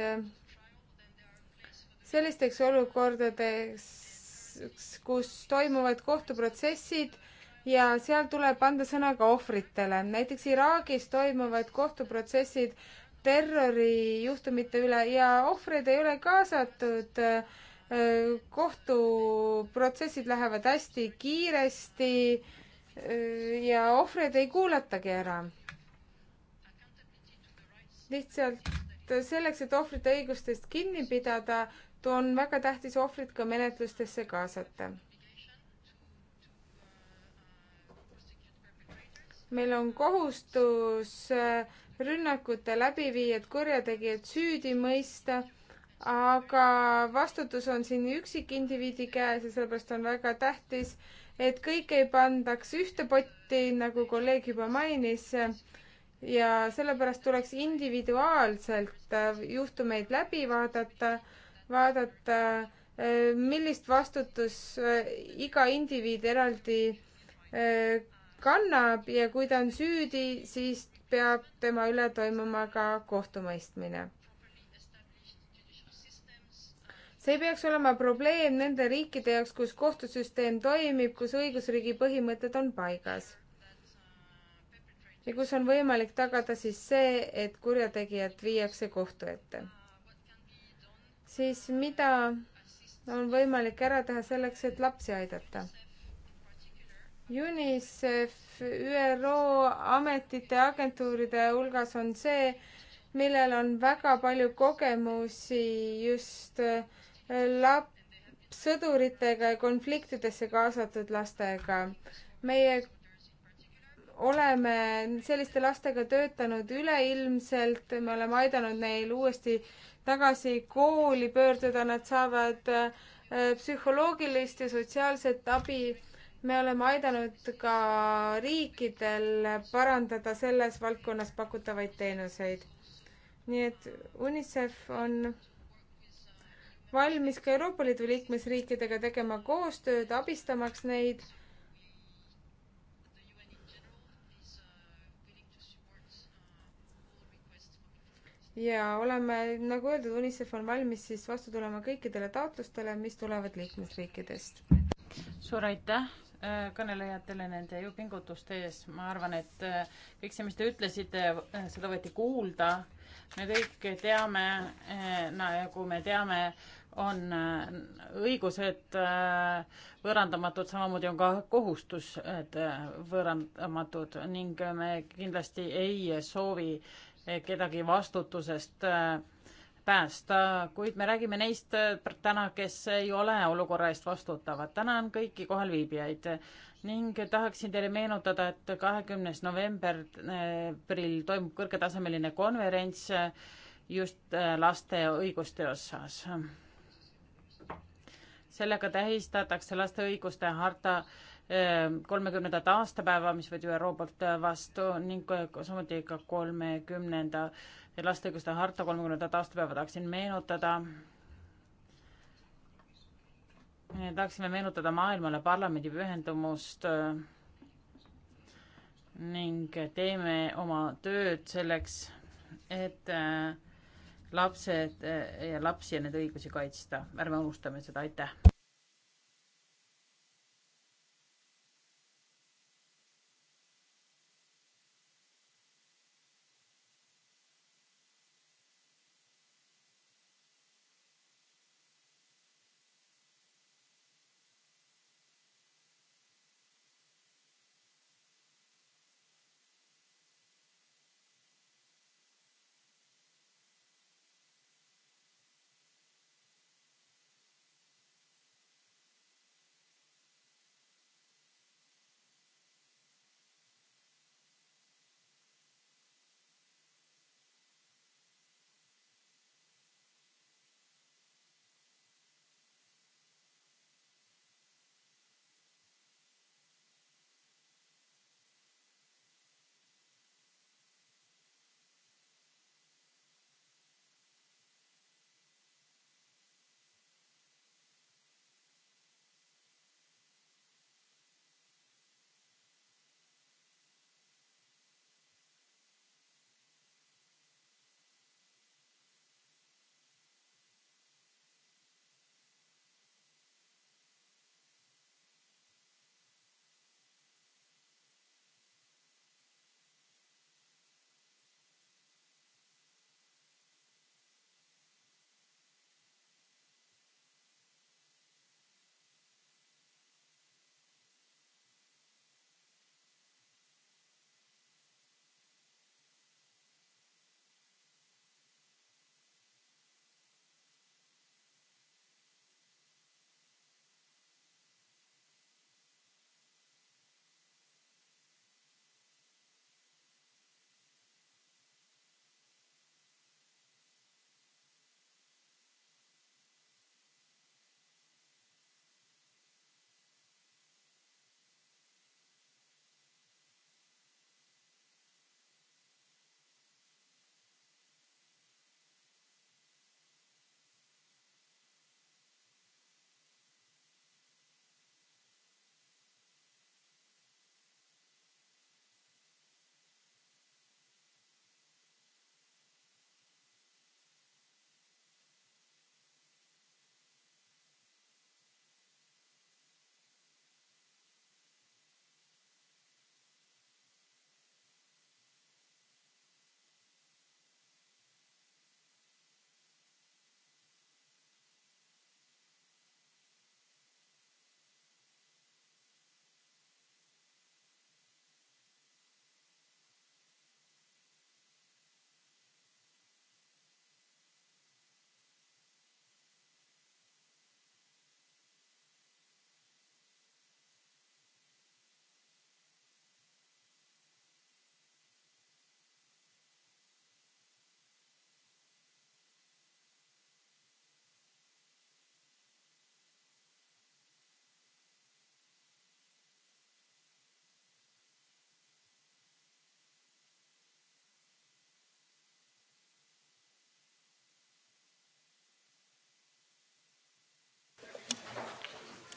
sellisteks olukordadeks, kus toimuvad kohtuprotsessid ja seal tuleb anda sõna ka ohvritele. näiteks Iraagis toimuvad kohtuprotsessid terrorijuhtumite üle ja ohvreid ei ole kaasatud. kohtuprotsessid lähevad hästi kiiresti ja ohvreid ei kuulatagi ära. lihtsalt selleks, et ohvrite õigustest kinni pidada, on väga tähtis ohvrid ka menetlustesse kaasata. meil on kohustus rünnakute läbiviijad, kurjategijad süüdi mõista, aga vastutus on siin üksikindiviidi käes ja sellepärast on väga tähtis, et kõik ei pandaks ühte potti, nagu kolleeg juba mainis, ja sellepärast tuleks individuaalselt juhtumeid läbi vaadata, vaadata, millist vastutus eh, iga indiviid eraldi eh, kannab ja kui ta on süüdi, siis peab tema üle toimuma ka kohtumõistmine. see ei peaks olema probleem nende riikide jaoks, kus kohtusüsteem toimib, kus õigusriigi põhimõtted on paigas. ja kus on võimalik tagada siis see, et kurjategijad viiakse kohtu ette. siis mida on võimalik ära teha selleks, et lapsi aidata? UNICEF ÜRO ametite ja agentuuride hulgas on see, millel on väga palju kogemusi just äh, lap-, sõduritega ja konfliktidesse kaasatud lastega. meie oleme selliste lastega töötanud üleilmselt, me oleme aidanud neil uuesti tagasi kooli pöörduda, nad saavad äh, psühholoogilist ja sotsiaalset abi me oleme aidanud ka riikidel parandada selles valdkonnas pakutavaid teenuseid. nii et UNICEF on valmis ka Euroopa Liidu liikmesriikidega tegema koostööd, abistamaks neid. ja oleme, nagu öeldud, UNICEF on valmis siis vastu tulema kõikidele taotlustele, mis tulevad liikmesriikidest. suur aitäh Äh, kõnelejatele nende ju pingutuste ees, ma arvan, et äh, kõik see, mis te ütlesite, äh, seda võeti kuulda. me kõik teame, nagu me teame, on õigused võõrandamatud, samamoodi on ka kohustused võõrandamatud ning me kindlasti ei soovi kedagi vastutusest äh, päästa, kuid me räägime neist äh, täna, kes ei ole olukorra eest vastutavad. tänan kõiki kohalviibijaid ning tahaksin teile meenutada, et kahekümnes novembril äh, toimub kõrgetasemeline konverents äh, just laste õiguste osas. sellega tähistatakse laste õiguste harta kolmekümnendat aastapäeva, mis võeti ÜRO poolt vastu ning samuti ka kolmekümnenda 30 laste õiguste harta kolmekümnendat aastapäeva tahaksin meenutada. tahaksime meenutada maailmale parlamendi pühendumust äh, ning teeme oma tööd selleks, et äh, lapsed äh, ja lapsi ja nende õigusi kaitsta. ärme unustame seda, aitäh!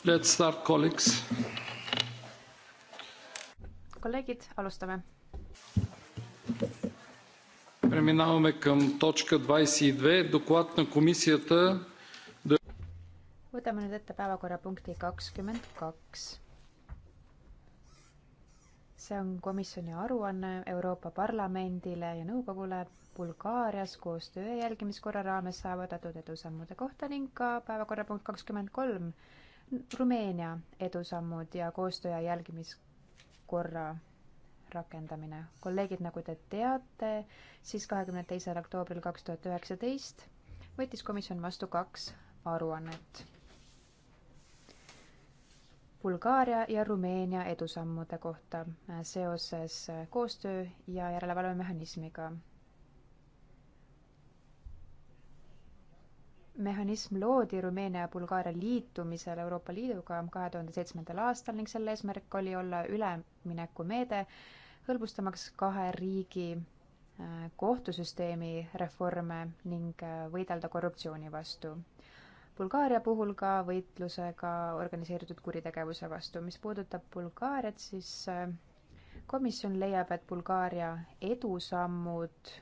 Let's start, colleagues. Kolleegid, alustame. Преминаваме към точка 22, доклад на комисията. Võtame nüüd ette päevakorrapunkti 22. See on komisjoni aruanne Euroopa Parlamendile ja nõukogule Bulgaarias koostöö jälgimiskorra raames saavutatud edusammude kohta ning ka päevakorrapunkt kakskümmend kolm Rumeenia edusammud ja koostöö ja jälgimiskorra rakendamine. kolleegid, nagu te teate, siis kahekümne teisel oktoobril kaks tuhat üheksateist võttis komisjon vastu kaks aruannet. Bulgaaria ja Rumeenia edusammude kohta seoses koostöö ja järelevalvemehhanismiga mehhanism loodi Rumeenia ja Bulgaaria liitumisel Euroopa Liiduga kahe tuhande seitsmendal aastal ning selle eesmärk oli olla üleminekumeede, hõlbustamaks kahe riigi äh, kohtusüsteemi reforme ning äh, võidelda korruptsiooni vastu. Bulgaaria puhul ka võitlusega organiseeritud kuritegevuse vastu. mis puudutab Bulgaariat, siis äh, komisjon leiab, et Bulgaaria edusammud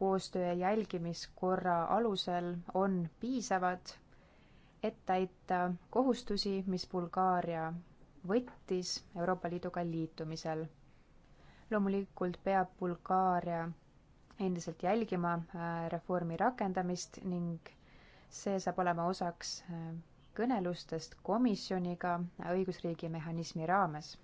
koostöö ja jälgimiskorra alusel on piisavad, et täita kohustusi, mis Bulgaaria võttis Euroopa Liiduga liitumisel. loomulikult peab Bulgaaria endiselt jälgima äh, reformi rakendamist ning see saab olema osaks äh, kõnelustest komisjoniga õigusriigi mehhanismi raames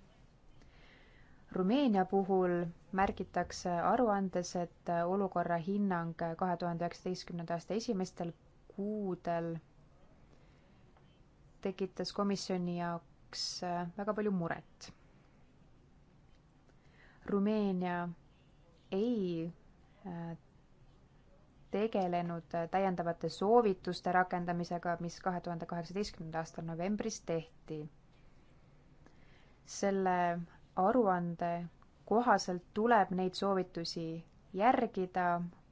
Rumeenia puhul märgitakse aruandes, et olukorra hinnang kahe tuhande üheksateistkümnenda aasta esimestel kuudel tekitas komisjoni jaoks väga palju muret. Rumeenia ei äh, tegelenud täiendavate soovituste rakendamisega, mis kahe tuhande kaheksateistkümnenda aasta novembris tehti. selle aruande kohaselt tuleb neid soovitusi järgida,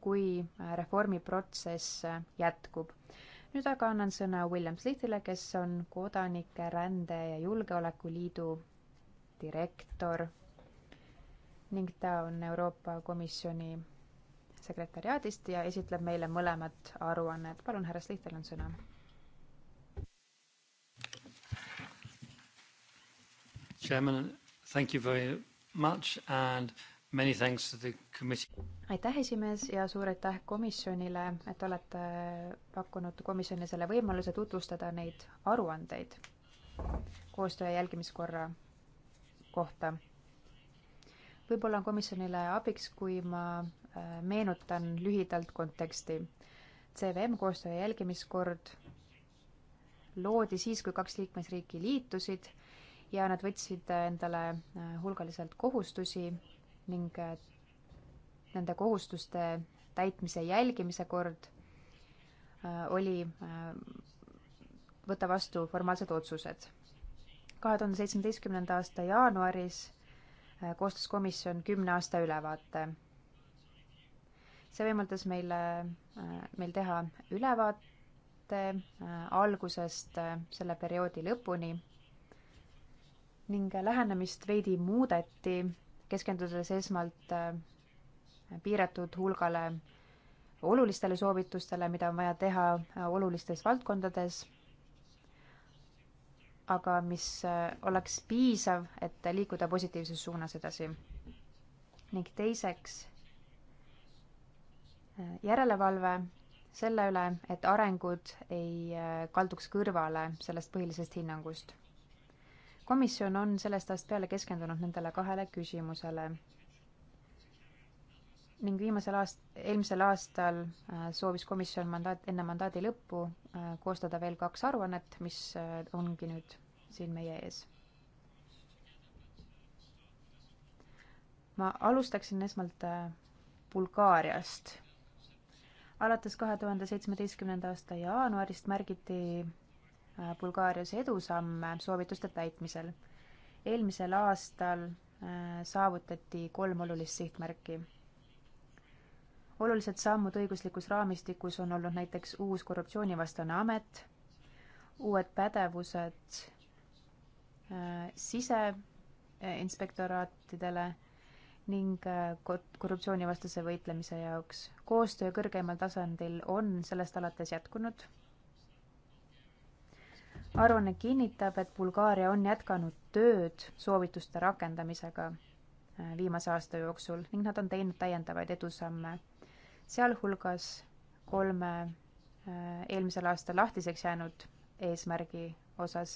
kui äh, reformiprotsess äh, jätkub. nüüd aga annan sõna William Slithile, kes on Kodanike, Rände ja Julgeoleku Liidu direktor ning ta on Euroopa Komisjoni sekretäriaadist ja esitleb meile mõlemad aruannet. palun, härra Slih, teil on sõna. Chairman Thank you very much and many thanks to the committee. aitäh, esimees, ja suur aitäh komisjonile, et olete pakkunud komisjonile selle võimaluse tutvustada neid aruandeid koostöö jälgimiskorra kohta. võib-olla on komisjonile abiks, kui ma äh, meenutan lühidalt konteksti. CVM koostöö jälgimiskord loodi siis, kui kaks liikmesriiki liitusid ja nad võtsid äh, endale äh, hulgaliselt kohustusi ning äh, nende kohustuste täitmise jälgimise kord oli võtta vastu formaalsed otsused. kahe tuhande seitsmeteistkümnenda aasta jaanuaris koostas komisjon kümne aasta ülevaate. see võimaldas meile, meil teha ülevaate algusest selle perioodi lõpuni ning lähenemist veidi muudeti, keskendudes esmalt äh, piiratud hulgale olulistele soovitustele, mida on vaja teha äh, olulistes valdkondades, aga mis äh, oleks piisav, et liikuda positiivses suunas edasi. ning teiseks järelevalve selle üle, et arengud ei kalduks kõrvale sellest põhilisest hinnangust komisjon on sellest ajast peale keskendunud nendele kahele küsimusele ning viimasel aast-, eelmisel aastal äh, soovis komisjon mandaat, enne mandaadi lõppu äh, koostada veel kaks aruannet, mis äh, ongi nüüd siin meie ees. ma alustaksin esmalt Bulgaariast. alates kahe tuhande seitsmeteistkümnenda aasta jaanuarist märgiti Äh, Bulgaarias edusamme soovituste täitmisel. eelmisel aastal äh, saavutati kolm olulist sihtmärki. olulised sammud õiguslikus raamistikus on olnud näiteks uus korruptsioonivastane amet, uued pädevused äh, siseinspektoraatidele ning korruptsioonivastase võitlemise jaoks. koostöö kõrgemal tasandil on sellest alates jätkunud aruanne kinnitab, et Bulgaaria on jätkanud tööd soovituste rakendamisega äh, viimase aasta jooksul ning nad on teinud täiendavaid edusamme, sealhulgas kolme äh, eelmisel aastal lahtiseks jäänud eesmärgi osas.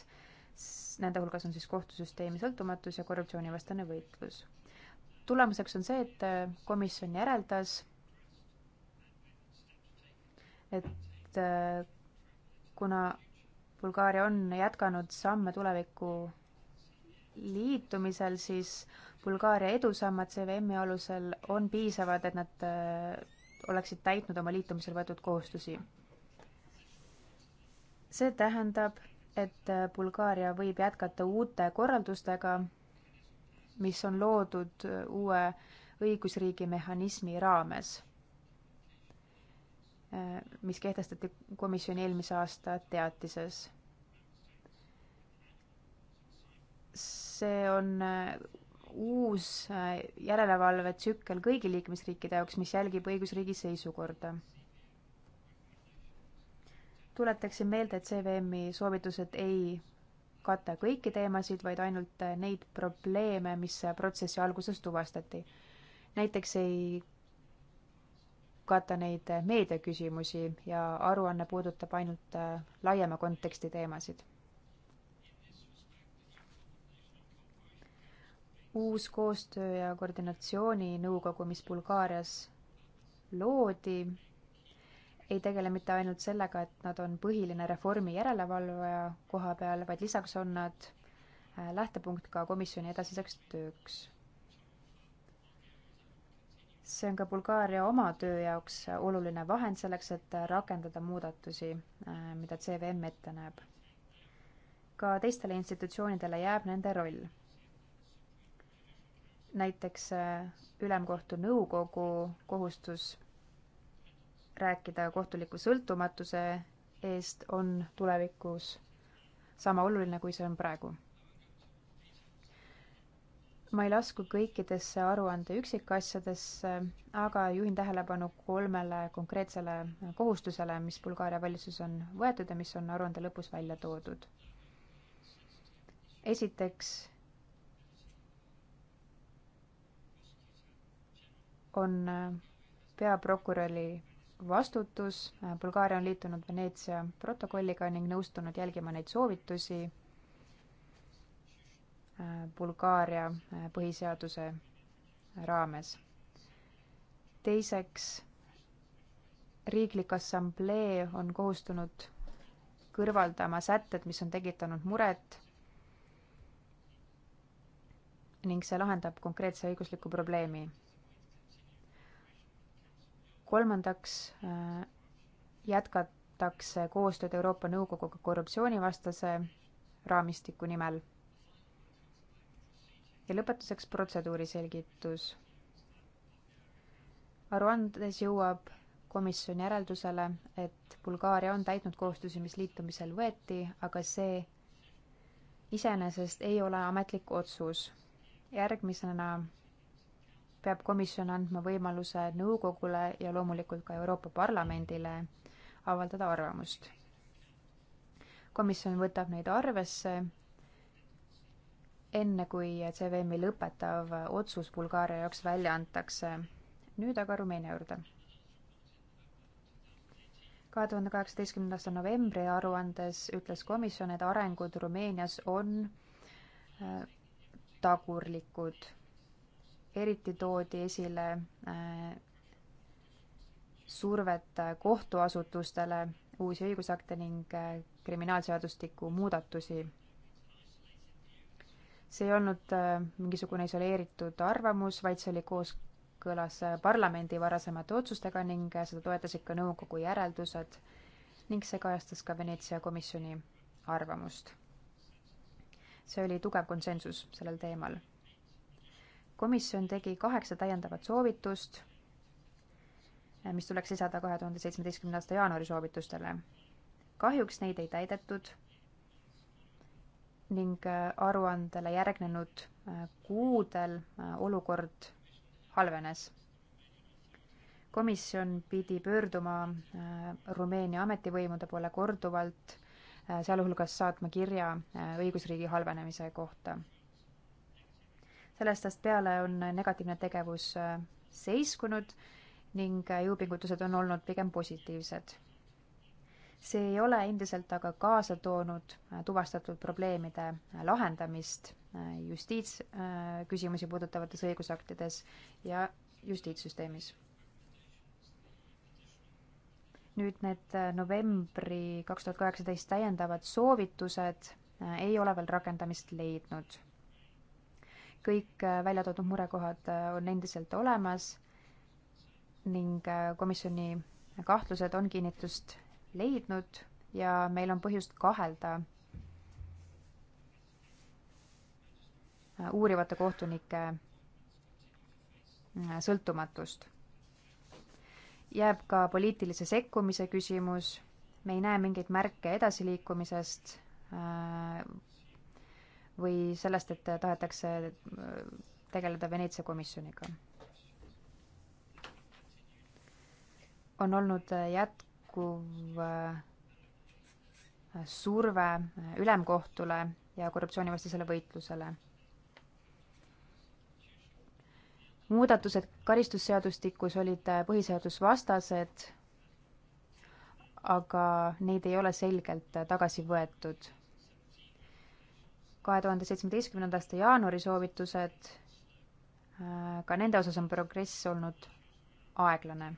Nende hulgas on siis kohtusüsteemi sõltumatus ja korruptsioonivastane võitlus. tulemuseks on see, et äh, komisjon järeldas, et kuna Bulgaaria on jätkanud samme tuleviku liitumisel, siis Bulgaaria edusammad CVM-i alusel on piisavad, et nad äh, oleksid täitnud oma liitumisel võetud kohustusi. see tähendab, et äh, Bulgaaria võib jätkata uute korraldustega, mis on loodud äh, uue õigusriigi mehhanismi raames. Äh, mis kehtestati komisjoni eelmise aasta teatises. see on äh, uus äh, järelevalvetsükkel kõigi liikmesriikide jaoks, mis jälgib õigusriigi seisukorda. tuletaksin meelde, et CVM-i soovitused ei kata kõiki teemasid, vaid ainult neid probleeme, mis protsessi alguses tuvastati. näiteks ei katta neid meediaküsimusi ja aruanne puudutab ainult äh, laiema konteksti teemasid. uus koostöö ja koordinatsiooninõukogu, mis Bulgaarias loodi, ei tegele mitte ainult sellega, et nad on põhiline reformi järelevalvaja koha peal, vaid lisaks on nad äh, lähtepunkt ka komisjoni edasiseks tööks see on ka Bulgaaria oma töö jaoks oluline vahend selleks, et rakendada muudatusi, äh, mida CVM ette näeb. ka teistele institutsioonidele jääb nende roll. näiteks äh, Ülemkohtu Nõukogu kohustus rääkida kohtuliku sõltumatuse eest on tulevikus sama oluline, kui see on praegu ma ei lasku kõikidesse aruande üksikasjadesse, aga juhin tähelepanu kolmele konkreetsele kohustusele, mis Bulgaaria valitsus on võetud ja mis on aruande lõpus välja toodud. esiteks on peaprokuröri vastutus, Bulgaaria on liitunud Veneetsia protokolliga ning nõustunud jälgima neid soovitusi Bulgaaria äh, põhiseaduse raames. teiseks, riiklik assamblee on kohustunud kõrvaldama sätted, mis on tekitanud muret ning see lahendab konkreetse õigusliku probleemi. kolmandaks äh, jätkatakse koostööd Euroopa Nõukoguga korruptsioonivastase raamistiku nimel ja lõpetuseks protseduuri selgitus. aruandes jõuab komisjon järeldusele, et Bulgaaria on täitnud kohustusi, mis liitumisel võeti, aga see iseenesest ei ole ametlik otsus. järgmisena peab komisjon andma võimaluse nõukogule ja loomulikult ka Euroopa Parlamendile avaldada arvamust. komisjon võtab neid arvesse enne kui CVM-i lõpetav otsus Bulgaaria jaoks välja antakse. nüüd aga Rumeenia juurde. kahe tuhande kaheksateistkümnenda aasta novembri aruandes ütles komisjon, et arengud Rumeenias on äh, tagurlikud. eriti toodi esile äh, survet kohtuasutustele, uusi õigusakte ning äh, kriminaalseadustiku muudatusi see ei olnud äh, mingisugune isoleeritud arvamus, vaid see oli kooskõlas äh, parlamendi varasemate otsustega ning äh, seda toetasid ka nõukogu järeldused ning see kajastas ka Veneetsia komisjoni arvamust. see oli tugev konsensus sellel teemal. komisjon tegi kaheksa täiendavat soovitust, mis tuleks lisada kahe tuhande seitsmeteistkümnenda aasta jaanuari soovitustele. kahjuks neid ei täidetud ning äh, aruandele järgnenud äh, kuudel äh, olukord halvenes. komisjon pidi pöörduma Rumeenia ametivõimude poole korduvalt, sealhulgas saatma kirja õigusriigi halvenemise kohta. sellest ajast peale on negatiivne tegevus seiskunud ning jõupingutused on olnud pigem positiivsed see ei ole endiselt aga kaasa toonud äh, tuvastatud probleemide äh, lahendamist äh, justiitsküsimusi puudutavates õigusaktides ja justiitssüsteemis. nüüd need novembri kaks tuhat kaheksateist täiendavad soovitused ei ole veel rakendamist leidnud. kõik välja toodud murekohad on endiselt olemas ning komisjoni kahtlused on kinnitust leidnud ja meil on põhjust kahelda äh, uurivate kohtunike äh, sõltumatust. jääb ka poliitilise sekkumise küsimus, me ei näe mingeid märke edasiliikumisest äh, või sellest, et tahetakse tegeleda Veneetsia komisjoniga. on olnud jät-, jätkuv äh, surve äh, ülemkohtule ja korruptsioonivastasele võitlusele. muudatused karistusseadustikus olid äh, põhiseadusvastased, aga neid ei ole selgelt tagasi võetud. kahe tuhande seitsmeteistkümnenda aasta jaanuari soovitused, ka nende osas on progress olnud aeglane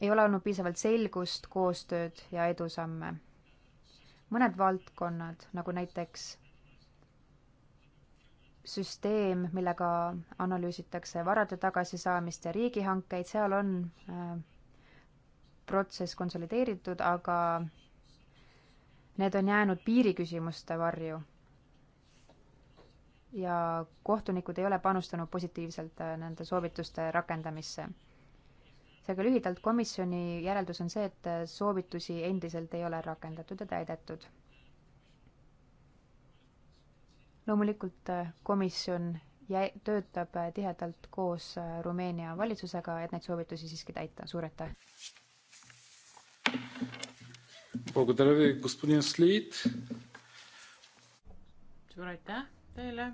ei ole olnud piisavalt selgust, koostööd ja edusamme. mõned valdkonnad, nagu näiteks süsteem, millega analüüsitakse varade tagasisaamist ja riigihankeid, seal on äh, protsess konsolideeritud, aga need on jäänud piiriküsimuste varju. ja kohtunikud ei ole panustanud positiivselt äh, nende soovituste rakendamisse seega lühidalt komisjoni järeldus on see, et soovitusi endiselt ei ole rakendatud ja täidetud. loomulikult äh, komisjon jä-, töötab äh, tihedalt koos äh, Rumeenia valitsusega, et neid soovitusi siiski täita, suur aitäh! suur aitäh teile!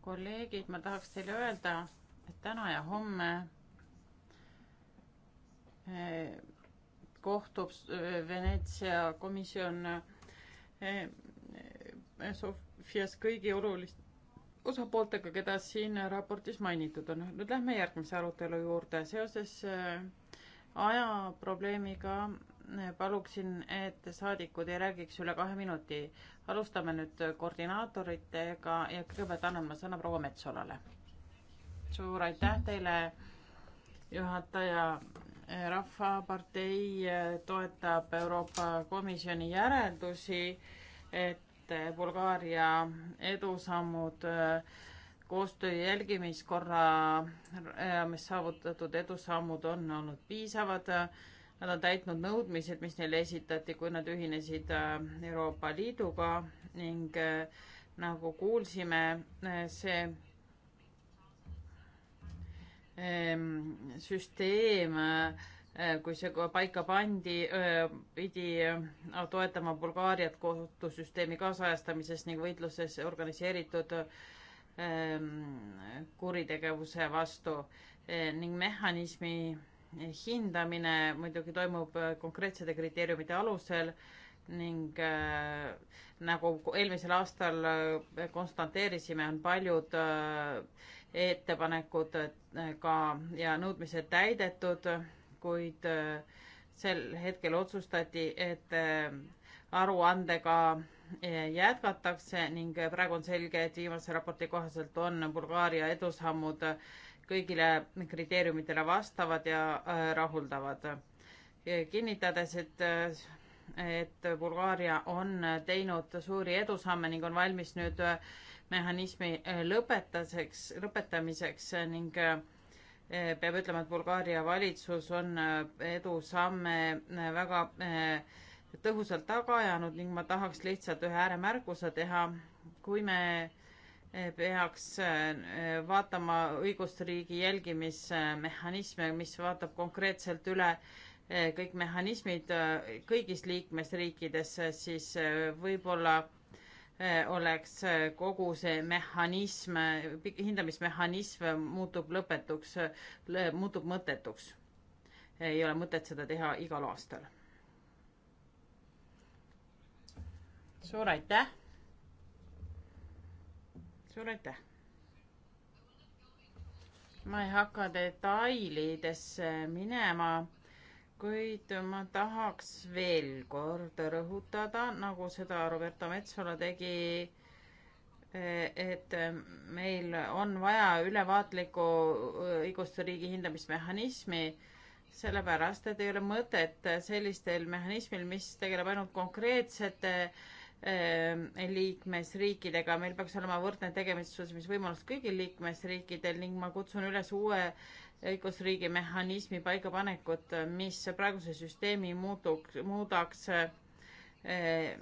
kolleegid, ma tahaks teile öelda, et täna ja homme kohtub äh, Veneetsia komisjon äh, äh, Sofias kõigi oluliste osapooltega, keda siin raportis mainitud on. nüüd lähme järgmise arutelu juurde. seoses ajaprobleemiga paluksin, et saadikud ei räägiks üle kahe minuti. alustame nüüd koordinaatoritega ja kõigepealt annan ma sõna proua Metsolale. suur aitäh teile, juhataja rahvapartei eh, toetab Euroopa Komisjoni järeldusi, et eh, Bulgaaria edusammud eh, koostöö jälgimiskorra, mis saavutatud edusammud on olnud piisavad. Nad on täitnud nõudmised, mis neile esitati, kui nad ühinesid Euroopa Liiduga ning nagu kuulsime, see Ehm, süsteem, äh, kui see paika pandi, äh, pidi äh, toetama Bulgaariat kohtusüsteemi kaasajastamises ning võitluses organiseeritud ehm, kuritegevuse vastu ehm, ning mehhanismi hindamine muidugi toimub konkreetsete kriteeriumite alusel ning äh, nagu eelmisel aastal konstateerisime, on paljud äh, ettepanekud äh, ka ja nõudmised täidetud, kuid äh, sel hetkel otsustati, et äh, aruandega jätkatakse ning praegu on selge, et viimase raporti kohaselt on Bulgaaria edusammud kõigile kriteeriumitele vastavad ja rahuldavad. kinnitades, et, et Bulgaaria on teinud suuri edusamme ning on valmis nüüd mehhanismi äh, lõpetaseks, lõpetamiseks äh, ning äh, peab ütlema, et Bulgaaria valitsus on edusamme väga tõhusalt taga ajanud ning ma tahaks lihtsalt ühe ääremärkuse teha. kui me peaks vaatama õigusriigi jälgimismehhanisme, mis vaatab konkreetselt üle kõik mehhanismid kõigis liikmesriikides, siis võib-olla Äh, oleks äh, kogu see mehhanism, hindamismehhanism muutub lõpetuks, muutub mõttetuks. ei ole mõtet seda teha igal aastal. suur aitäh. suur aitäh. ma ei hakka detailidesse minema kuid ma tahaks veel kord rõhutada, nagu seda Roberta Metsola tegi, et meil on vaja ülevaatlikku õigusriigi hindamismehhanismi, sellepärast et ei ole mõtet sellistel mehhanismil, mis tegeleb ainult konkreetsete ehm, liikmesriikidega, meil peaks olema võrdne tegemistusvõimalus kõigil liikmesriikidel ning ma kutsun üles uue õigusriigi mehhanismi paikapanekut, mis praeguse süsteemi muutuks, muudaks eh,,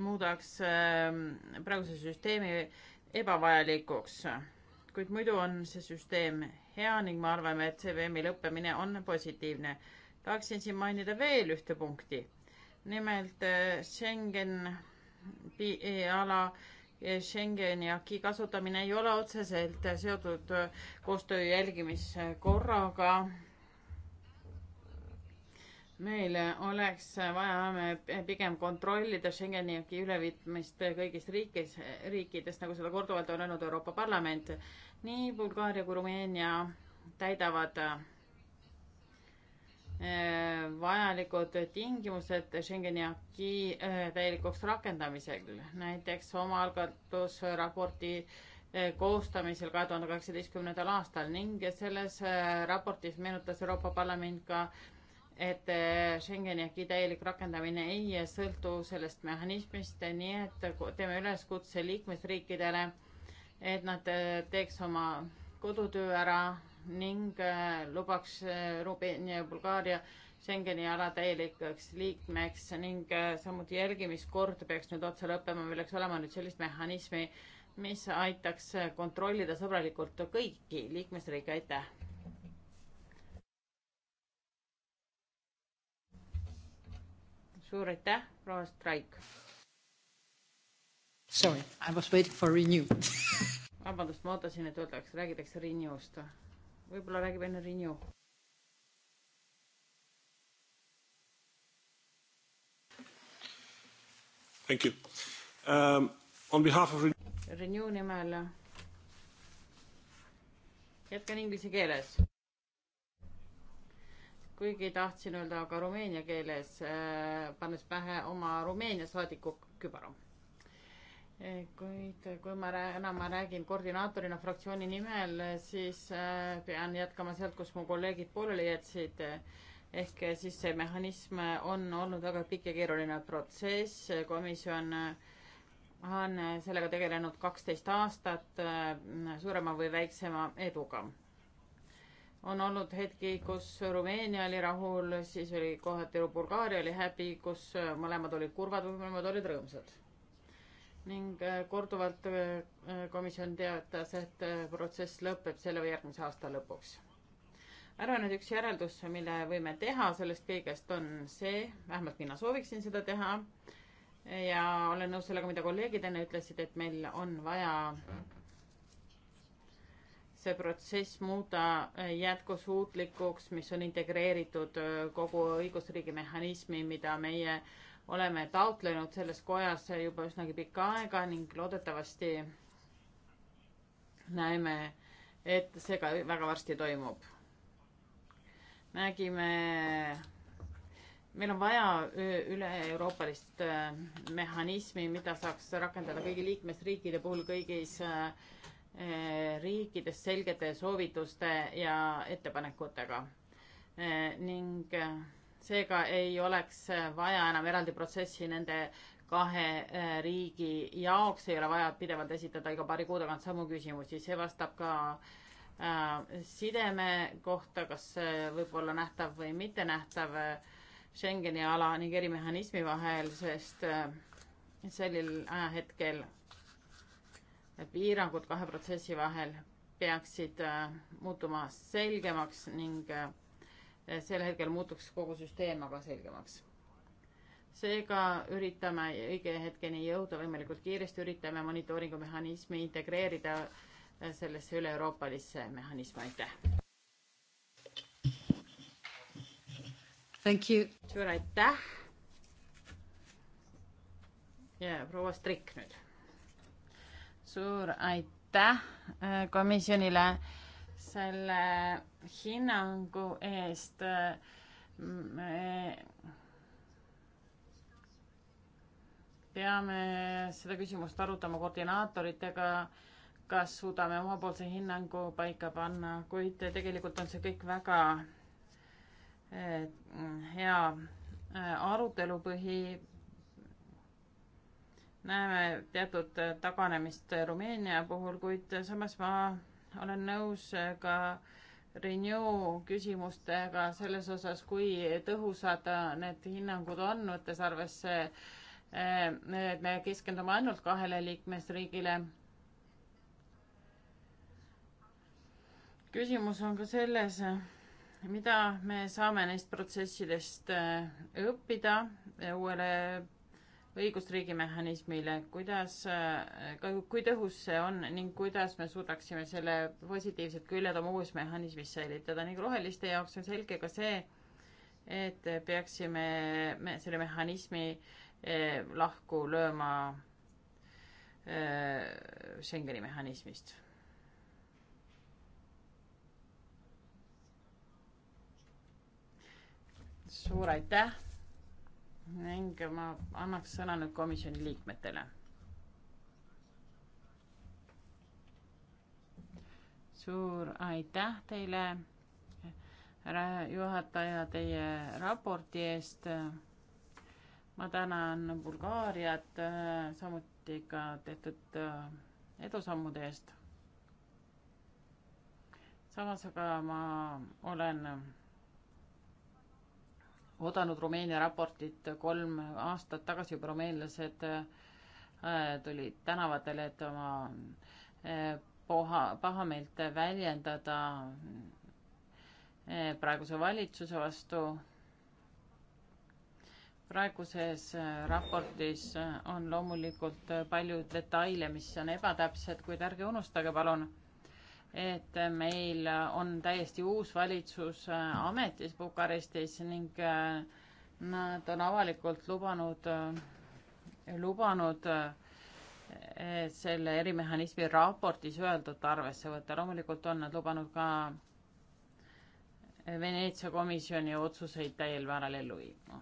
muudaks eh, praeguse süsteemi ebavajalikuks. kuid muidu on see süsteem hea ning me arvame, et CVM-i lõppemine on positiivne. tahaksin siin mainida veel ühte punkti. nimelt eh, Schengen eh, ala Schengeni aki kasutamine ei ole otseselt seotud koostöö jälgimiskorraga. meil oleks vaja me pigem kontrollida Schengeni aki üleviitmist kõigis riikides, riikides, nagu seda korduvalt on öelnud Euroopa Parlament. nii Bulgaaria kui Rumeenia täidavad Äh, vajalikud tingimused Schengeni aki äh, täielikuks rakendamisel, näiteks omaalgatusraporti äh, koostamisel kahe tuhande kaheksateistkümnendal aastal ning selles raportis meenutas Euroopa Parlament ka, et Schengeni aki täielik rakendamine ei sõltu sellest mehhanismist, nii et teeme üleskutse liikmesriikidele, et nad teeks oma kodutöö ära ning äh, lubaks äh, Rumeenia ja Bulgaaria Schengeni ala täielikuks liikmeks ning äh, samuti jälgimiskord peaks nüüd otsa lõppema, milleks olema nüüd sellist mehhanismi, mis aitaks kontrollida sõbralikult kõiki liikmesriike, aitäh. suur aitäh, proua Straik. Sorry, I was waiting for renew vabandust, ma ootasin, et öeldakse, räägitakse Renewst või? võib-olla räägib enne Renew. Thank you um,. On behalf of Renew. Renew nimel jätkan inglise keeles. kuigi tahtsin öelda ka rumeenia keeles äh,, pannes pähe oma Rumeenia saadiku kübara kuid kui ma enam ma räägin koordinaatorina fraktsiooni nimel, siis äh, pean jätkama sealt, kus mu kolleegid pooleli jätsid. ehk siis see mehhanism on olnud väga pikk ja keeruline protsess, komisjon on sellega tegelenud kaksteist aastat äh, suurema või väiksema eduga. on olnud hetki, kus Rumeenia oli rahul, siis oli kohati Bulgaaria oli häbi, kus mõlemad olid kurvad, mõlemad olid rõõmsad ning äh, korduvalt äh, äh, komisjon teatas, et protsess lõpeb selle või järgmise aasta lõpuks. ära nüüd üks järeldus, mille võime teha sellest kõigest, on see, vähemalt mina sooviksin seda teha ja olen nõus sellega, mida kolleegid enne ütlesid, et meil on vaja see protsess muuta jätkusuutlikuks, mis on integreeritud kogu õigusriigi mehhanismi, mida meie äh, oleme taotlenud selles kojas juba üsnagi pikka aega ning loodetavasti näeme, et see ka väga varsti toimub. nägime, meil on vaja üle-euroopalist äh, mehhanismi, mida saaks rakendada kõigi liikmesriikide puhul kõigis äh, riikides selgete soovituste ja ettepanekutega äh, ning seega ei oleks vaja enam eraldi protsessi nende kahe äh, riigi jaoks, ei ole vaja pidevalt esitada iga paari kuu tagant samu küsimusi, see vastab ka äh, sideme kohta, kas see äh, võib olla nähtav või mitte nähtav äh, Schengeni ala ning erimehhanismi vahel, sest äh, sellel ajahetkel piirangud kahe protsessi vahel peaksid äh, muutuma selgemaks ning äh, sel hetkel muutuks kogu süsteem aga selgemaks. seega üritame õige hetkeni jõuda võimalikult kiiresti, üritame monitooringumehhanismi integreerida sellesse üle-euroopalisse mehhanismi, aitäh! suur aitäh! ja proua Strik nüüd. suur aitäh äh, komisjonile selle hinnangu eest. me peame seda küsimust arutama koordinaatoritega, kas suudame omapoolse hinnangu paika panna, kuid tegelikult on see kõik väga eh, hea eh, arutelupõhi. näeme teatud taganemist Rumeenia puhul, kuid samas ma olen nõus äh, ka Renew küsimustega selles osas, kui tõhusad äh, need hinnangud on, võttes arvesse, äh, et me keskendume ainult kahele liikmesriigile. küsimus on ka selles, mida me saame neist protsessidest õppida uuele õigusriigi mehhanismile, kuidas, kui tõhus see on ning kuidas me suudaksime selle positiivsed küljed oma uues mehhanismis säilitada ning roheliste jaoks on selge ka see, et peaksime me selle mehhanismi eh, lahku lööma eh, Schengeni mehhanismist suur aitäh ning ma annaks sõna nüüd komisjoni liikmetele. suur aitäh teile, härra juhataja, teie raporti eest. ma tänan Bulgaariat, samuti ka tehtud äh, edusammude eest. samas aga ma olen oodanud Rumeenia raportit kolm aastat tagasi juba rumeenlased äh, tulid tänavatele, et oma äh, poha, pahameelt väljendada äh, praeguse valitsuse vastu. praeguses raportis on loomulikult palju detaile, mis on ebatäpsed, kuid ärge unustage palun et meil on täiesti uus valitsus äh, ametis Bukarestis ning äh, nad on avalikult lubanud, äh, lubanud selle erimehhanismi raportis öeldut arvesse võtta. loomulikult on nad lubanud ka Veneetsia komisjoni otsuseid täiel määral ellu viima.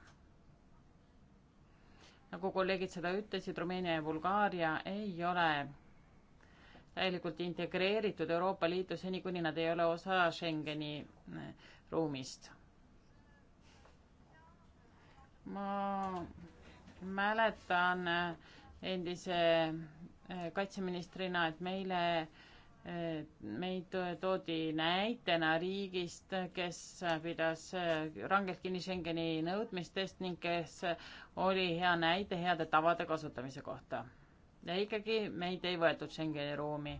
nagu kolleegid seda ütlesid, Rumeenia ja Bulgaaria ei ole täielikult integreeritud Euroopa Liitu seni, kuni nad ei ole osa Schengeni eh, ruumist. ma mäletan eh, endise eh, kaitseministrina, et meile, meid toodi näitena riigist, kes pidas rangelt kinni Schengeni nõudmistest ning kes oli hea näide heade tavade kasutamise kohta ja ikkagi meid ei võetud Schengeni ruumi.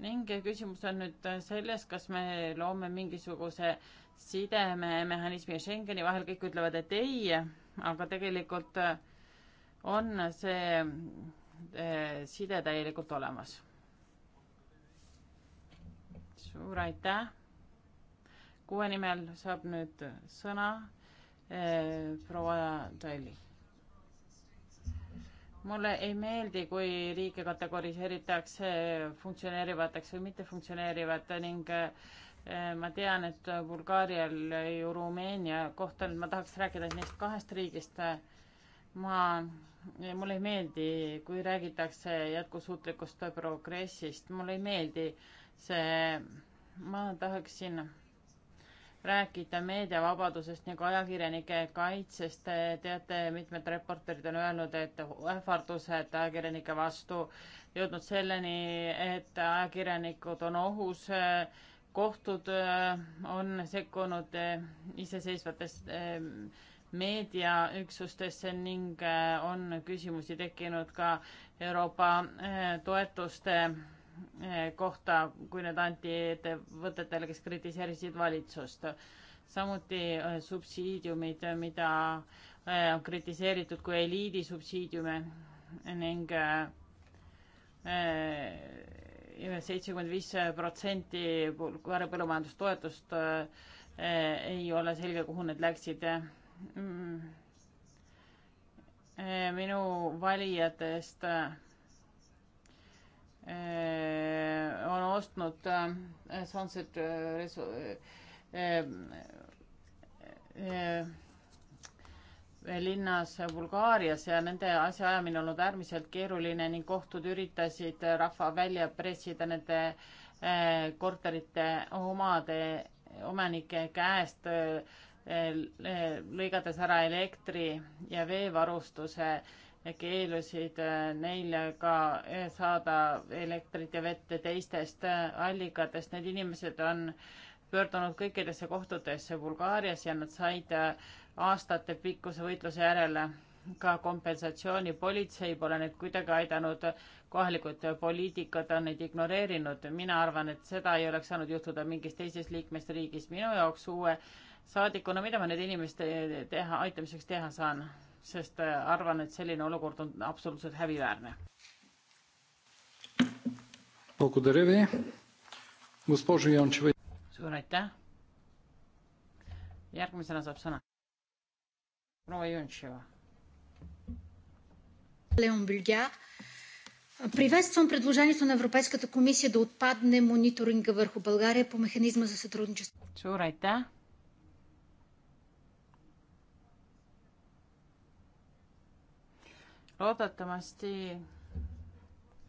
ning küsimus on nüüd selles, kas me loome mingisuguse sidememehhanismi ja Schengeni vahel, kõik ütlevad, et ei, aga tegelikult on see eh, side täielikult olemas. suur aitäh. kuue nimel saab nüüd sõna eh, proua Talli mulle ei meeldi, kui riike kategoriseeritakse funktsioneerivateks või mittefunktsioneerivate ning eh, ma tean, et Bulgaarial ju Rumeenia kohta, ma tahaks rääkida neist kahest riigist. ma, mulle ei meeldi, kui räägitakse jätkusuutlikust progressist, mulle ei meeldi see, ma tahaksin rääkida meediavabadusest ning nagu ajakirjanike kaitsest. teate, mitmed reporterid on öelnud, et ähvardused ajakirjanike vastu jõudnud selleni, et ajakirjanikud on ohus. kohtud äh, on sekkunud äh, iseseisvatest äh, meediaüksustesse ning on küsimusi tekkinud ka Euroopa toetuste Eh, kohta, kui need anti ettevõtetele, kes kritiseerisid valitsust. samuti eh, subsiidiumid, mida eh, on kritiseeritud kui eliidi subsiidiume ning seitsekümmend viis protsenti varjapõllumajandustoetust ei ole selge, kuhu need läksid. Mm. minu valijatest Eh, on ostnud eh, Sunset eh, linnas Bulgaarias ja nende asjaajamine olnud äärmiselt keeruline ning kohtud üritasid rahva välja pressida nende korterite omade, omanike käest, lõigates ära elektri ja veevarustuse keelusid äh, neil ka äh, saada elektrit ja vett teistest äh, allikatest. Need inimesed on pöördunud kõikidesse kohtutesse Bulgaarias ja nad said aastate pikkuse võitluse järele ka kompensatsiooni. politsei pole neid kuidagi aidanud, kohalikud poliitikud on neid ignoreerinud. mina arvan, et seda ei oleks saanud juhtuda mingis teises liikmesriigis. minu jaoks uue saadikuna, mida ma nende inimeste teha, aitamiseks teha saan? sest äh, arvan, et selline olukord on absoluutselt häbiväärne. suur aitäh. järgmisena saab sõna. proua Jontševa. Леон Бюльгар. Приветствам предложението на Европейската комисия да отпадне мониторинга върху България по механизма за сътрудничество. Suur aitäh loodetavasti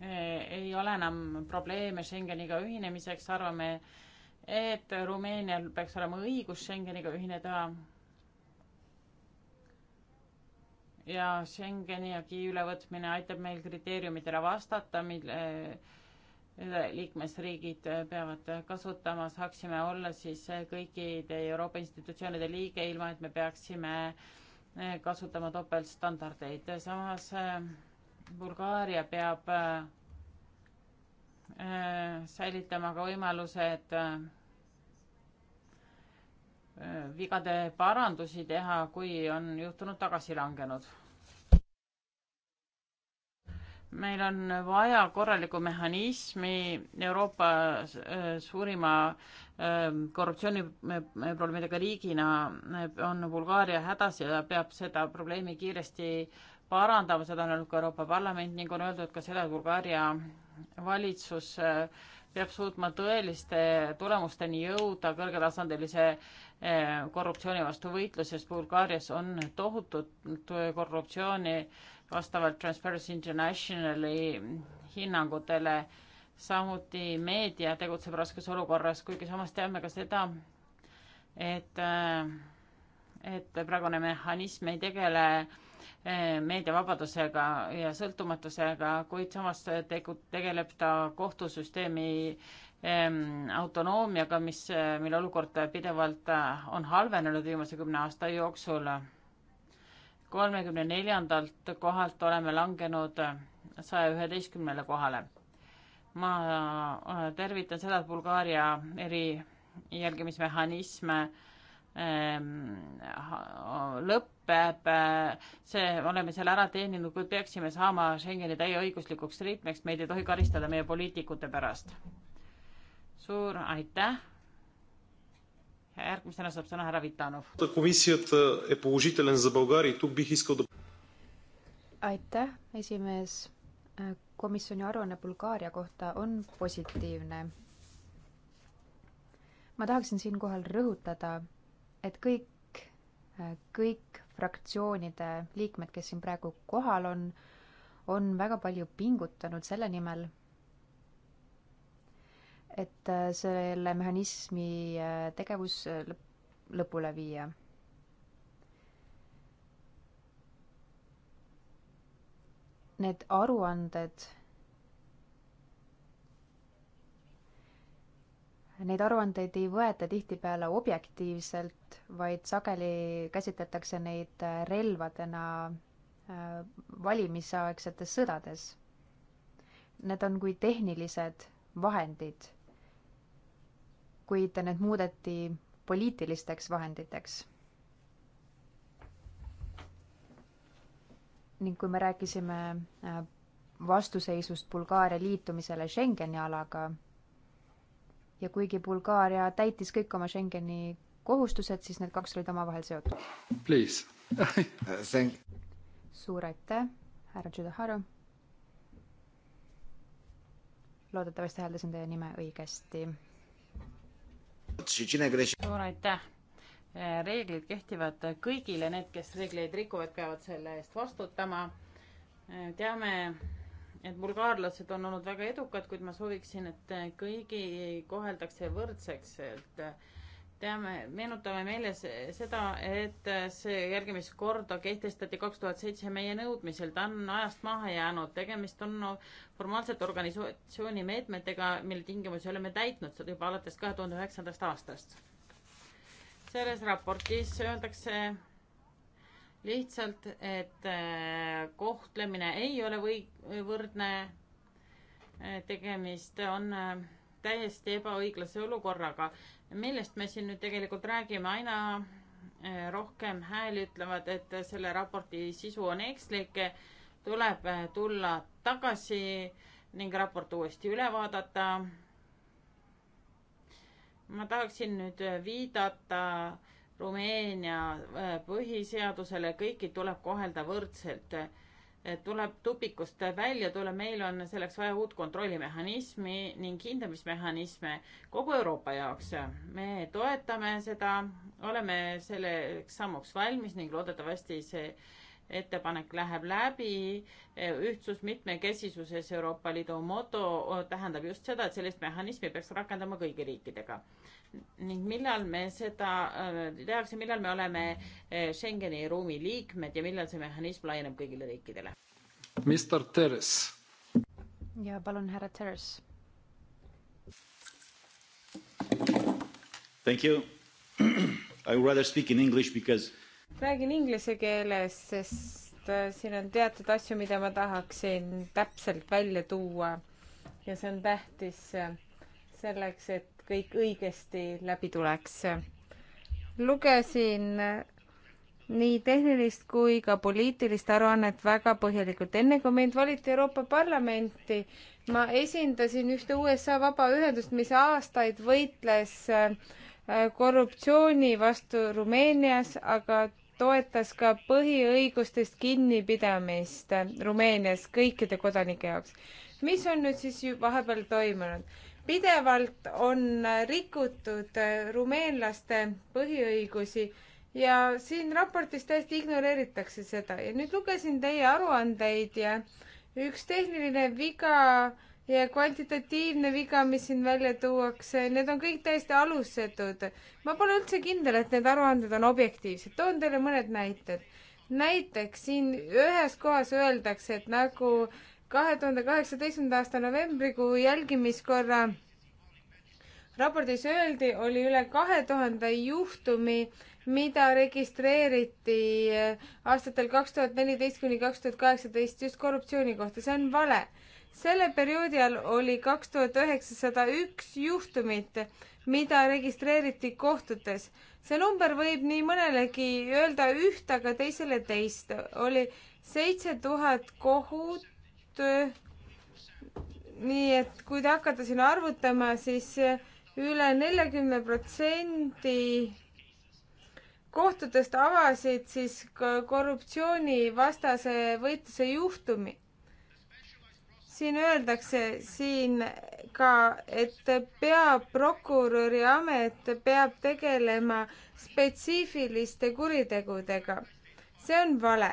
eh, ei ole enam probleeme Schengeniga ühinemiseks, arvame, et Rumeenial peaks olema õigus Schengeniga ühineda. ja Schengeni agi ülevõtmine aitab meil kriteeriumitele vastata, mille liikmesriigid peavad kasutama, saaksime olla siis kõikide Euroopa institutsioonide liige, ilma et me peaksime äh, kasutama topeltstandardeid. samas äh, Bulgaaria peab äh, äh, säilitama ka võimalused vigade parandusi teha, kui on juhtunud tagasilangenud meil on vaja korralikku mehhanismi Euroopa äh, suurima ähm, korruptsiooniprobleemidega riigina on Bulgaaria hädas ja peab seda probleemi kiiresti parandama, seda on öelnud ka Euroopa Parlament ning on öeldud ka seda, et Bulgaaria valitsus äh, peab suutma tõeliste tulemusteni jõuda kõrgetasandilise äh, korruptsiooni vastu võitluses. Bulgaarias on tohutut korruptsiooni vastavalt Transparency Internationali hinnangutele. samuti meedia tegutseb raskes olukorras, kuigi samas teame ka seda, et, et praegune mehhanism ei tegele eh, meediavabadusega ja sõltumatusega, kuid samas tegu, tegeleb ta kohtusüsteemi ehm, autonoomiaga, mis, mille olukord pidevalt eh, on halvenenud viimase kümne aasta jooksul kolmekümne neljandalt kohalt oleme langenud saja üheteistkümnele kohale. ma äh, tervitan seda, et Bulgaaria eri jälgimismehhanisme ähm, lõpeb, äh, see, oleme selle ära teeninud, kui peaksime saama Schengeni täieõiguslikuks liikmeks, meid ei tohi karistada meie poliitikute pärast. suur aitäh järgmisena saab sõna härra Vitanov. aitäh, esimees. komisjoni aruanne Bulgaaria kohta on positiivne. ma tahaksin siinkohal rõhutada, et kõik, kõik fraktsioonide liikmed, kes siin praegu kohal on, on väga palju pingutanud selle nimel, et äh, selle mehhanismi äh, tegevus äh, lõpule viia. Need aruanded, neid aruandeid ei võeta tihtipeale objektiivselt, vaid sageli käsitletakse neid relvadena valimisaegsetes sõdades. Need on kui tehnilised vahendid kuid need muudeti poliitilisteks vahenditeks. ning kui me rääkisime äh, vastuseisust Bulgaaria liitumisele Schengeni alaga ja kuigi Bulgaaria täitis kõik oma Schengeni kohustused, siis need kaks olid omavahel seotud. Please suur aitäh, härra Tšudaharu. loodetavasti hääldasin teie nime õigesti suur aitäh! Eh, reeglid kehtivad kõigile, need, kes reegleid rikuvad, peavad selle eest vastutama. Eh, teame, et bulgaarlased on olnud väga edukad, kuid ma sooviksin, et eh, kõigi koheldakse võrdseks, et teame, meenutame meile seda, et see järgimiskorda kehtestati kaks tuhat seitse meie nõudmisel, ta on ajast maha jäänud, tegemist on formaalsete organisatsiooni meetmetega, mille tingimusi oleme täitnud seda juba alates kahe tuhande üheksandast aastast. selles raportis öeldakse lihtsalt, et äh, kohtlemine ei ole või-, võrdne, äh, tegemist on äh, täiesti ebaõiglase olukorraga millest me siin nüüd tegelikult räägime, aina eh, rohkem hääli ütlevad, et selle raporti sisu on ekslik, tuleb eh, tulla tagasi ning raport uuesti üle vaadata. ma tahaksin nüüd viidata Rumeenia eh, põhiseadusele, kõiki tuleb kohelda võrdselt tuleb tupikust välja tulla, meil on selleks vaja uut kontrollimehhanismi ning hindamismehhanisme kogu Euroopa jaoks. me toetame seda, oleme selleks sammuks valmis ning loodetavasti see ettepanek läheb läbi. ühtsus mitmekesisuses Euroopa Liidu moto tähendab just seda, et sellist mehhanismi peaks rakendama kõigi riikidega ning millal me seda tehakse, äh, millal me oleme äh, Schengeni ruumi liikmed ja millal see mehhanism laieneb kõigile riikidele? Mr Terres. ja palun, härra Terres. Thank you. I would rather speak in english because. räägin inglise keeles, sest äh, siin on teatud asju, mida ma tahaksin täpselt välja tuua ja see on tähtis selleks, et kõik õigesti läbi tuleks. lugesin nii tehnilist kui ka poliitilist aruannet väga põhjalikult. enne kui mind valiti Euroopa Parlamenti, ma esindasin ühte USA vabaühendust, mis aastaid võitles äh, korruptsiooni vastu Rumeenias, aga toetas ka põhiõigustest kinnipidamist äh, Rumeenias kõikide kodanike jaoks. mis on nüüd siis vahepeal toimunud? pidevalt on rikutud rumeenlaste põhiõigusi ja siin raportis täiesti ignoreeritakse seda ja nüüd lugesin teie aruandeid ja üks tehniline viga ja kvantitatiivne viga, mis siin välja tuuakse, need on kõik täiesti alusetud. ma pole üldse kindel, et need aruanded on objektiivsed, toon teile mõned näited. näiteks siin ühes kohas öeldakse, et nagu äh, kahe tuhande kaheksateistkümnenda aasta novembrikuu jälgimiskorra raportis öeldi, oli üle kahe tuhande juhtumi, mida registreeriti aastatel kaks tuhat neliteist kuni kaks tuhat kaheksateist just korruptsiooni kohta, see on vale. selle perioodi all oli kaks tuhat üheksasada üks juhtumit, mida registreeriti kohtutes. see number võib nii mõnelegi öelda üht, aga teisele teist. oli seitse tuhat kohut, nii et kui te hakkate siin arvutama, siis üle neljakümne protsendi kohtutest avasid siis korruptsioonivastase võitluse juhtumi. siin öeldakse siin ka, et peaprokuröri amet peab tegelema spetsiifiliste kuritegudega. see on vale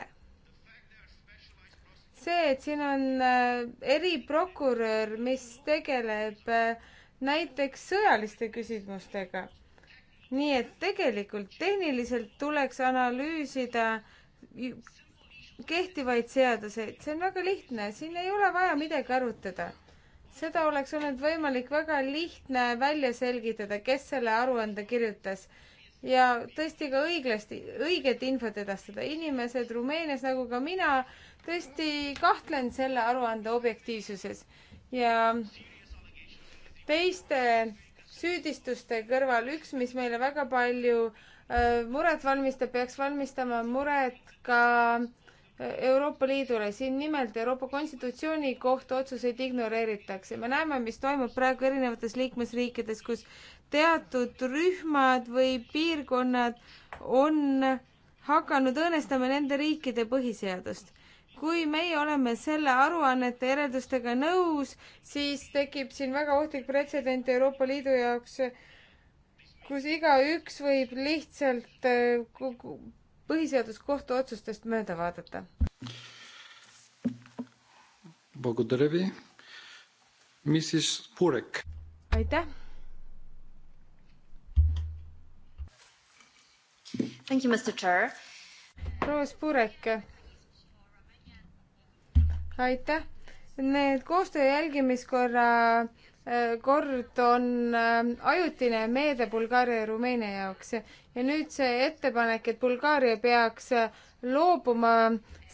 see, et siin on äh, eriprokurör, mis tegeleb äh, näiteks sõjaliste küsimustega. nii et tegelikult tehniliselt tuleks analüüsida kehtivaid seaduseid, see on väga lihtne, siin ei ole vaja midagi arutada. seda oleks olnud võimalik väga lihtne välja selgitada, kes selle aruande kirjutas ja tõesti ka õiglasti, õiget infot edastada. inimesed Rumeenias nagu ka mina tõesti kahtlen selle aruande objektiivsuses ja teiste süüdistuste kõrval üks, mis meile väga palju äh, muret valmistab, peaks valmistama muret ka äh, Euroopa Liidule, siin nimelt Euroopa Konstitutsiooni kohta otsuseid ignoreeritakse. me näeme, mis toimub praegu erinevates liikmesriikides, kus teatud rühmad või piirkonnad on hakanud õõnestama nende riikide põhiseadust kui meie oleme selle aruannete järeldustega nõus, siis tekib siin väga ohtlik pretsedent Euroopa Liidu jaoks, kus igaüks võib lihtsalt äh, põhiseaduskohtu otsustest mööda vaadata. aitäh. proua Spurek aitäh. Need koostöö jälgimiskorra äh, kord on äh, ajutine meede Bulgaaria ja Rumeenia jaoks ja nüüd see ettepanek, et Bulgaaria peaks äh, loobuma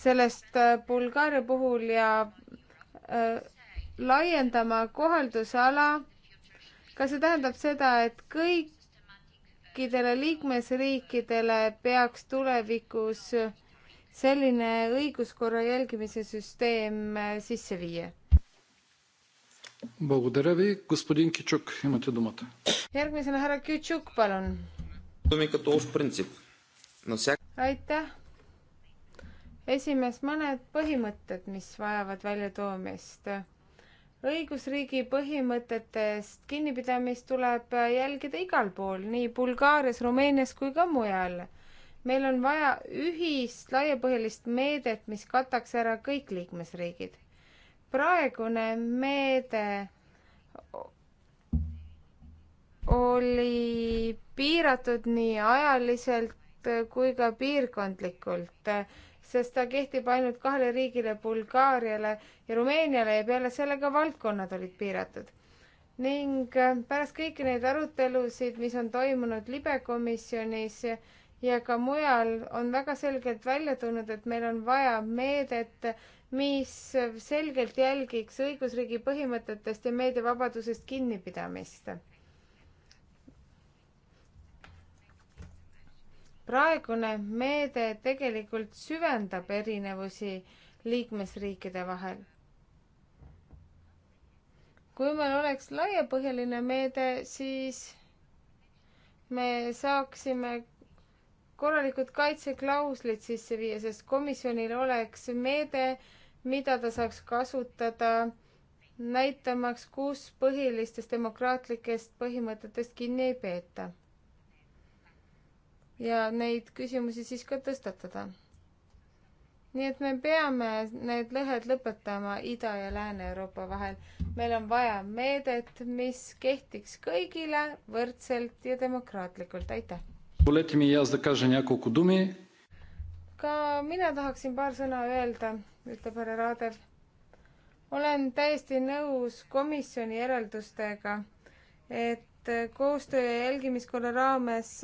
sellest Bulgaaria puhul ja äh, laiendama kohaldusala. kas see tähendab seda, et kõikidele liikmesriikidele peaks tulevikus äh, selline õiguskorra jälgimise süsteem äh, sisse viia. järgmisena härra Kütšuk, palun. aitäh. esimees, mõned põhimõtted, mis vajavad väljatoomist. õigusriigi põhimõtetest kinnipidamist tuleb jälgida igal pool, nii Bulgaarias, Rumeenias kui ka mujal meil on vaja ühist laiapõhjalist meedet, mis kataks ära kõik liikmesriigid. praegune meede oli piiratud nii ajaliselt kui ka piirkondlikult, sest ta kehtib ainult kahele riigile, Bulgaariale ja Rumeeniale ja peale selle ka valdkonnad olid piiratud ning pärast kõiki neid arutelusid, mis on toimunud libekomisjonis ja ka mujal on väga selgelt välja tulnud, et meil on vaja meedet, mis selgelt jälgiks õigusriigi põhimõtetest ja meediavabadusest kinnipidamist. praegune meede tegelikult süvendab erinevusi liikmesriikide vahel. kui meil oleks laiapõhjaline meede, siis me saaksime korralikud kaitseklauslid sisse viia, sest komisjonil oleks meede, mida ta saaks kasutada näitamaks, kus põhilistest demokraatlikest põhimõtetest kinni ei peeta. ja neid küsimusi siis ka tõstatada. nii et me peame need lõhed lõpetama Ida- ja Lääne-Euroopa vahel. meil on vaja meedet, mis kehtiks kõigile võrdselt ja demokraatlikult. aitäh! ka mina tahaksin paar sõna öelda, ütleb härra Raadev. olen täiesti nõus komisjoni järeldustega, et koostöö ja jälgimiskorra raames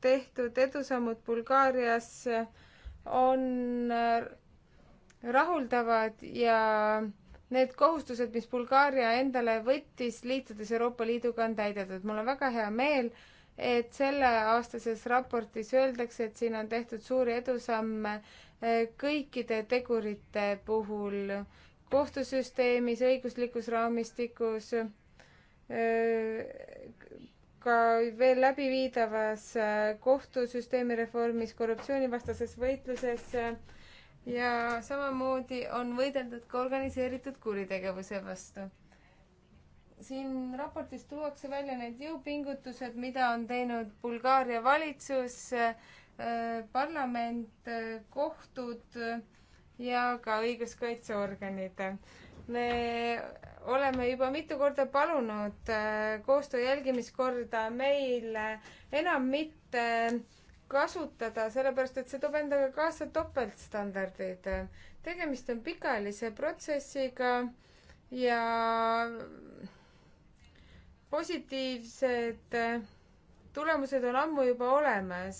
tehtud edusammud Bulgaarias on rahuldavad ja need kohustused, mis Bulgaaria endale võttis liitudes Euroopa Liiduga, on täidetud. mul on väga hea meel, et selleaastases raportis öeldakse, et siin on tehtud suuri edusamme eh, kõikide tegurite puhul kohtusüsteemis, õiguslikus raamistikus, eh, ka veel läbiviidavas eh, kohtusüsteemi reformis, korruptsioonivastases võitluses ja samamoodi on võideldud ka organiseeritud kuritegevuse vastu siin raportis tuuakse välja need jõupingutused, mida on teinud Bulgaaria valitsus, äh, parlament, kohtud äh, ja ka õiguskaitseorganid. me oleme juba mitu korda palunud äh, koostöö jälgimiskorda meil enam mitte kasutada, sellepärast et see toob endaga kaasa topeltstandardid. tegemist on pikaajalise protsessiga ja positiivsed tulemused on ammu juba olemas.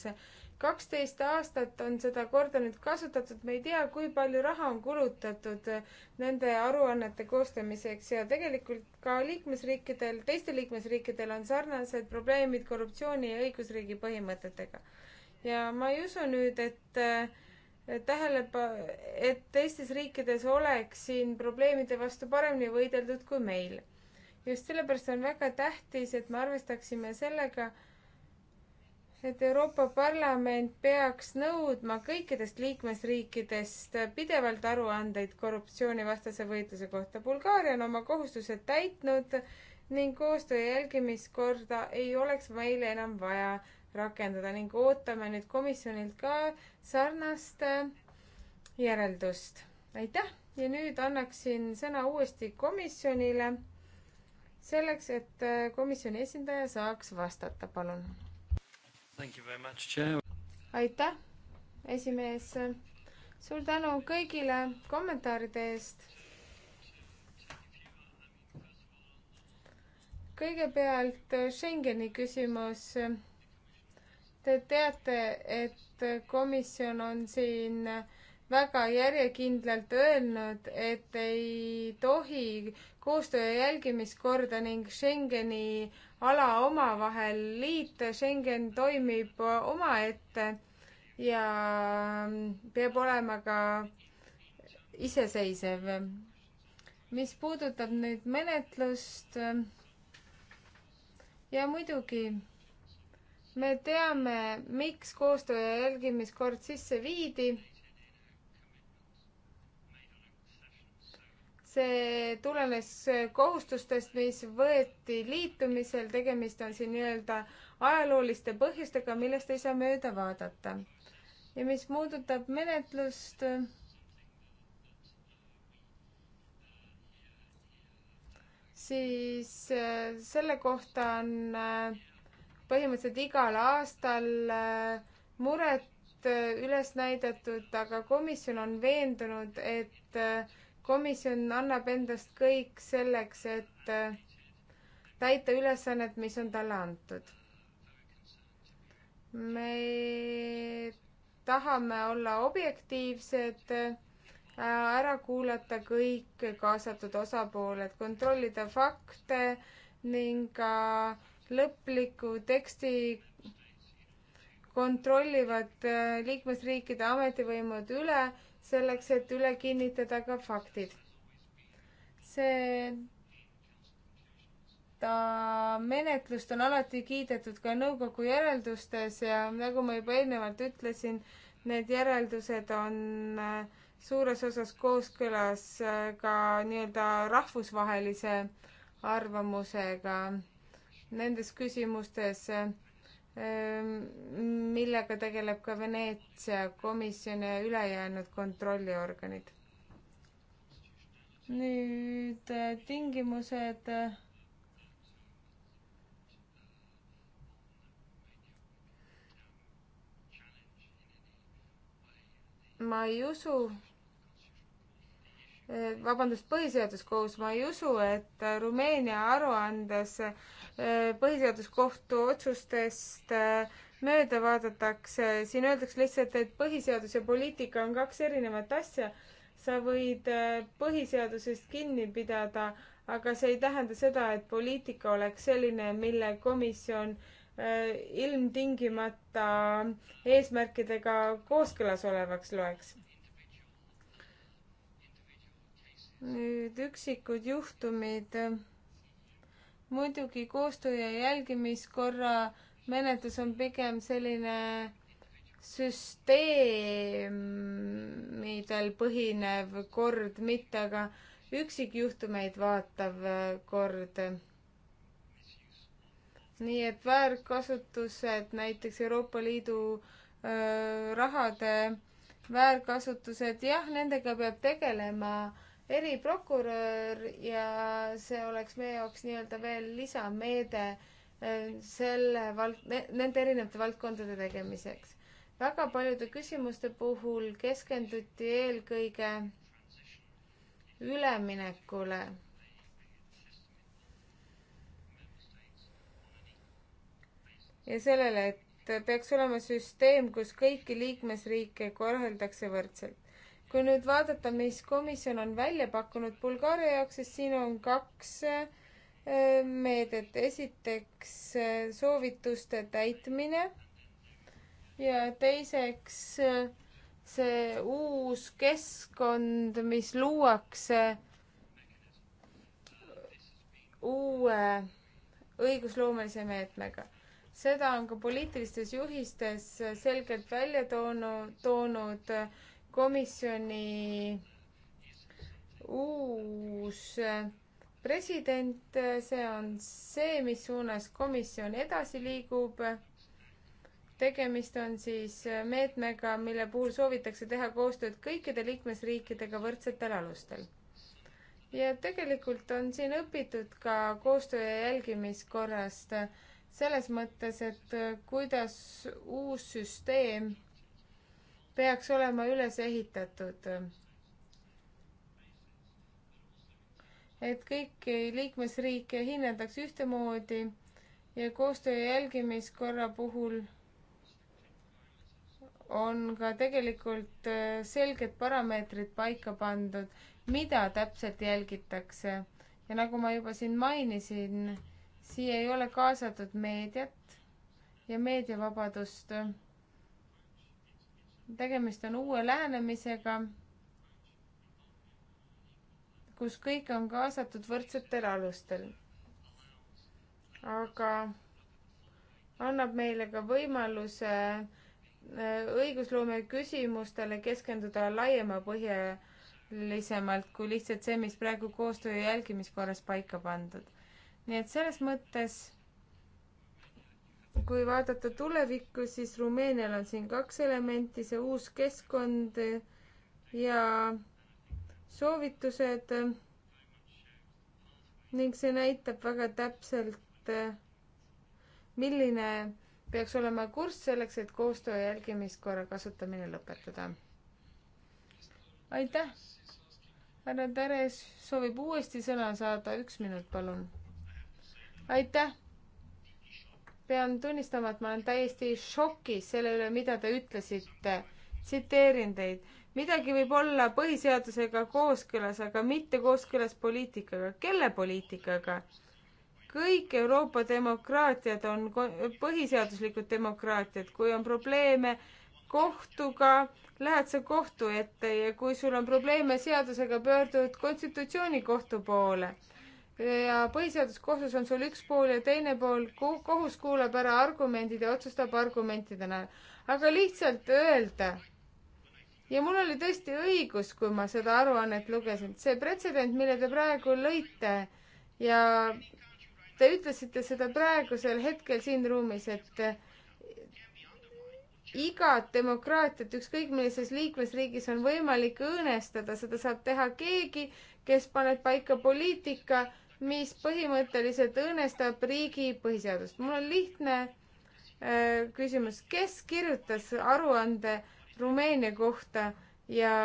kaksteist aastat on seda korda nüüd kasutatud, me ei tea, kui palju raha on kulutatud nende aruannete koostamiseks ja tegelikult ka liikmesriikidel, teistel liikmesriikidel on sarnased probleemid korruptsiooni ja õigusriigi põhimõtetega. ja ma ei usu nüüd, et tähelepa-, et teistes riikides oleks siin probleemide vastu paremini võideldud kui meil just sellepärast on väga tähtis, et me arvestaksime sellega, et Euroopa Parlament peaks nõudma kõikidest liikmesriikidest pidevalt aruandeid korruptsioonivastase võitluse kohta. Bulgaaria on oma kohustused täitnud ning koostöö jälgimiskorda ei oleks meile enam vaja rakendada ning ootame nüüd komisjonilt ka sarnast äh, järeldust. aitäh ja nüüd annaksin sõna uuesti komisjonile selleks, et äh, komisjoni esindaja saaks vastata, palun. aitäh, esimees. suur tänu kõigile kommentaaride eest. kõigepealt äh, Schengeni küsimus. Te teate, et komisjon on siin äh, väga järjekindlalt öelnud, et ei tohi koostöö jälgimiskorda ning Schengeni ala omavahel liita, Schengen toimib omaette ja peab olema ka iseseisev. mis puudutab nüüd menetlust ja muidugi me teame, miks koostöö ja jälgimiskord sisse viidi see tulenes kohustustest, mis võeti liitumisel, tegemist on siin nii-öelda ajalooliste põhjustega, millest ei saa mööda vaadata. ja mis puudutab menetlust, siis äh, selle kohta on äh, põhimõtteliselt igal aastal äh, muret üles näidatud, aga komisjon on veendunud, et komisjon annab endast kõik selleks, et äh, täita ülesannet, mis on talle antud. me tahame olla objektiivsed, äh, ära kuulata kõik kaasatud osapooled, kontrollida fakte ning ka lõpliku teksti kontrollivad äh, liikmesriikide ametivõimud üle selleks, et üle kinnitada ka faktid. see ta menetlust on alati kiidetud ka nõukogu järeldustes ja nagu ma juba eelnevalt ütlesin, need järeldused on äh, suures osas kooskõlas äh, ka nii-öelda rahvusvahelise arvamusega nendes küsimustes Ehm, millega tegeleb ka Veneetsia komisjon ja ülejäänud kontrolliorganid. nüüd äh, tingimused. ma ei usu, äh, vabandust, põhiseaduskohus, ma ei usu, et Rumeenia aruandes äh, põhiseaduskohtu otsustest äh, mööda vaadatakse, siin öeldakse lihtsalt, et põhiseadus ja poliitika on kaks erinevat asja. sa võid äh, põhiseadusest kinni pidada, aga see ei tähenda seda, et poliitika oleks selline, mille komisjon äh, ilmtingimata eesmärkidega kooskõlas olevaks loeks nüüd üksikud juhtumid muidugi koostöö ja jälgimiskorra menetlus on pigem selline süsteemidel põhinev kord, mitte aga üksikjuhtumeid vaatav kord. nii et väärkasutused, näiteks Euroopa Liidu öö, rahade väärkasutused, jah, nendega peab tegelema eriprokurör ja see oleks meie jaoks nii-öelda veel lisameede äh, selle vald-, nende erinevate valdkondade tegemiseks. väga paljude küsimuste puhul keskenduti eelkõige üleminekule. ja sellele, et peaks olema süsteem, kus kõiki liikmesriike koheldakse võrdselt kui nüüd vaadata, mis komisjon on välja pakkunud Bulgaaria jaoks, siis siin on kaks eh, meedet. esiteks eh, soovituste täitmine ja teiseks eh, see uus keskkond, mis luuakse uue õigusloomelise meetmega. seda on ka poliitilistes juhistes selgelt välja toonud, toonud äh, komisjoni uus president, see on see, mis suunas komisjon edasi liigub. tegemist on siis meetmega, mille puhul soovitakse teha koostööd kõikide liikmesriikidega võrdsetel alustel. ja tegelikult on siin õpitud ka koostöö ja jälgimiskorrast selles mõttes, et kuidas uus süsteem peaks olema üles ehitatud. et kõiki liikmesriike hinnataks ühtemoodi ja koostöö jälgimiskorra puhul on ka tegelikult äh, selged parameetrid paika pandud, mida täpselt jälgitakse. ja nagu ma juba siin mainisin, siia ei ole kaasatud meediat ja meediavabadust tegemist on uue lähenemisega, kus kõik on kaasatud võrdsetel alustel. aga annab meile ka võimaluse äh, õigusloome küsimustele keskenduda laiemapõhjalisemalt kui lihtsalt see, mis praegu koostöö jälgimiskorras paika pandud. nii et selles mõttes kui vaadata tulevikku, siis Rumeenial on siin kaks elementi, see uus keskkond ja soovitused. ning see näitab väga täpselt, milline peaks olema kurss selleks, et koostöö jälgimiskorra kasutamine lõpetada. aitäh! härra Täres soovib uuesti sõna saada, üks minut, palun. aitäh! pean tunnistama, et ma olen täiesti šokis selle üle, mida te ütlesite. tsiteerin teid. midagi võib olla põhiseadusega kooskõlas, aga mitte kooskõlas poliitikaga. kelle poliitikaga? kõik Euroopa demokraatiad on põhiseaduslikud demokraatiad, kui on probleeme kohtuga, lähed sa kohtu ette ja kui sul on probleeme seadusega, pöördud konstitutsioonikohtu poole ja põhiseaduskohtus on sul üks pool ja teine pool, kohus kuulab ära argumendid ja otsustab argumentidena. aga lihtsalt öelda. ja mul oli tõesti õigus, kui ma seda aruannet lugesin, see pretsedent, mille te praegu lõite ja te ütlesite seda praegusel hetkel siin ruumis, et igat demokraatiat ükskõik millises liikmesriigis on võimalik õõnestada, seda saab teha keegi, kes paneb paika poliitika mis põhimõtteliselt õõnestab riigi põhiseadust. mul on lihtne äh, küsimus, kes kirjutas aruande Rumeenia kohta ja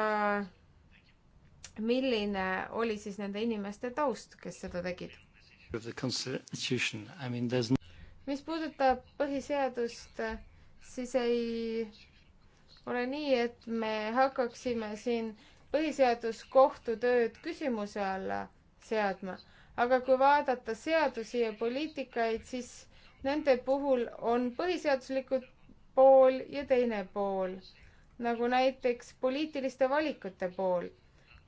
milline oli siis nende inimeste taust, kes seda tegid? I mean, no... mis puudutab põhiseadust, siis ei ole nii, et me hakkaksime siin põhiseaduskohtu tööd küsimuse alla seadma aga kui vaadata seadusi ja poliitikaid, siis nende puhul on põhiseaduslikud pool ja teine pool, nagu näiteks poliitiliste valikute pool.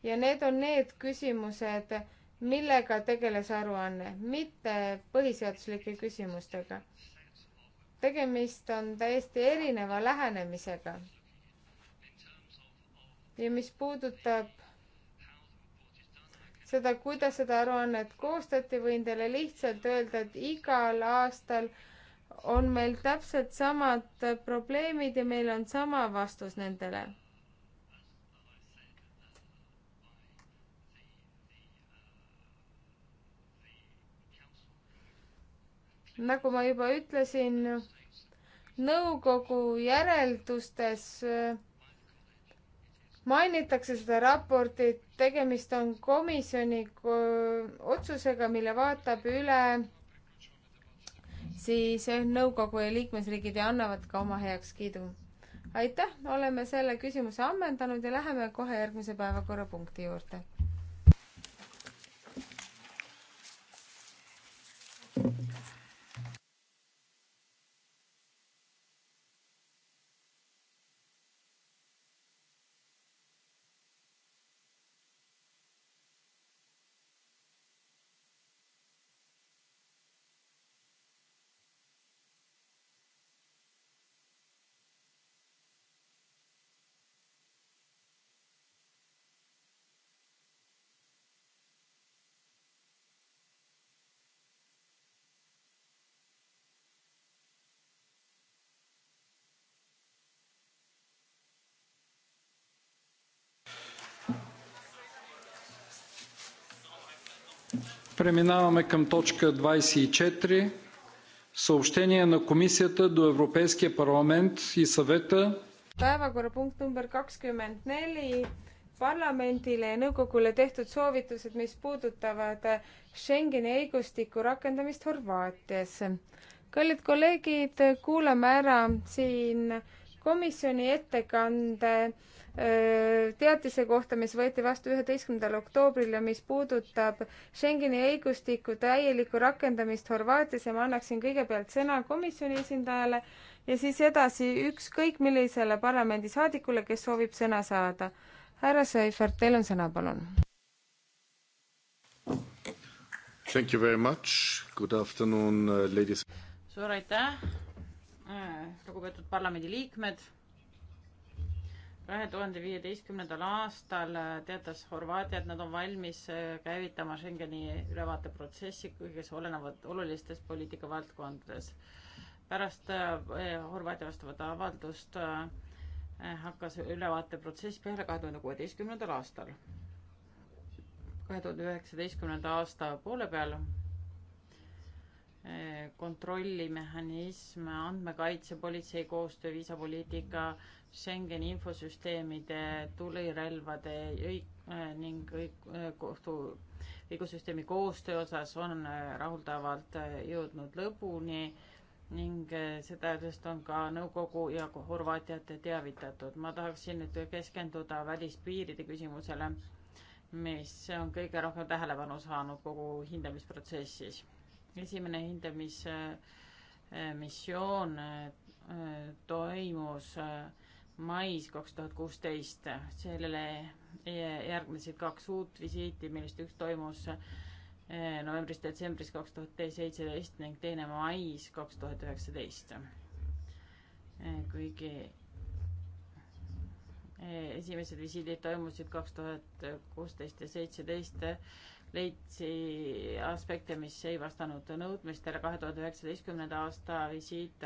ja need on need küsimused, millega tegeles aruanne, mitte põhiseaduslike küsimustega. tegemist on täiesti erineva lähenemisega. ja mis puudutab seda, kuidas seda aruannet koostati, võin teile lihtsalt öelda, et igal aastal on meil täpselt samad probleemid ja meil on sama vastus nendele. nagu ma juba ütlesin, nõukogu järeldustes mainitakse seda raportit, tegemist on komisjoni otsusega, mille vaatab üle siis eh, nõukogu ja liikmesriigid ja annavad ka oma heakskiidu. aitäh, oleme selle küsimuse ammendanud ja läheme kohe järgmise päevakorrapunkti juurde Преминаваме към точка 24. Съобщение на Комисията до Европейския парламент и съвета. Päevakorrapunkt number kakskümmend neli, parlamendile ja nõukogule tehtud soovitused, mis puudutavad Schengeni õigustiku rakendamist Horvaatias. kallid kolleegid, kuulame ära siin komisjoni ettekande äh, teatise kohta, mis võeti vastu üheteistkümnendal oktoobril ja mis puudutab Schengeni õigustiku täielikku rakendamist Horvaatias ja ma annaksin kõigepealt sõna komisjoni esindajale ja siis edasi ükskõik millisele parlamendisaadikule, kes soovib sõna saada. härra Seifert, teil on sõna, palun. Thank you very much, good afternoon, uh, ladies. suur aitäh, äh, lugupeetud parlamendiliikmed kahe tuhande viieteistkümnendal aastal äh, teatas Horvaatia, et nad on valmis äh, käivitama Schengeni ülevaateprotsessi kõiges olenevat olulistes poliitikavaldkondades. pärast äh, Horvaatia vastavat avaldust hakkas ülevaateprotsess peale kahe tuhande kuueteistkümnendal aastal. kahe tuhande üheksateistkümnenda aasta poole peal kontrollimehhanism, andmekaitse, politsei koostöö, viisapoliitika, Schengeni infosüsteemide, tulirelvade äh, ning äh, kohtu õigussüsteemi koostöö osas on äh, rahuldavalt jõudnud lõpuni ning seda just on ka nõukogu ja Horvaatiat teavitatud. ma tahaksin nüüd keskenduda välispiiride küsimusele, mis on kõige rohkem tähelepanu saanud kogu hindamisprotsessis. esimene hindamismissioon toimus äh, mais kaks tuhat kuusteist. sellele järgnesid kaks uut visiiti, millest üks toimus eh, novembris-detsembris kaks tuhat seitseteist ning teine mais kaks tuhat üheksateist. Eh, kuigi eh, esimesed visiidid toimusid kaks tuhat kuusteist ja seitseteist, leidsi aspekte, mis ei vastanud nõudmistele. kahe tuhande üheksateistkümnenda aasta visiit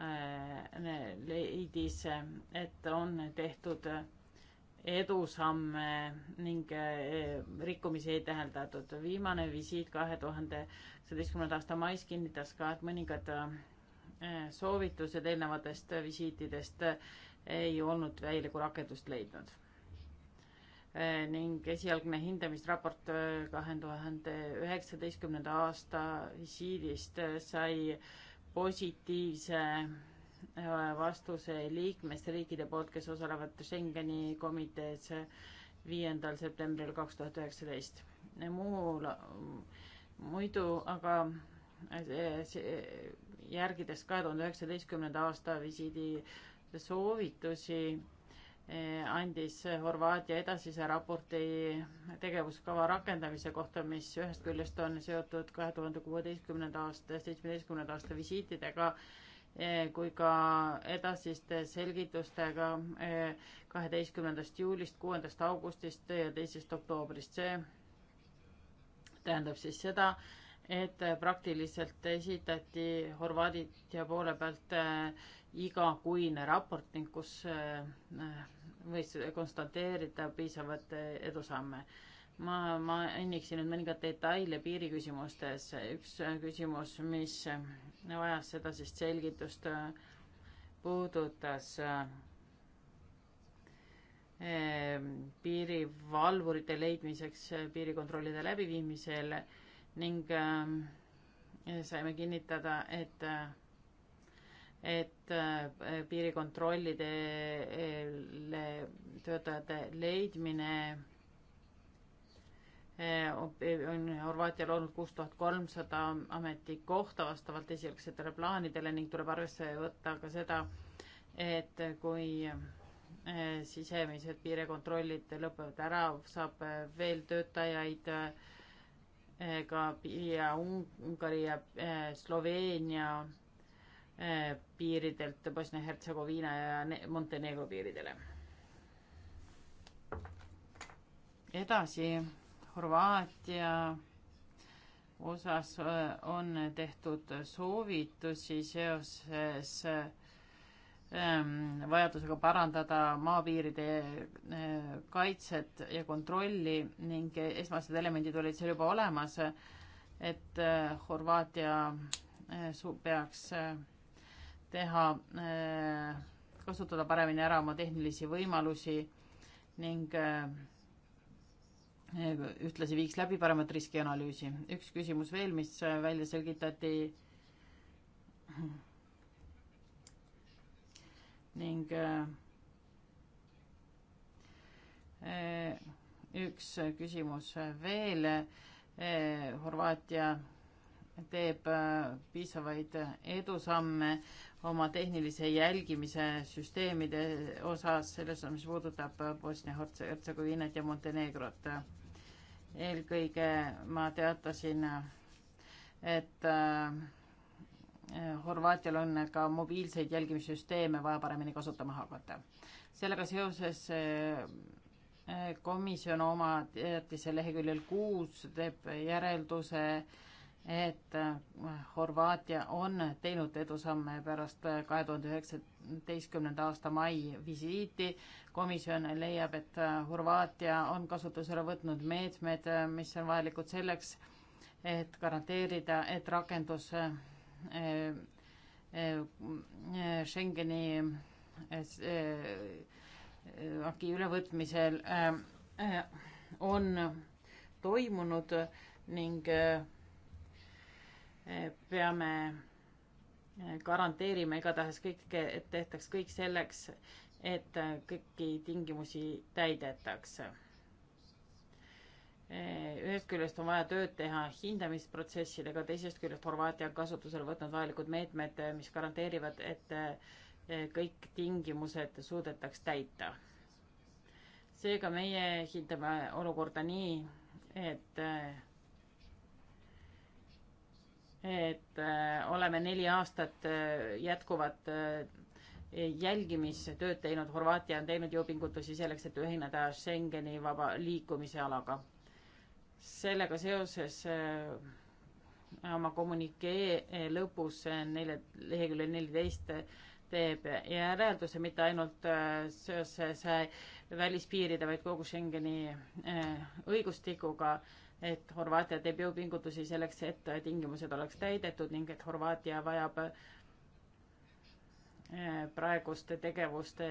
Äh, leidis, et on tehtud edusamme ning äh, rikkumisi ei täheldatud. viimane visiit kahe tuhande seitsmeteistkümnenda aasta mais kinnitas ka, et mõningad äh, soovitused eelnevatest visiitidest ei olnud täielikku rakendust leidnud. ning esialgne hindamisraport kahe tuhande üheksateistkümnenda aasta visiidist sai positiivse äh, vastuse liikmesriikide poolt, kes osalevad Schengeni komitees viiendal septembril kaks tuhat üheksateist. muul, muidu aga äh, järgides kahe tuhande üheksateistkümnenda aasta visiidi soovitusi Eh, andis Horvaatia edasise raporti tegevuskava rakendamise kohta, mis ühest küljest on seotud kahe tuhande kuueteistkümnenda aasta ja seitsmeteistkümnenda aasta visiitidega eh, kui ka edasiste selgitustega eh, kaheteistkümnendast juulist, kuuendast augustist ja teisest oktoobrist. see tähendab siis seda, et praktiliselt esitati Horvaatia poole pealt igakuine raport ning kus võis konstateerida piisavat edusamme. ma, ma enniksin nüüd mõningaid detaile piiriküsimustes. üks küsimus, mis vajas sedasist selgitust, puudutas eh, piirivalvurite leidmiseks piirikontrollide läbiviimisel ning eh, saime kinnitada, et et äh, piirikontrollidele töötajate leidmine äh, on Horvaatial olnud kuus tuhat kolmsada ametikohta vastavalt esialgsetele plaanidele ning tuleb arvesse võtta ka seda, et kui äh, sisemised piirikontrollid lõpevad ära, saab veel töötajaid ka Piia, Ungari ja Sloveenia Eh, piiridelt Bosnia-Hertsegoviina ja Montenegro piiridele. edasi Horvaatia osas eh, on tehtud soovitusi seoses ehm, vajadusega parandada maapiiride eh, kaitset ja kontrolli ning esmased elemendid olid seal juba olemas, et Horvaatia peaks teha, äh, kasutada paremini ära oma tehnilisi võimalusi ning äh, ühtlasi viiks läbi paremat riskianalüüsi. üks küsimus veel, mis äh, välja selgitati ning üks küsimus veel. Horvaatia teeb piisavaid edusamme oma tehnilise jälgimise süsteemide osas, selles, mis puudutab Bosnia-Hertsegoviinat ja Montenegrot. eelkõige ma teatasin, et äh, Horvaatial on ka mobiilseid jälgimissüsteeme vaja paremini kasutama hakata. sellega seoses äh, komisjon oma teatise leheküljel kuus teeb järelduse äh, et äh, Horvaatia on teinud edusamme pärast äh, kahe tuhande üheksateistkümnenda aasta mai visiiti. komisjon leiab, et äh, Horvaatia on kasutusele võtnud meetmed, mis on vajalikud selleks, et garanteerida, et rakendus Schengeni aki ülevõtmisel on toimunud ning peame garanteerima igatahes kõike, et tehtaks kõik selleks, et kõiki tingimusi täidetaks. ühest küljest on vaja tööd teha hindamisprotsessidega, teisest küljest Horvaatia on kasutusele võtnud vajalikud meetmed, mis garanteerivad, et eh, kõik tingimused suudetaks täita. seega meie hindame olukorda nii, et eh, et äh, oleme neli aastat äh, jätkuvat äh, jälgimistööd teinud, Horvaatia on teinud jõupingutusi selleks, et ühineda Schengeni vaba liikumise alaga. sellega seoses oma kommünikee lõpus nelja, leheküljel neliteist teeb järelduse mitte ainult seoses välispiiride, vaid kogu Schengeni õigustikuga et Horvaatia teeb jõupingutusi selleks, et tingimused oleks täidetud ning et Horvaatia vajab eh, praeguste tegevuste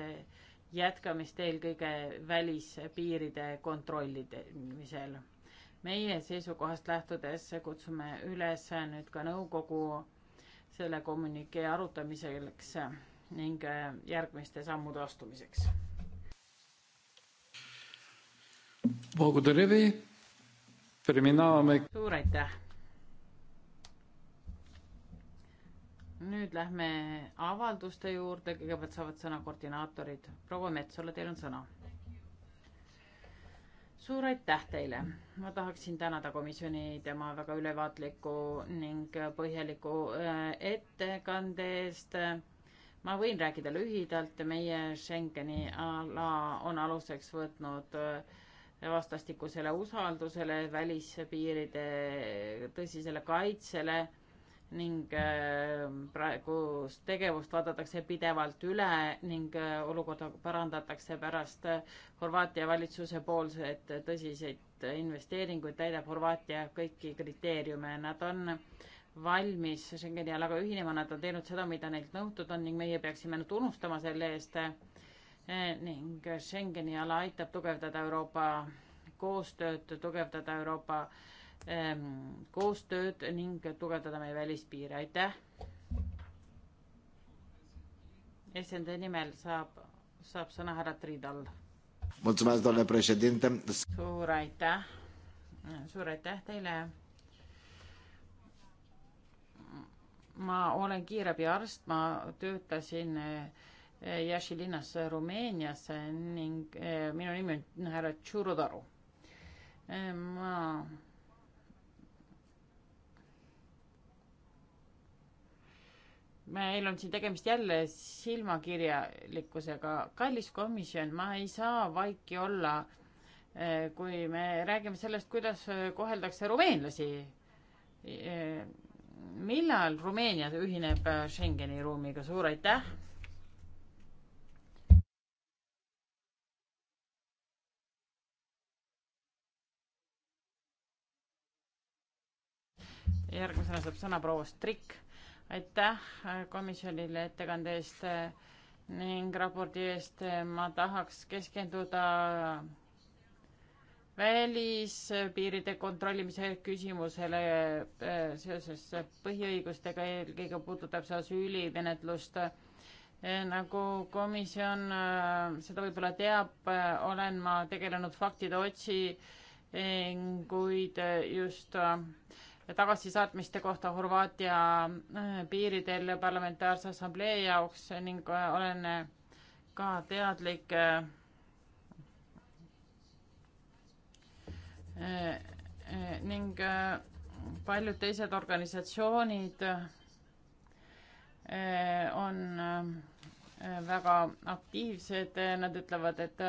jätkamist eelkõige välispiiride kontrollimisel. meie seisukohast lähtudes kutsume üles nüüd ka nõukogu selle kommünikee arutamiseks ning eh, järgmiste sammude astumiseks. Благодаря ви suur aitäh! nüüd lähme avalduste juurde, kõigepealt saavad sõna koordinaatorid. proua Metsola, teil on sõna. suur aitäh teile. ma tahaksin tänada komisjoni tema väga ülevaatliku ning põhjaliku äh, ettekande eest. ma võin rääkida lühidalt, meie Schengeni ala on aluseks võtnud äh, vastastikusele usaldusele, välispiiride tõsisele kaitsele ning äh, praegust tegevust vaadatakse pidevalt üle ning äh, olukorda parandatakse pärast äh, Horvaatia valitsuse poolset tõsiseid investeeringuid, täidab Horvaatia kõiki kriteeriume, nad on valmis Schengeni alaga ühinema, nad on teinud seda, mida neilt nõutud on ning meie peaksime nüüd unustama selle eest, Eh, ning Schengeni ala aitab tugevdada Euroopa koostööd, tugevdada Euroopa ähm, koostööd ning tugevdada meie välispiire, aitäh. SND nimel saab, saab sõna härra Triidal. suur aitäh, suur aitäh teile. ma olen kiirabiarst, ma töötasin äh, Jaši linnas Rumeenias ning e, minu nimi on härra Tšurudaru. ma e, meil on siin tegemist jälle silmakirjalikkusega. kallis komisjon, ma ei saa vaiki olla, kui e, me räägime sellest, kuidas koheldakse rumeenlasi. millal Rumeenia ühineb Schengeni ruumiga? suur aitäh järgmisena saab sõna proua Strik. aitäh komisjonile ettekande eest ning raporti eest. ma tahaks keskenduda välispiiride kontrollimise küsimusele äh, seoses põhiõigustega, eelkõige puudutab see asüülimenetlust. Äh, nagu komisjon äh, seda võib-olla teab, olen ma tegelenud faktide otsi, kuid just tagasisaatmiste kohta Horvaatia äh, piiridel parlamentaarse assamblee jaoks ning äh, olen äh, ka teadlik ning paljud teised organisatsioonid on väga aktiivsed, nad ütlevad, et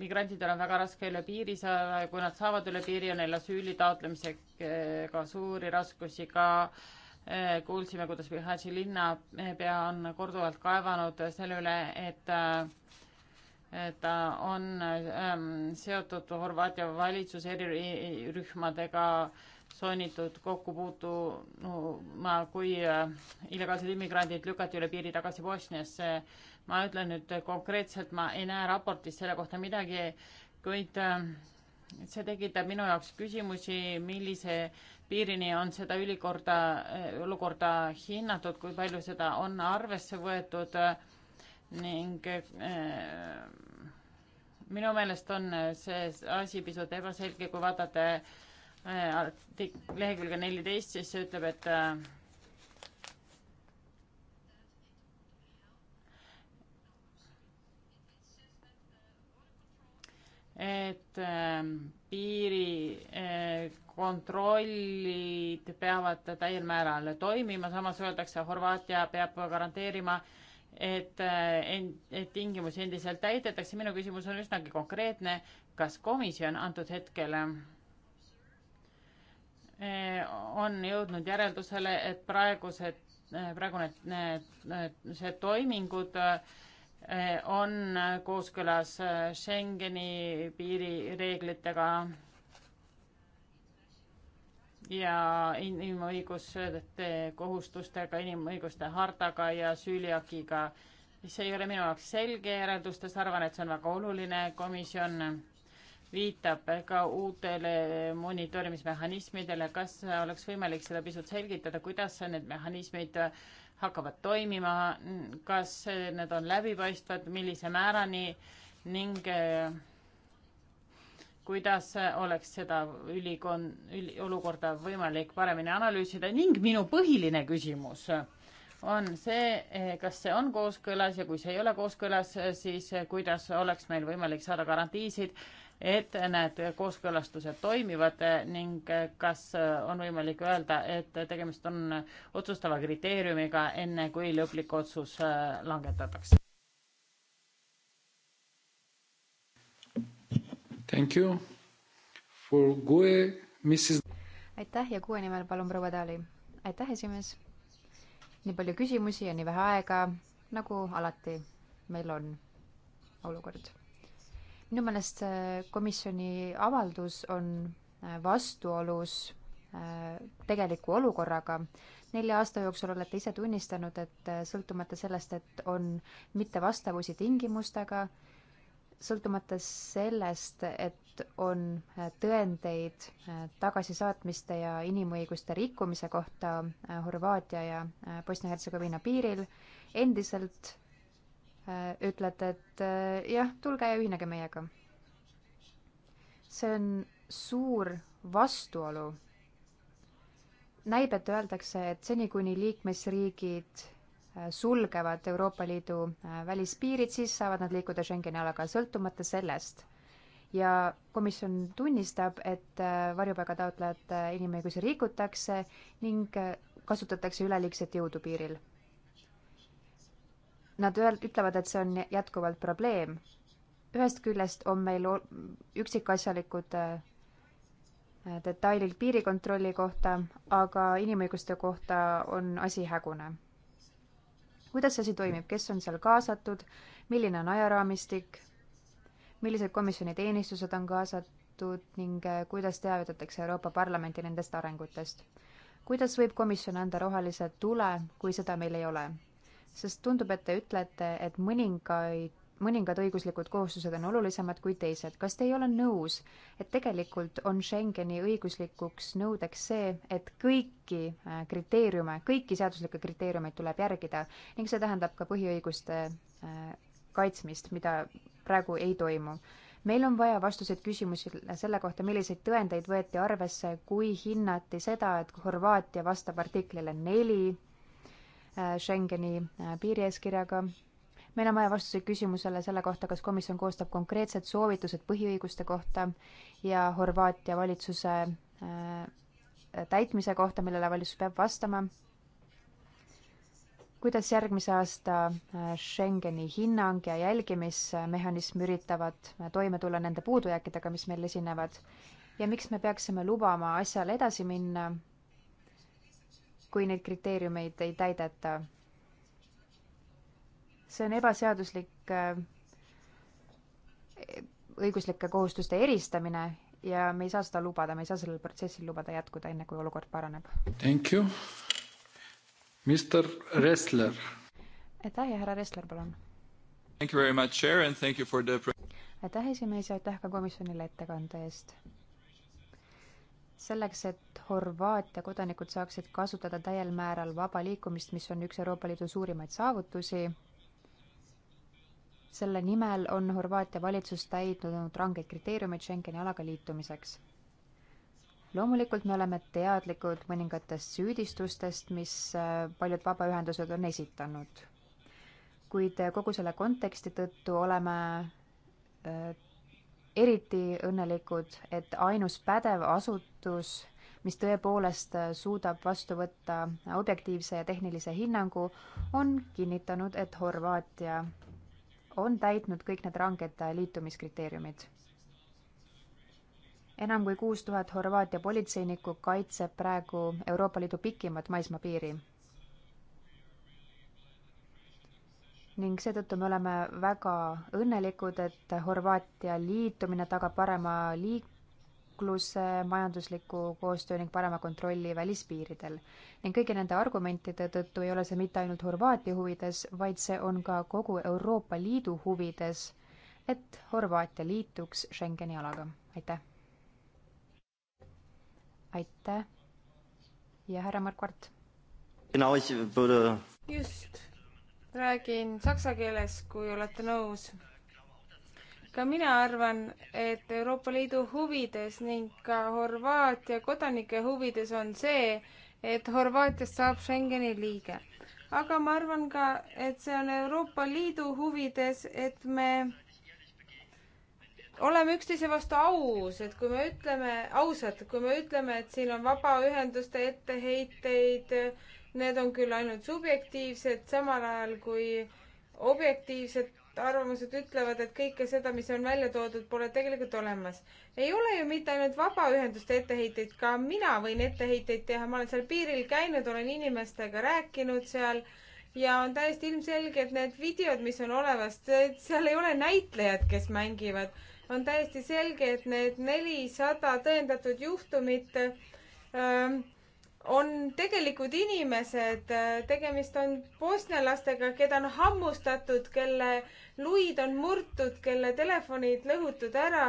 migrantidel on väga raske üle piiri saada ja kui nad saavad üle piiri, on neil asüüli taotlemisega suuri raskusi ka kuulsime, kuidas Bihaži linnapea on korduvalt kaevanud selle üle, et ta on ähm, seotud Horvaatia valitsuse erirühmadega soonitud kokkupuutuma, kui äh, illegaalsed immigrandid lükati üle piiri tagasi Bosniasse ma ütlen nüüd konkreetselt, ma ei näe raportis selle kohta midagi, kuid ähm, see tekitab minu jaoks küsimusi, millise piirini on seda ülikorda, äh, olukorda hinnatud, kui palju seda on arvesse võetud äh, ning äh, minu meelest on see asi pisut ebaselge, kui vaatate äh, lehekülge neliteist, siis see ütleb, et äh, et ähm, piirikontrollid äh, peavad täiel määral toimima, samas öeldakse, Horvaatia peab garanteerima, et äh, end-, tingimusi endiselt täidetakse, minu küsimus on üsnagi konkreetne, kas komisjon antud hetkel äh, on jõudnud järeldusele, et praegused, praegu need, need, see toimingud äh, Eh, on kooskõlas eh, Schengeni piirireeglitega ja inimõiguste kohustustega, inimõiguste hartaga ja süüliakiga. see ei ole minu jaoks selge järeldustes, arvan, et see on väga oluline, komisjon viitab ka uutele monitoorimismehhanismidele, kas oleks võimalik seda pisut selgitada, kuidas need mehhanismid hakkavad toimima, kas need on läbipaistvad, millise määrani ning eh, kuidas oleks seda ülikon-, üli-, olukorda võimalik paremini analüüsida ning minu põhiline küsimus on see, eh, kas see on kooskõlas ja kui see ei ole kooskõlas, eh, siis kuidas oleks meil võimalik saada garantiisid äh, et need kooskõlastused toimivad ning kas on võimalik öelda, et tegemist on otsustava kriteeriumiga, enne kui lõplik otsus langetatakse? Thank you for Gue, Mrs. aitäh ja Gue nimel palun proua Taali. aitäh, esimees. nii palju küsimusi ja nii vähe aega, nagu alati meil on olukord minu meelest see äh, komisjoni avaldus on äh, vastuolus äh, tegeliku olukorraga. nelja aasta jooksul olete ise tunnistanud, et sõltumata sellest, et on mittevastavusi tingimustega, sõltumata sellest, et on tõendeid tagasisaatmiste ja inimõiguste rikkumise kohta Horvaatia ja Bosnia-Hertsegoviina piiril, endiselt Äh, ütlete, et äh, jah, tulge ja ühinege meiega. see on suur vastuolu. näib, et öeldakse, et seni, kuni liikmesriigid äh, sulgevad Euroopa Liidu välispiirid, siis saavad nad liikuda Schengeni alaga, sõltumata sellest. ja komisjon tunnistab, et varjupaigataotlejate inimõigusi rikutakse ning kasutatakse üleliigset jõudu piiril Nad ütlevad, et see on jätkuvalt probleem. ühest küljest on meil üksikasjalikud äh, detailid piirikontrolli kohta, aga inimõiguste kohta on asi hägune. kuidas see asi toimib, kes on seal kaasatud, milline on ajaraamistik, millised komisjoni teenistused on kaasatud ning äh, kuidas teavitatakse Euroopa Parlamenti nendest arengutest? kuidas võib komisjon anda rohelise tule, kui seda meil ei ole? sest tundub, et te ütlete, et mõningaid, mõningad õiguslikud kohustused on olulisemad kui teised. kas te ei ole nõus, et tegelikult on Schengeni õiguslikuks nõudeks see, et kõiki äh, kriteeriume, kõiki seaduslikke kriteeriumeid tuleb järgida ning see tähendab ka põhiõiguste äh, kaitsmist, mida praegu ei toimu meil on vaja vastuseid küsimusele selle kohta, milliseid tõendeid võeti arvesse, kui hinnati seda, et Horvaatia vastab artiklile neli Äh, Schengeni äh, piirieeskirjaga. meil on vaja vastuseid küsimusele selle kohta, kas komisjon koostab konkreetsed soovitused põhiõiguste kohta ja Horvaatia valitsuse äh, täitmise kohta, millele valitsus peab vastama. kuidas järgmise aasta Schengeni hinnang ja jälgimismehhanism üritavad toime tulla nende puudujääkidega, mis meil esinevad ja miks me peaksime lubama asjal edasi minna kui neid kriteeriumeid ei täideta. see on ebaseaduslik äh, õiguslike kohustuste eristamine ja me ei saa seda lubada, me ei saa sellel protsessil lubada jätkuda, enne kui olukord paraneb. Thank you. Mr Ressler. aitäh ja härra Ressler, palun. Thank you very much, Chair and thank you for the aitäh esimees ja aitäh ka komisjonile ettekande eest selleks, et Horvaatia kodanikud saaksid kasutada täiel määral vaba liikumist, mis on üks Euroopa Liidu suurimaid saavutusi. selle nimel on Horvaatia valitsus täidnud rangeid kriteeriumeid Schengeni alaga liitumiseks. loomulikult me oleme teadlikud mõningatest süüdistustest, mis äh, paljud vabaühendused on esitanud. kuid kogu selle konteksti tõttu oleme äh, eriti õnnelikud, et ainus pädev asutus, mis tõepoolest suudab vastu võtta objektiivse ja tehnilise hinnangu, on kinnitanud, et Horvaatia on täitnud kõik need ranged liitumiskriteeriumid. enam kui kuus tuhat Horvaatia politseinikku kaitseb praegu Euroopa Liidu pikimat maismaapiiri ning seetõttu me oleme väga õnnelikud, et Horvaatia liitumine tagab parema liikluse, majandusliku koostöö ning parema kontrolli välispiiridel. ning kõigi nende argumentide tõttu ei ole see mitte ainult Horvaatia huvides, vaid see on ka kogu Euroopa Liidu huvides, et Horvaatia liituks Schengeni alaga. aitäh! aitäh ja härra Mark Vart! just räägin saksa keeles, kui olete nõus. ka mina arvan, et Euroopa Liidu huvides ning ka Horvaatia kodanike huvides on see, et Horvaatiast saab Schengeni liige. aga ma arvan ka, et see on Euroopa Liidu huvides, et me oleme üksteise vastu aus, et kui me ütleme, ausad, kui me ütleme, et siin on vabaühenduste etteheiteid, Need on küll ainult subjektiivsed, samal ajal kui objektiivsed arvamused ütlevad, et kõike seda, mis on välja toodud, pole tegelikult olemas. ei ole ju mitte ainult vabaühenduste etteheiteid, ka mina võin etteheiteid teha, ma olen seal piiril käinud, olen inimestega rääkinud seal ja on täiesti ilmselge, et need videod, mis on olemas, seal ei ole näitlejad, kes mängivad. on täiesti selge, et need nelisada tõendatud juhtumit ähm, on tegelikud inimesed, tegemist on Bosnia lastega, keda on hammustatud, kelle luid on murtud, kelle telefonid lõhutud ära.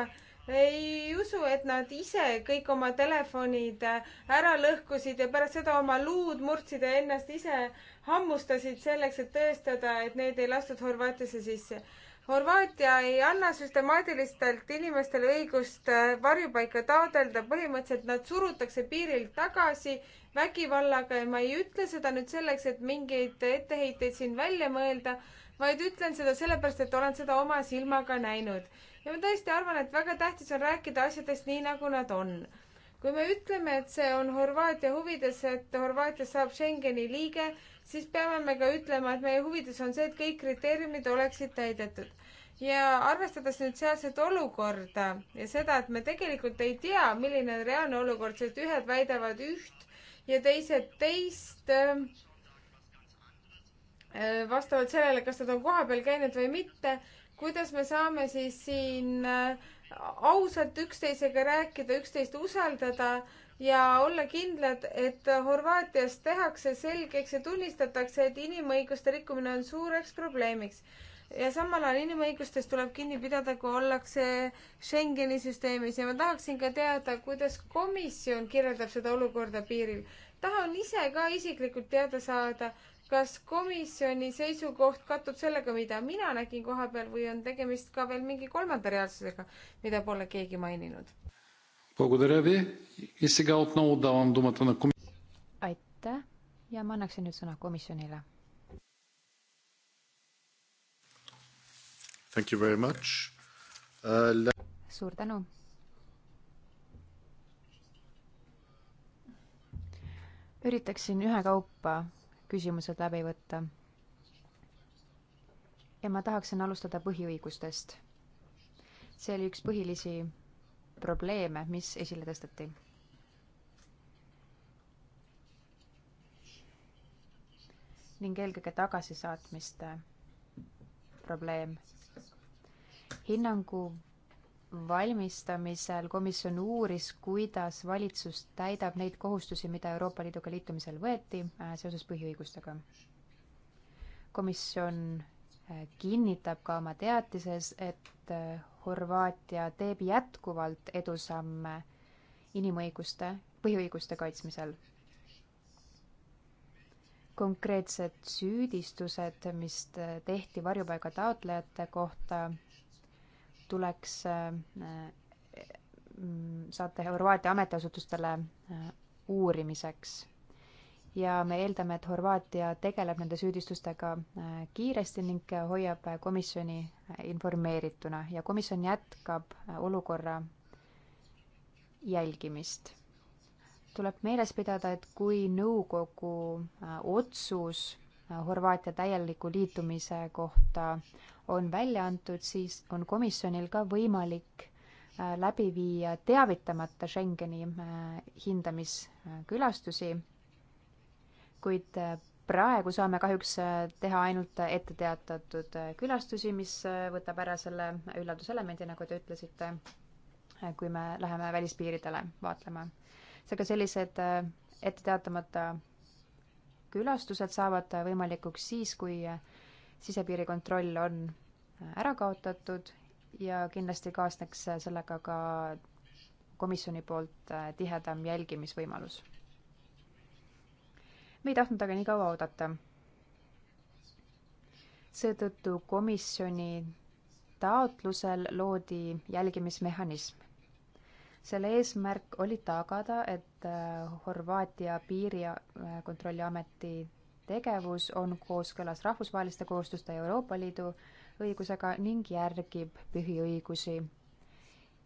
ei usu, et nad ise kõik oma telefonid ära lõhkusid ja pärast seda oma luud murdsid ja ennast ise hammustasid selleks, et tõestada, et neid ei lastud Horvaatiasse sisse. Horvaatia ei anna süstemaatilistelt inimestele õigust varjupaika taotleda, põhimõtteliselt nad surutakse piirilt tagasi vägivallaga ja ma ei ütle seda nüüd selleks, et mingeid etteheiteid siin välja mõelda, vaid ütlen seda sellepärast, et olen seda oma silmaga näinud. ja ma tõesti arvan, et väga tähtis on rääkida asjadest nii, nagu nad on. kui me ütleme, et see on Horvaatia huvides, et Horvaatia saab Schengeni liige, siis peame me ka ütlema, et meie huvides on see, et kõik kriteeriumid oleksid täidetud. ja arvestades nüüd sealset olukorda ja seda, et me tegelikult ei tea, milline on reaalne olukord, sest ühed väidavad üht ja teised teist äh, vastavalt sellele, kas nad on kohapeal käinud või mitte, kuidas me saame siis siin äh, ausalt üksteisega rääkida, üksteist usaldada ja olla kindlad, et Horvaatias tehakse selgeks ja tunnistatakse, et inimõiguste rikkumine on suureks probleemiks ja samal ajal inimõigustest tuleb kinni pidada, kui ollakse Schengeni süsteemis ja ma tahaksin ka teada, kuidas komisjon kirjeldab seda olukorda piiril. tahan ise ka isiklikult teada saada, kas komisjoni seisukoht kattub sellega, mida mina nägin koha peal või on tegemist ka veel mingi kolmanda reaalsusega, mida pole keegi maininud? aitäh ja ma annaksin nüüd sõna komisjonile Thank you very much uh,. suur tänu. üritaksin ühekaupa küsimused läbi võtta. ja ma tahaksin alustada põhiõigustest. see oli üks põhilisi probleeme, mis esile tõsteti. ning eelkõige tagasisaatmiste probleem hinnangu valmistamisel komisjon uuris, kuidas valitsus täidab neid kohustusi, mida Euroopa Liiduga liitumisel võeti äh, seoses põhiõigustega. komisjon äh, kinnitab ka oma teatises, et äh, Horvaatia teeb jätkuvalt edusamme inimõiguste, põhiõiguste kaitsmisel. konkreetsed süüdistused, mis tehti varjupaiga taotlejate kohta, tuleks äh, mm, saata Horvaatia ametiasutustele äh, uurimiseks. ja me eeldame, et Horvaatia tegeleb nende süüdistustega äh, kiiresti ning hoiab komisjoni informeerituna ja komisjon jätkab olukorra jälgimist tuleb meeles pidada, et kui nõukogu otsus Horvaatia täieliku liitumise kohta on välja antud, siis on komisjonil ka võimalik äh, läbi viia teavitamata Schengeni äh, hindamiskülastusi, kuid äh, praegu saame kahjuks teha ainult etteteatatud külastusi, mis võtab ära selle üllatuse-elemendi, nagu te ütlesite, kui me läheme välispiiridele vaatlema. seega sellised ette teatamata külastused saavad võimalikuks siis, kui sisepiirikontroll on äh, ära kaotatud ja kindlasti kaasneks äh, sellega ka komisjoni poolt äh, tihedam jälgimisvõimalus. me ei tahtnud aga nii kaua oodata. seetõttu komisjoni taotlusel loodi jälgimismehhanism. selle eesmärk oli tagada, et Horvaatia piirikontrolliameti tegevus on kooskõlas rahvusvaheliste kohustuste ja Euroopa Liidu õigusega ning järgib põhiõigusi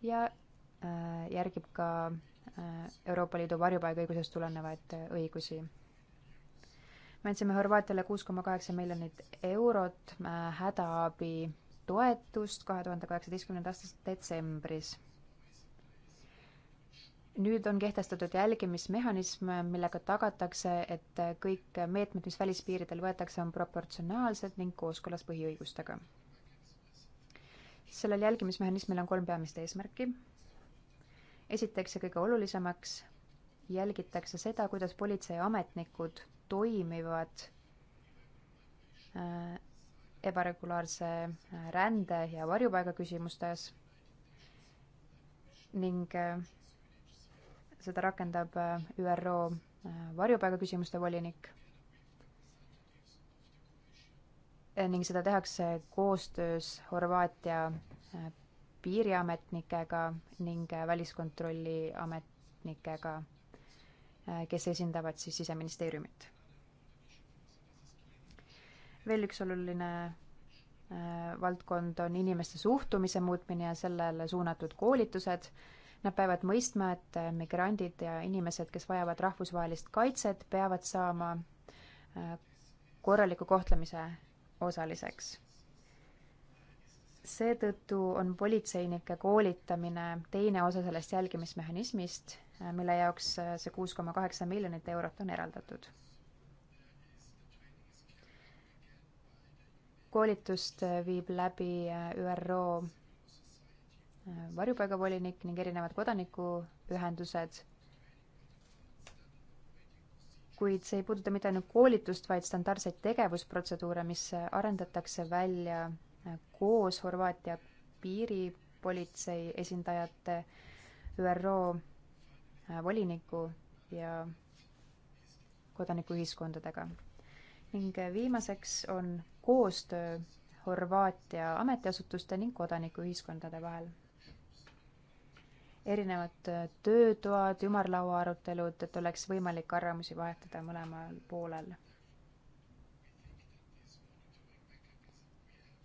ja äh, järgib ka äh, Euroopa Liidu varjupaigaõigusest tulenevaid äh, õigusi. me andsime Horvaatiale kuus koma kaheksa miljonit eurot äh, hädaabi toetust kahe tuhande kaheksateistkümnenda aasta detsembris nüüd on kehtestatud jälgimismehhanism, millega tagatakse, et kõik meetmed, mis välispiiridel võetakse, on proportsionaalsed ning kooskõlas põhiõigustega. sellel jälgimismehhanismil on kolm peamist eesmärki. esiteks ja kõige olulisemaks jälgitakse seda, kuidas politseiametnikud toimivad äh, ebaregulaarse äh, rände ja varjupaiga küsimustes ning äh, seda rakendab äh, ÜRO äh, varjupaigaküsimuste volinik. Äh, ning seda tehakse koostöös Horvaatia piiriametnikega ning väliskontrolli ametnikega, kes esindavad siis Siseministeeriumit. veel üks oluline valdkond on inimeste suhtumise muutmine ja sellele suunatud koolitused Nad peavad mõistma, et äh, migrandid ja inimesed, kes vajavad rahvusvahelist kaitset, peavad saama äh, korraliku kohtlemise osaliseks. seetõttu on politseinike koolitamine teine osa sellest jälgimismehhanismist, äh, mille jaoks see kuus koma kaheksa miljonit eurot on eraldatud. koolitust viib läbi ÜRO varjupaigavolinik ning erinevad kodanikuühendused. kuid see ei puuduta mitte ainult koolitust, vaid standardseid tegevusprotseduure, mis arendatakse välja koos Horvaatia piiripolitsei esindajate, ÜRO voliniku ja kodanikuühiskondadega. ning viimaseks on koostöö Horvaatia ametiasutuste ning kodanikuühiskondade vahel erinevad äh, töötoad, ümarlauaarutelud, et oleks võimalik arvamusi vahetada mõlemal poolel.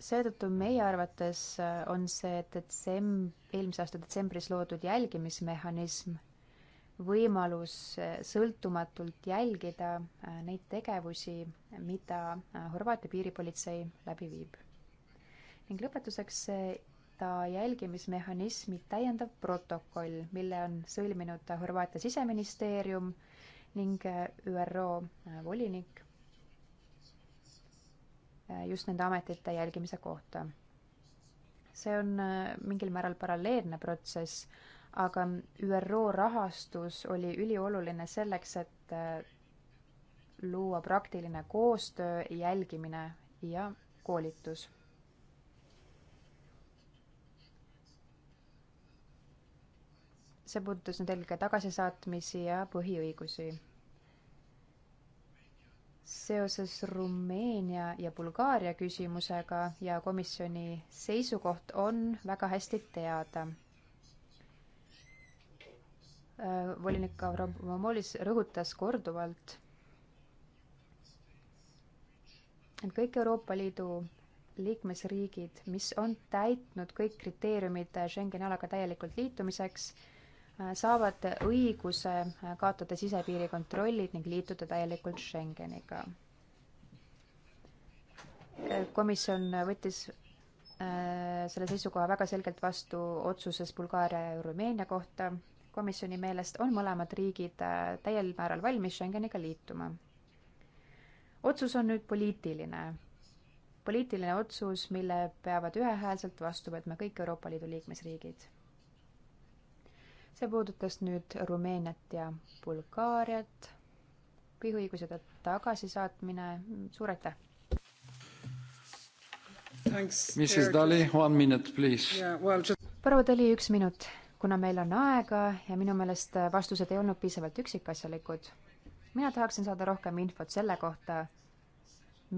seetõttu meie arvates äh, on see detsemb-, eelmise aasta detsembris loodud jälgimismehhanism võimalus äh, sõltumatult jälgida neid tegevusi, mida Horvaatia piiripolitsei läbi viib. ning lõpetuseks kinnitada jälgimismehhanismi täiendav protokoll, mille on sõlminud Horvaatia siseministeerium ning ÜRO volinik just nende ametite jälgimise kohta. see on äh, mingil määral paralleelne protsess, aga ÜRO rahastus oli ülioluline selleks, et äh, luua praktiline koostöö, jälgimine ja koolitus see puudutas nüüd eelkõige tagasisaatmisi ja põhiõigusi. seoses Rumeenia ja Bulgaaria küsimusega ja komisjoni seisukoht on väga hästi teada. Äh, volinik Avramolis rõhutas korduvalt, et kõik Euroopa Liidu liikmesriigid, mis on täitnud kõik kriteeriumid Schengeni alaga täielikult liitumiseks, Äh, saavad õiguse äh, kaotada sisepiiri kontrollid ning liituda täielikult Schengeniga. Äh, komisjon võttis selle seisukoha väga selgelt vastu otsuses Bulgaaria ja Rumeenia kohta. komisjoni meelest on mõlemad riigid täiel määral valmis Schengeniga liituma. otsus on nüüd poliitiline, poliitiline otsus, mille peavad ühehäälselt vastu võtma kõik Euroopa Liidu liikmesriigid see puudutas nüüd Rumeeniat ja Bulgaariat, põhiõiguse tagasisaatmine, suur aitäh! Mrs Dali, one minute please yeah,. Well, just... proua Dali, üks minut, kuna meil on aega ja minu meelest vastused ei olnud piisavalt üksikasjalikud. mina tahaksin saada rohkem infot selle kohta,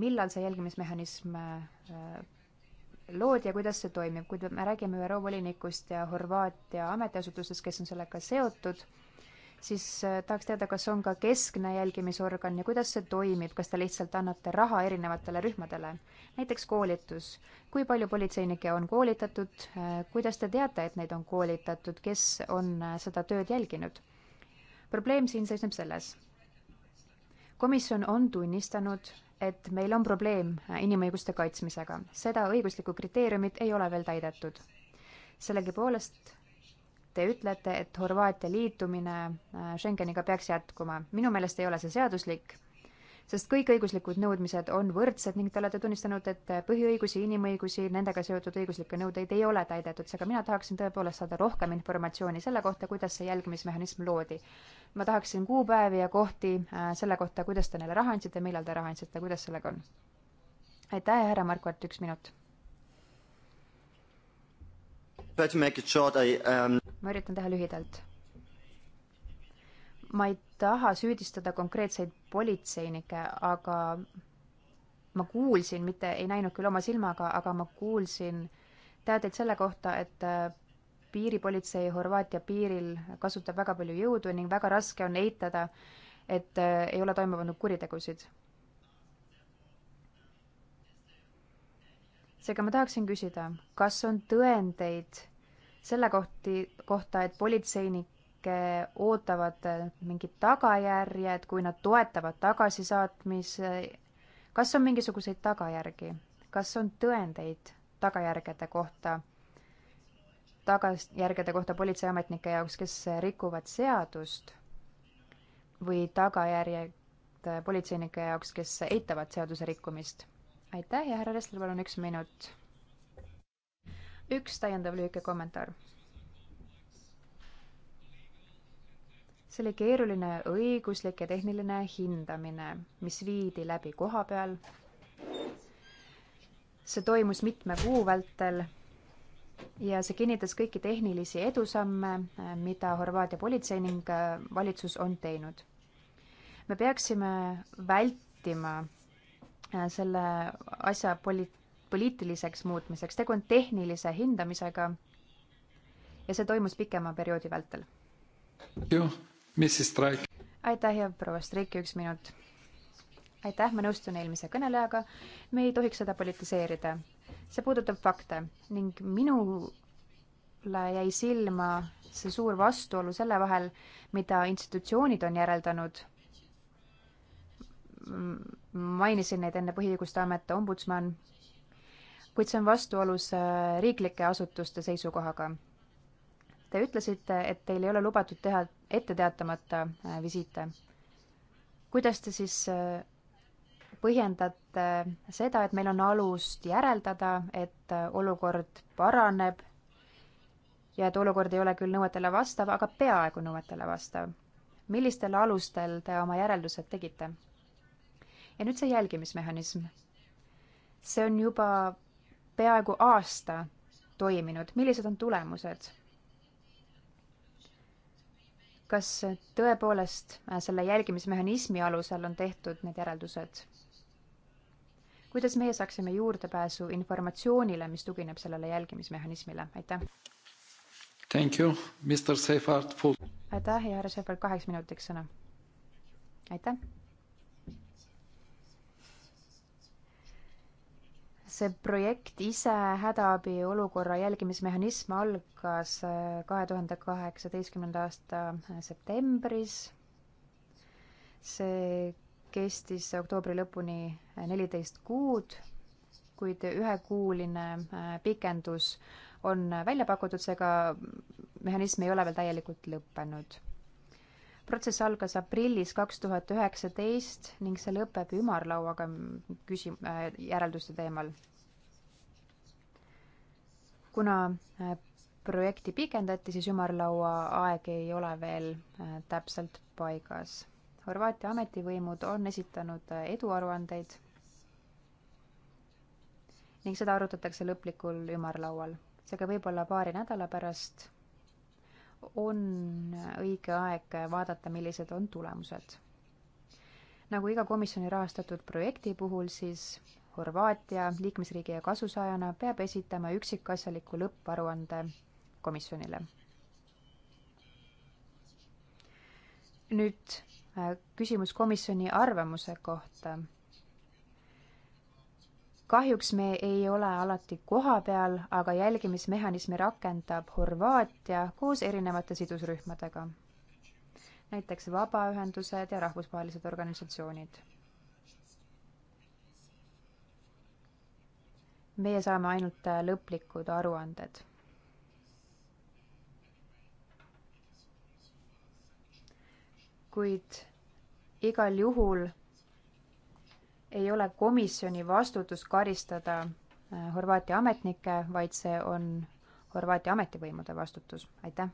millal see jälgimismehhanism äh, loodi ja kuidas see toimib, kuid me räägime ÜRO volinikust ja Horvaatia ametiasutustest, kes on sellega seotud, siis äh, tahaks teada, kas on ka keskne jälgimisorgan ja kuidas see toimib, kas te lihtsalt annate raha erinevatele rühmadele? näiteks koolitus, kui palju politseinikke on koolitatud, äh, kuidas te teate, et neid on koolitatud, kes on äh, seda tööd jälginud? probleem siin seisneb selles, komisjon on tunnistanud, et meil on probleem inimõiguste kaitsmisega. seda õiguslikku kriteeriumit ei ole veel täidetud. sellegipoolest te ütlete, et Horvaatia liitumine äh, Schengeniga peaks jätkuma. minu meelest ei ole see seaduslik sest kõik õiguslikud nõudmised on võrdsed ning te olete tunnistanud, et põhiõigusi, inimõigusi, nendega seotud õiguslikke nõudeid ei ole täidetud, seega mina tahaksin tõepoolest saada rohkem informatsiooni selle kohta, kuidas see jälgimismehhanism loodi. ma tahaksin kuupäevi ja kohti äh, selle kohta, kuidas te neile raha andsite, millal te raha andsite, kuidas sellega on. aitäh, härra Markvart, üks minut. Um, ma üritan teha lühidalt. ma ei taha süüdistada konkreetseid politseinikke, aga ma kuulsin, mitte ei näinud küll oma silmaga, aga ma kuulsin teateid selle kohta, et äh, piiripolitsei Horvaatia piiril kasutab väga palju jõudu ning väga raske on eitada, et äh, ei ole toime pannud kuritegusid. seega ma tahaksin küsida, kas on tõendeid selle kohti, kohta, et politseinik kodanikke eh, ootavad eh, mingid tagajärjed, kui nad toetavad tagasisaatmise, kas on mingisuguseid tagajärgi, kas on tõendeid tagajärgede kohta, tagajärgede kohta politseiametnike jaoks, kes rikuvad seadust või tagajärjed politseinike jaoks, kes eitavad seaduse rikkumist? aitäh ja härra Ressler, palun üks minut. üks täiendav lühike kommentaar see oli keeruline õiguslik ja tehniline hindamine, mis viidi läbi koha peal. see toimus mitme kuu vältel ja see kinnitas kõiki tehnilisi edusamme, mida Horvaatia politsei ning äh, valitsus on teinud. me peaksime vältima äh, selle asja poli-, poliitiliseks muutmiseks, tegu on tehnilise hindamisega ja see toimus pikema perioodi vältel. jah aitäh ja proua Streik, üks minut. aitäh, ma nõustun eelmise kõnelejaga. me ei tohiks seda politiseerida. see puudutab fakte ning minule jäi silma see suur vastuolu selle vahel, mida institutsioonid on järeldanud. mainisin neid enne Põhiõiguste Amet, ombudsman, kuid see on vastuolus äh, riiklike asutuste seisukohaga Te ütlesite, et teil ei ole lubatud teha ette teatamata äh, visiite. kuidas te siis äh, põhjendate seda, et meil on alust järeldada, et äh, olukord paraneb ja et olukord ei ole küll nõuetele vastav, aga peaaegu nõuetele vastav? millistel alustel te oma järeldused tegite? ja nüüd see jälgimismehhanism. see on juba peaaegu aasta toiminud, millised on tulemused? kas tõepoolest äh, selle jälgimismehhanismi alusel on tehtud need järeldused? kuidas meie saaksime juurdepääsu informatsioonile, mis tugineb sellele jälgimismehhanismile, aitäh! Thank you, Mr Seifert. aitäh ja härra Seifert, kaheks minutiks sõna. aitäh! see projekt ise, hädaabi olukorra jälgimismehhanism, algas äh, kahe tuhande kaheksateistkümnenda aasta äh, septembris. see kestis oktoobri lõpuni äh, neliteist kuud, kuid ühekuuline pikendus on välja pakutud, seega mehhanism ei ole veel täielikult lõppenud protsess algas aprillis kaks tuhat üheksateist ning see lõpeb ümarlauaga küsim-, äh, järelduste teemal. kuna äh, projekti pikendati, siis ümarlaua aeg ei ole veel äh, täpselt paigas. Horvaatia ametivõimud on esitanud eduaruandeid ning seda arutatakse lõplikul ümarlaual. seega võib-olla paari nädala pärast on õige aeg vaadata, millised on tulemused. nagu iga komisjoni rahastatud projekti puhul, siis Horvaatia liikmesriigi ja kasusaajana peab esitama üksikasjaliku lõpparuande komisjonile. nüüd äh, küsimus komisjoni arvamuse kohta kahjuks me ei ole alati kohapeal, aga jälgimismehhanismi rakendab Horvaatia koos erinevate sidusrühmadega, näiteks vabaühendused ja rahvusvahelised organisatsioonid. meie saame ainult lõplikud aruanded. kuid igal juhul ei ole komisjoni vastutus karistada äh, Horvaatia ametnikke, vaid see on Horvaatia ametivõimude vastutus, aitäh.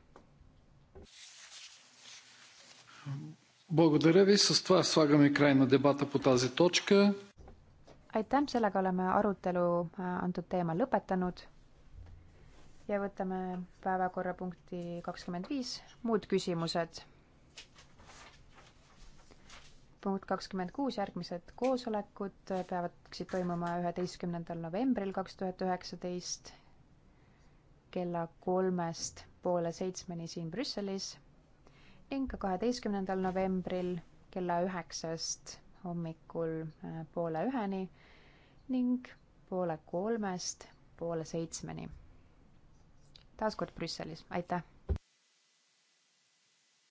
aitäh, sellega oleme arutelu äh, antud teemal lõpetanud ja võtame päevakorrapunkti kakskümmend viis, muud küsimused punkt kakskümmend kuus, järgmised koosolekud äh, peavaksid toimuma üheteistkümnendal novembril kaks tuhat üheksateist kella kolmest poole seitsmeni siin Brüsselis ning ka kaheteistkümnendal novembril kella üheksast hommikul äh, poole üheni ning poole kolmest poole seitsmeni. taas kord Brüsselis, aitäh!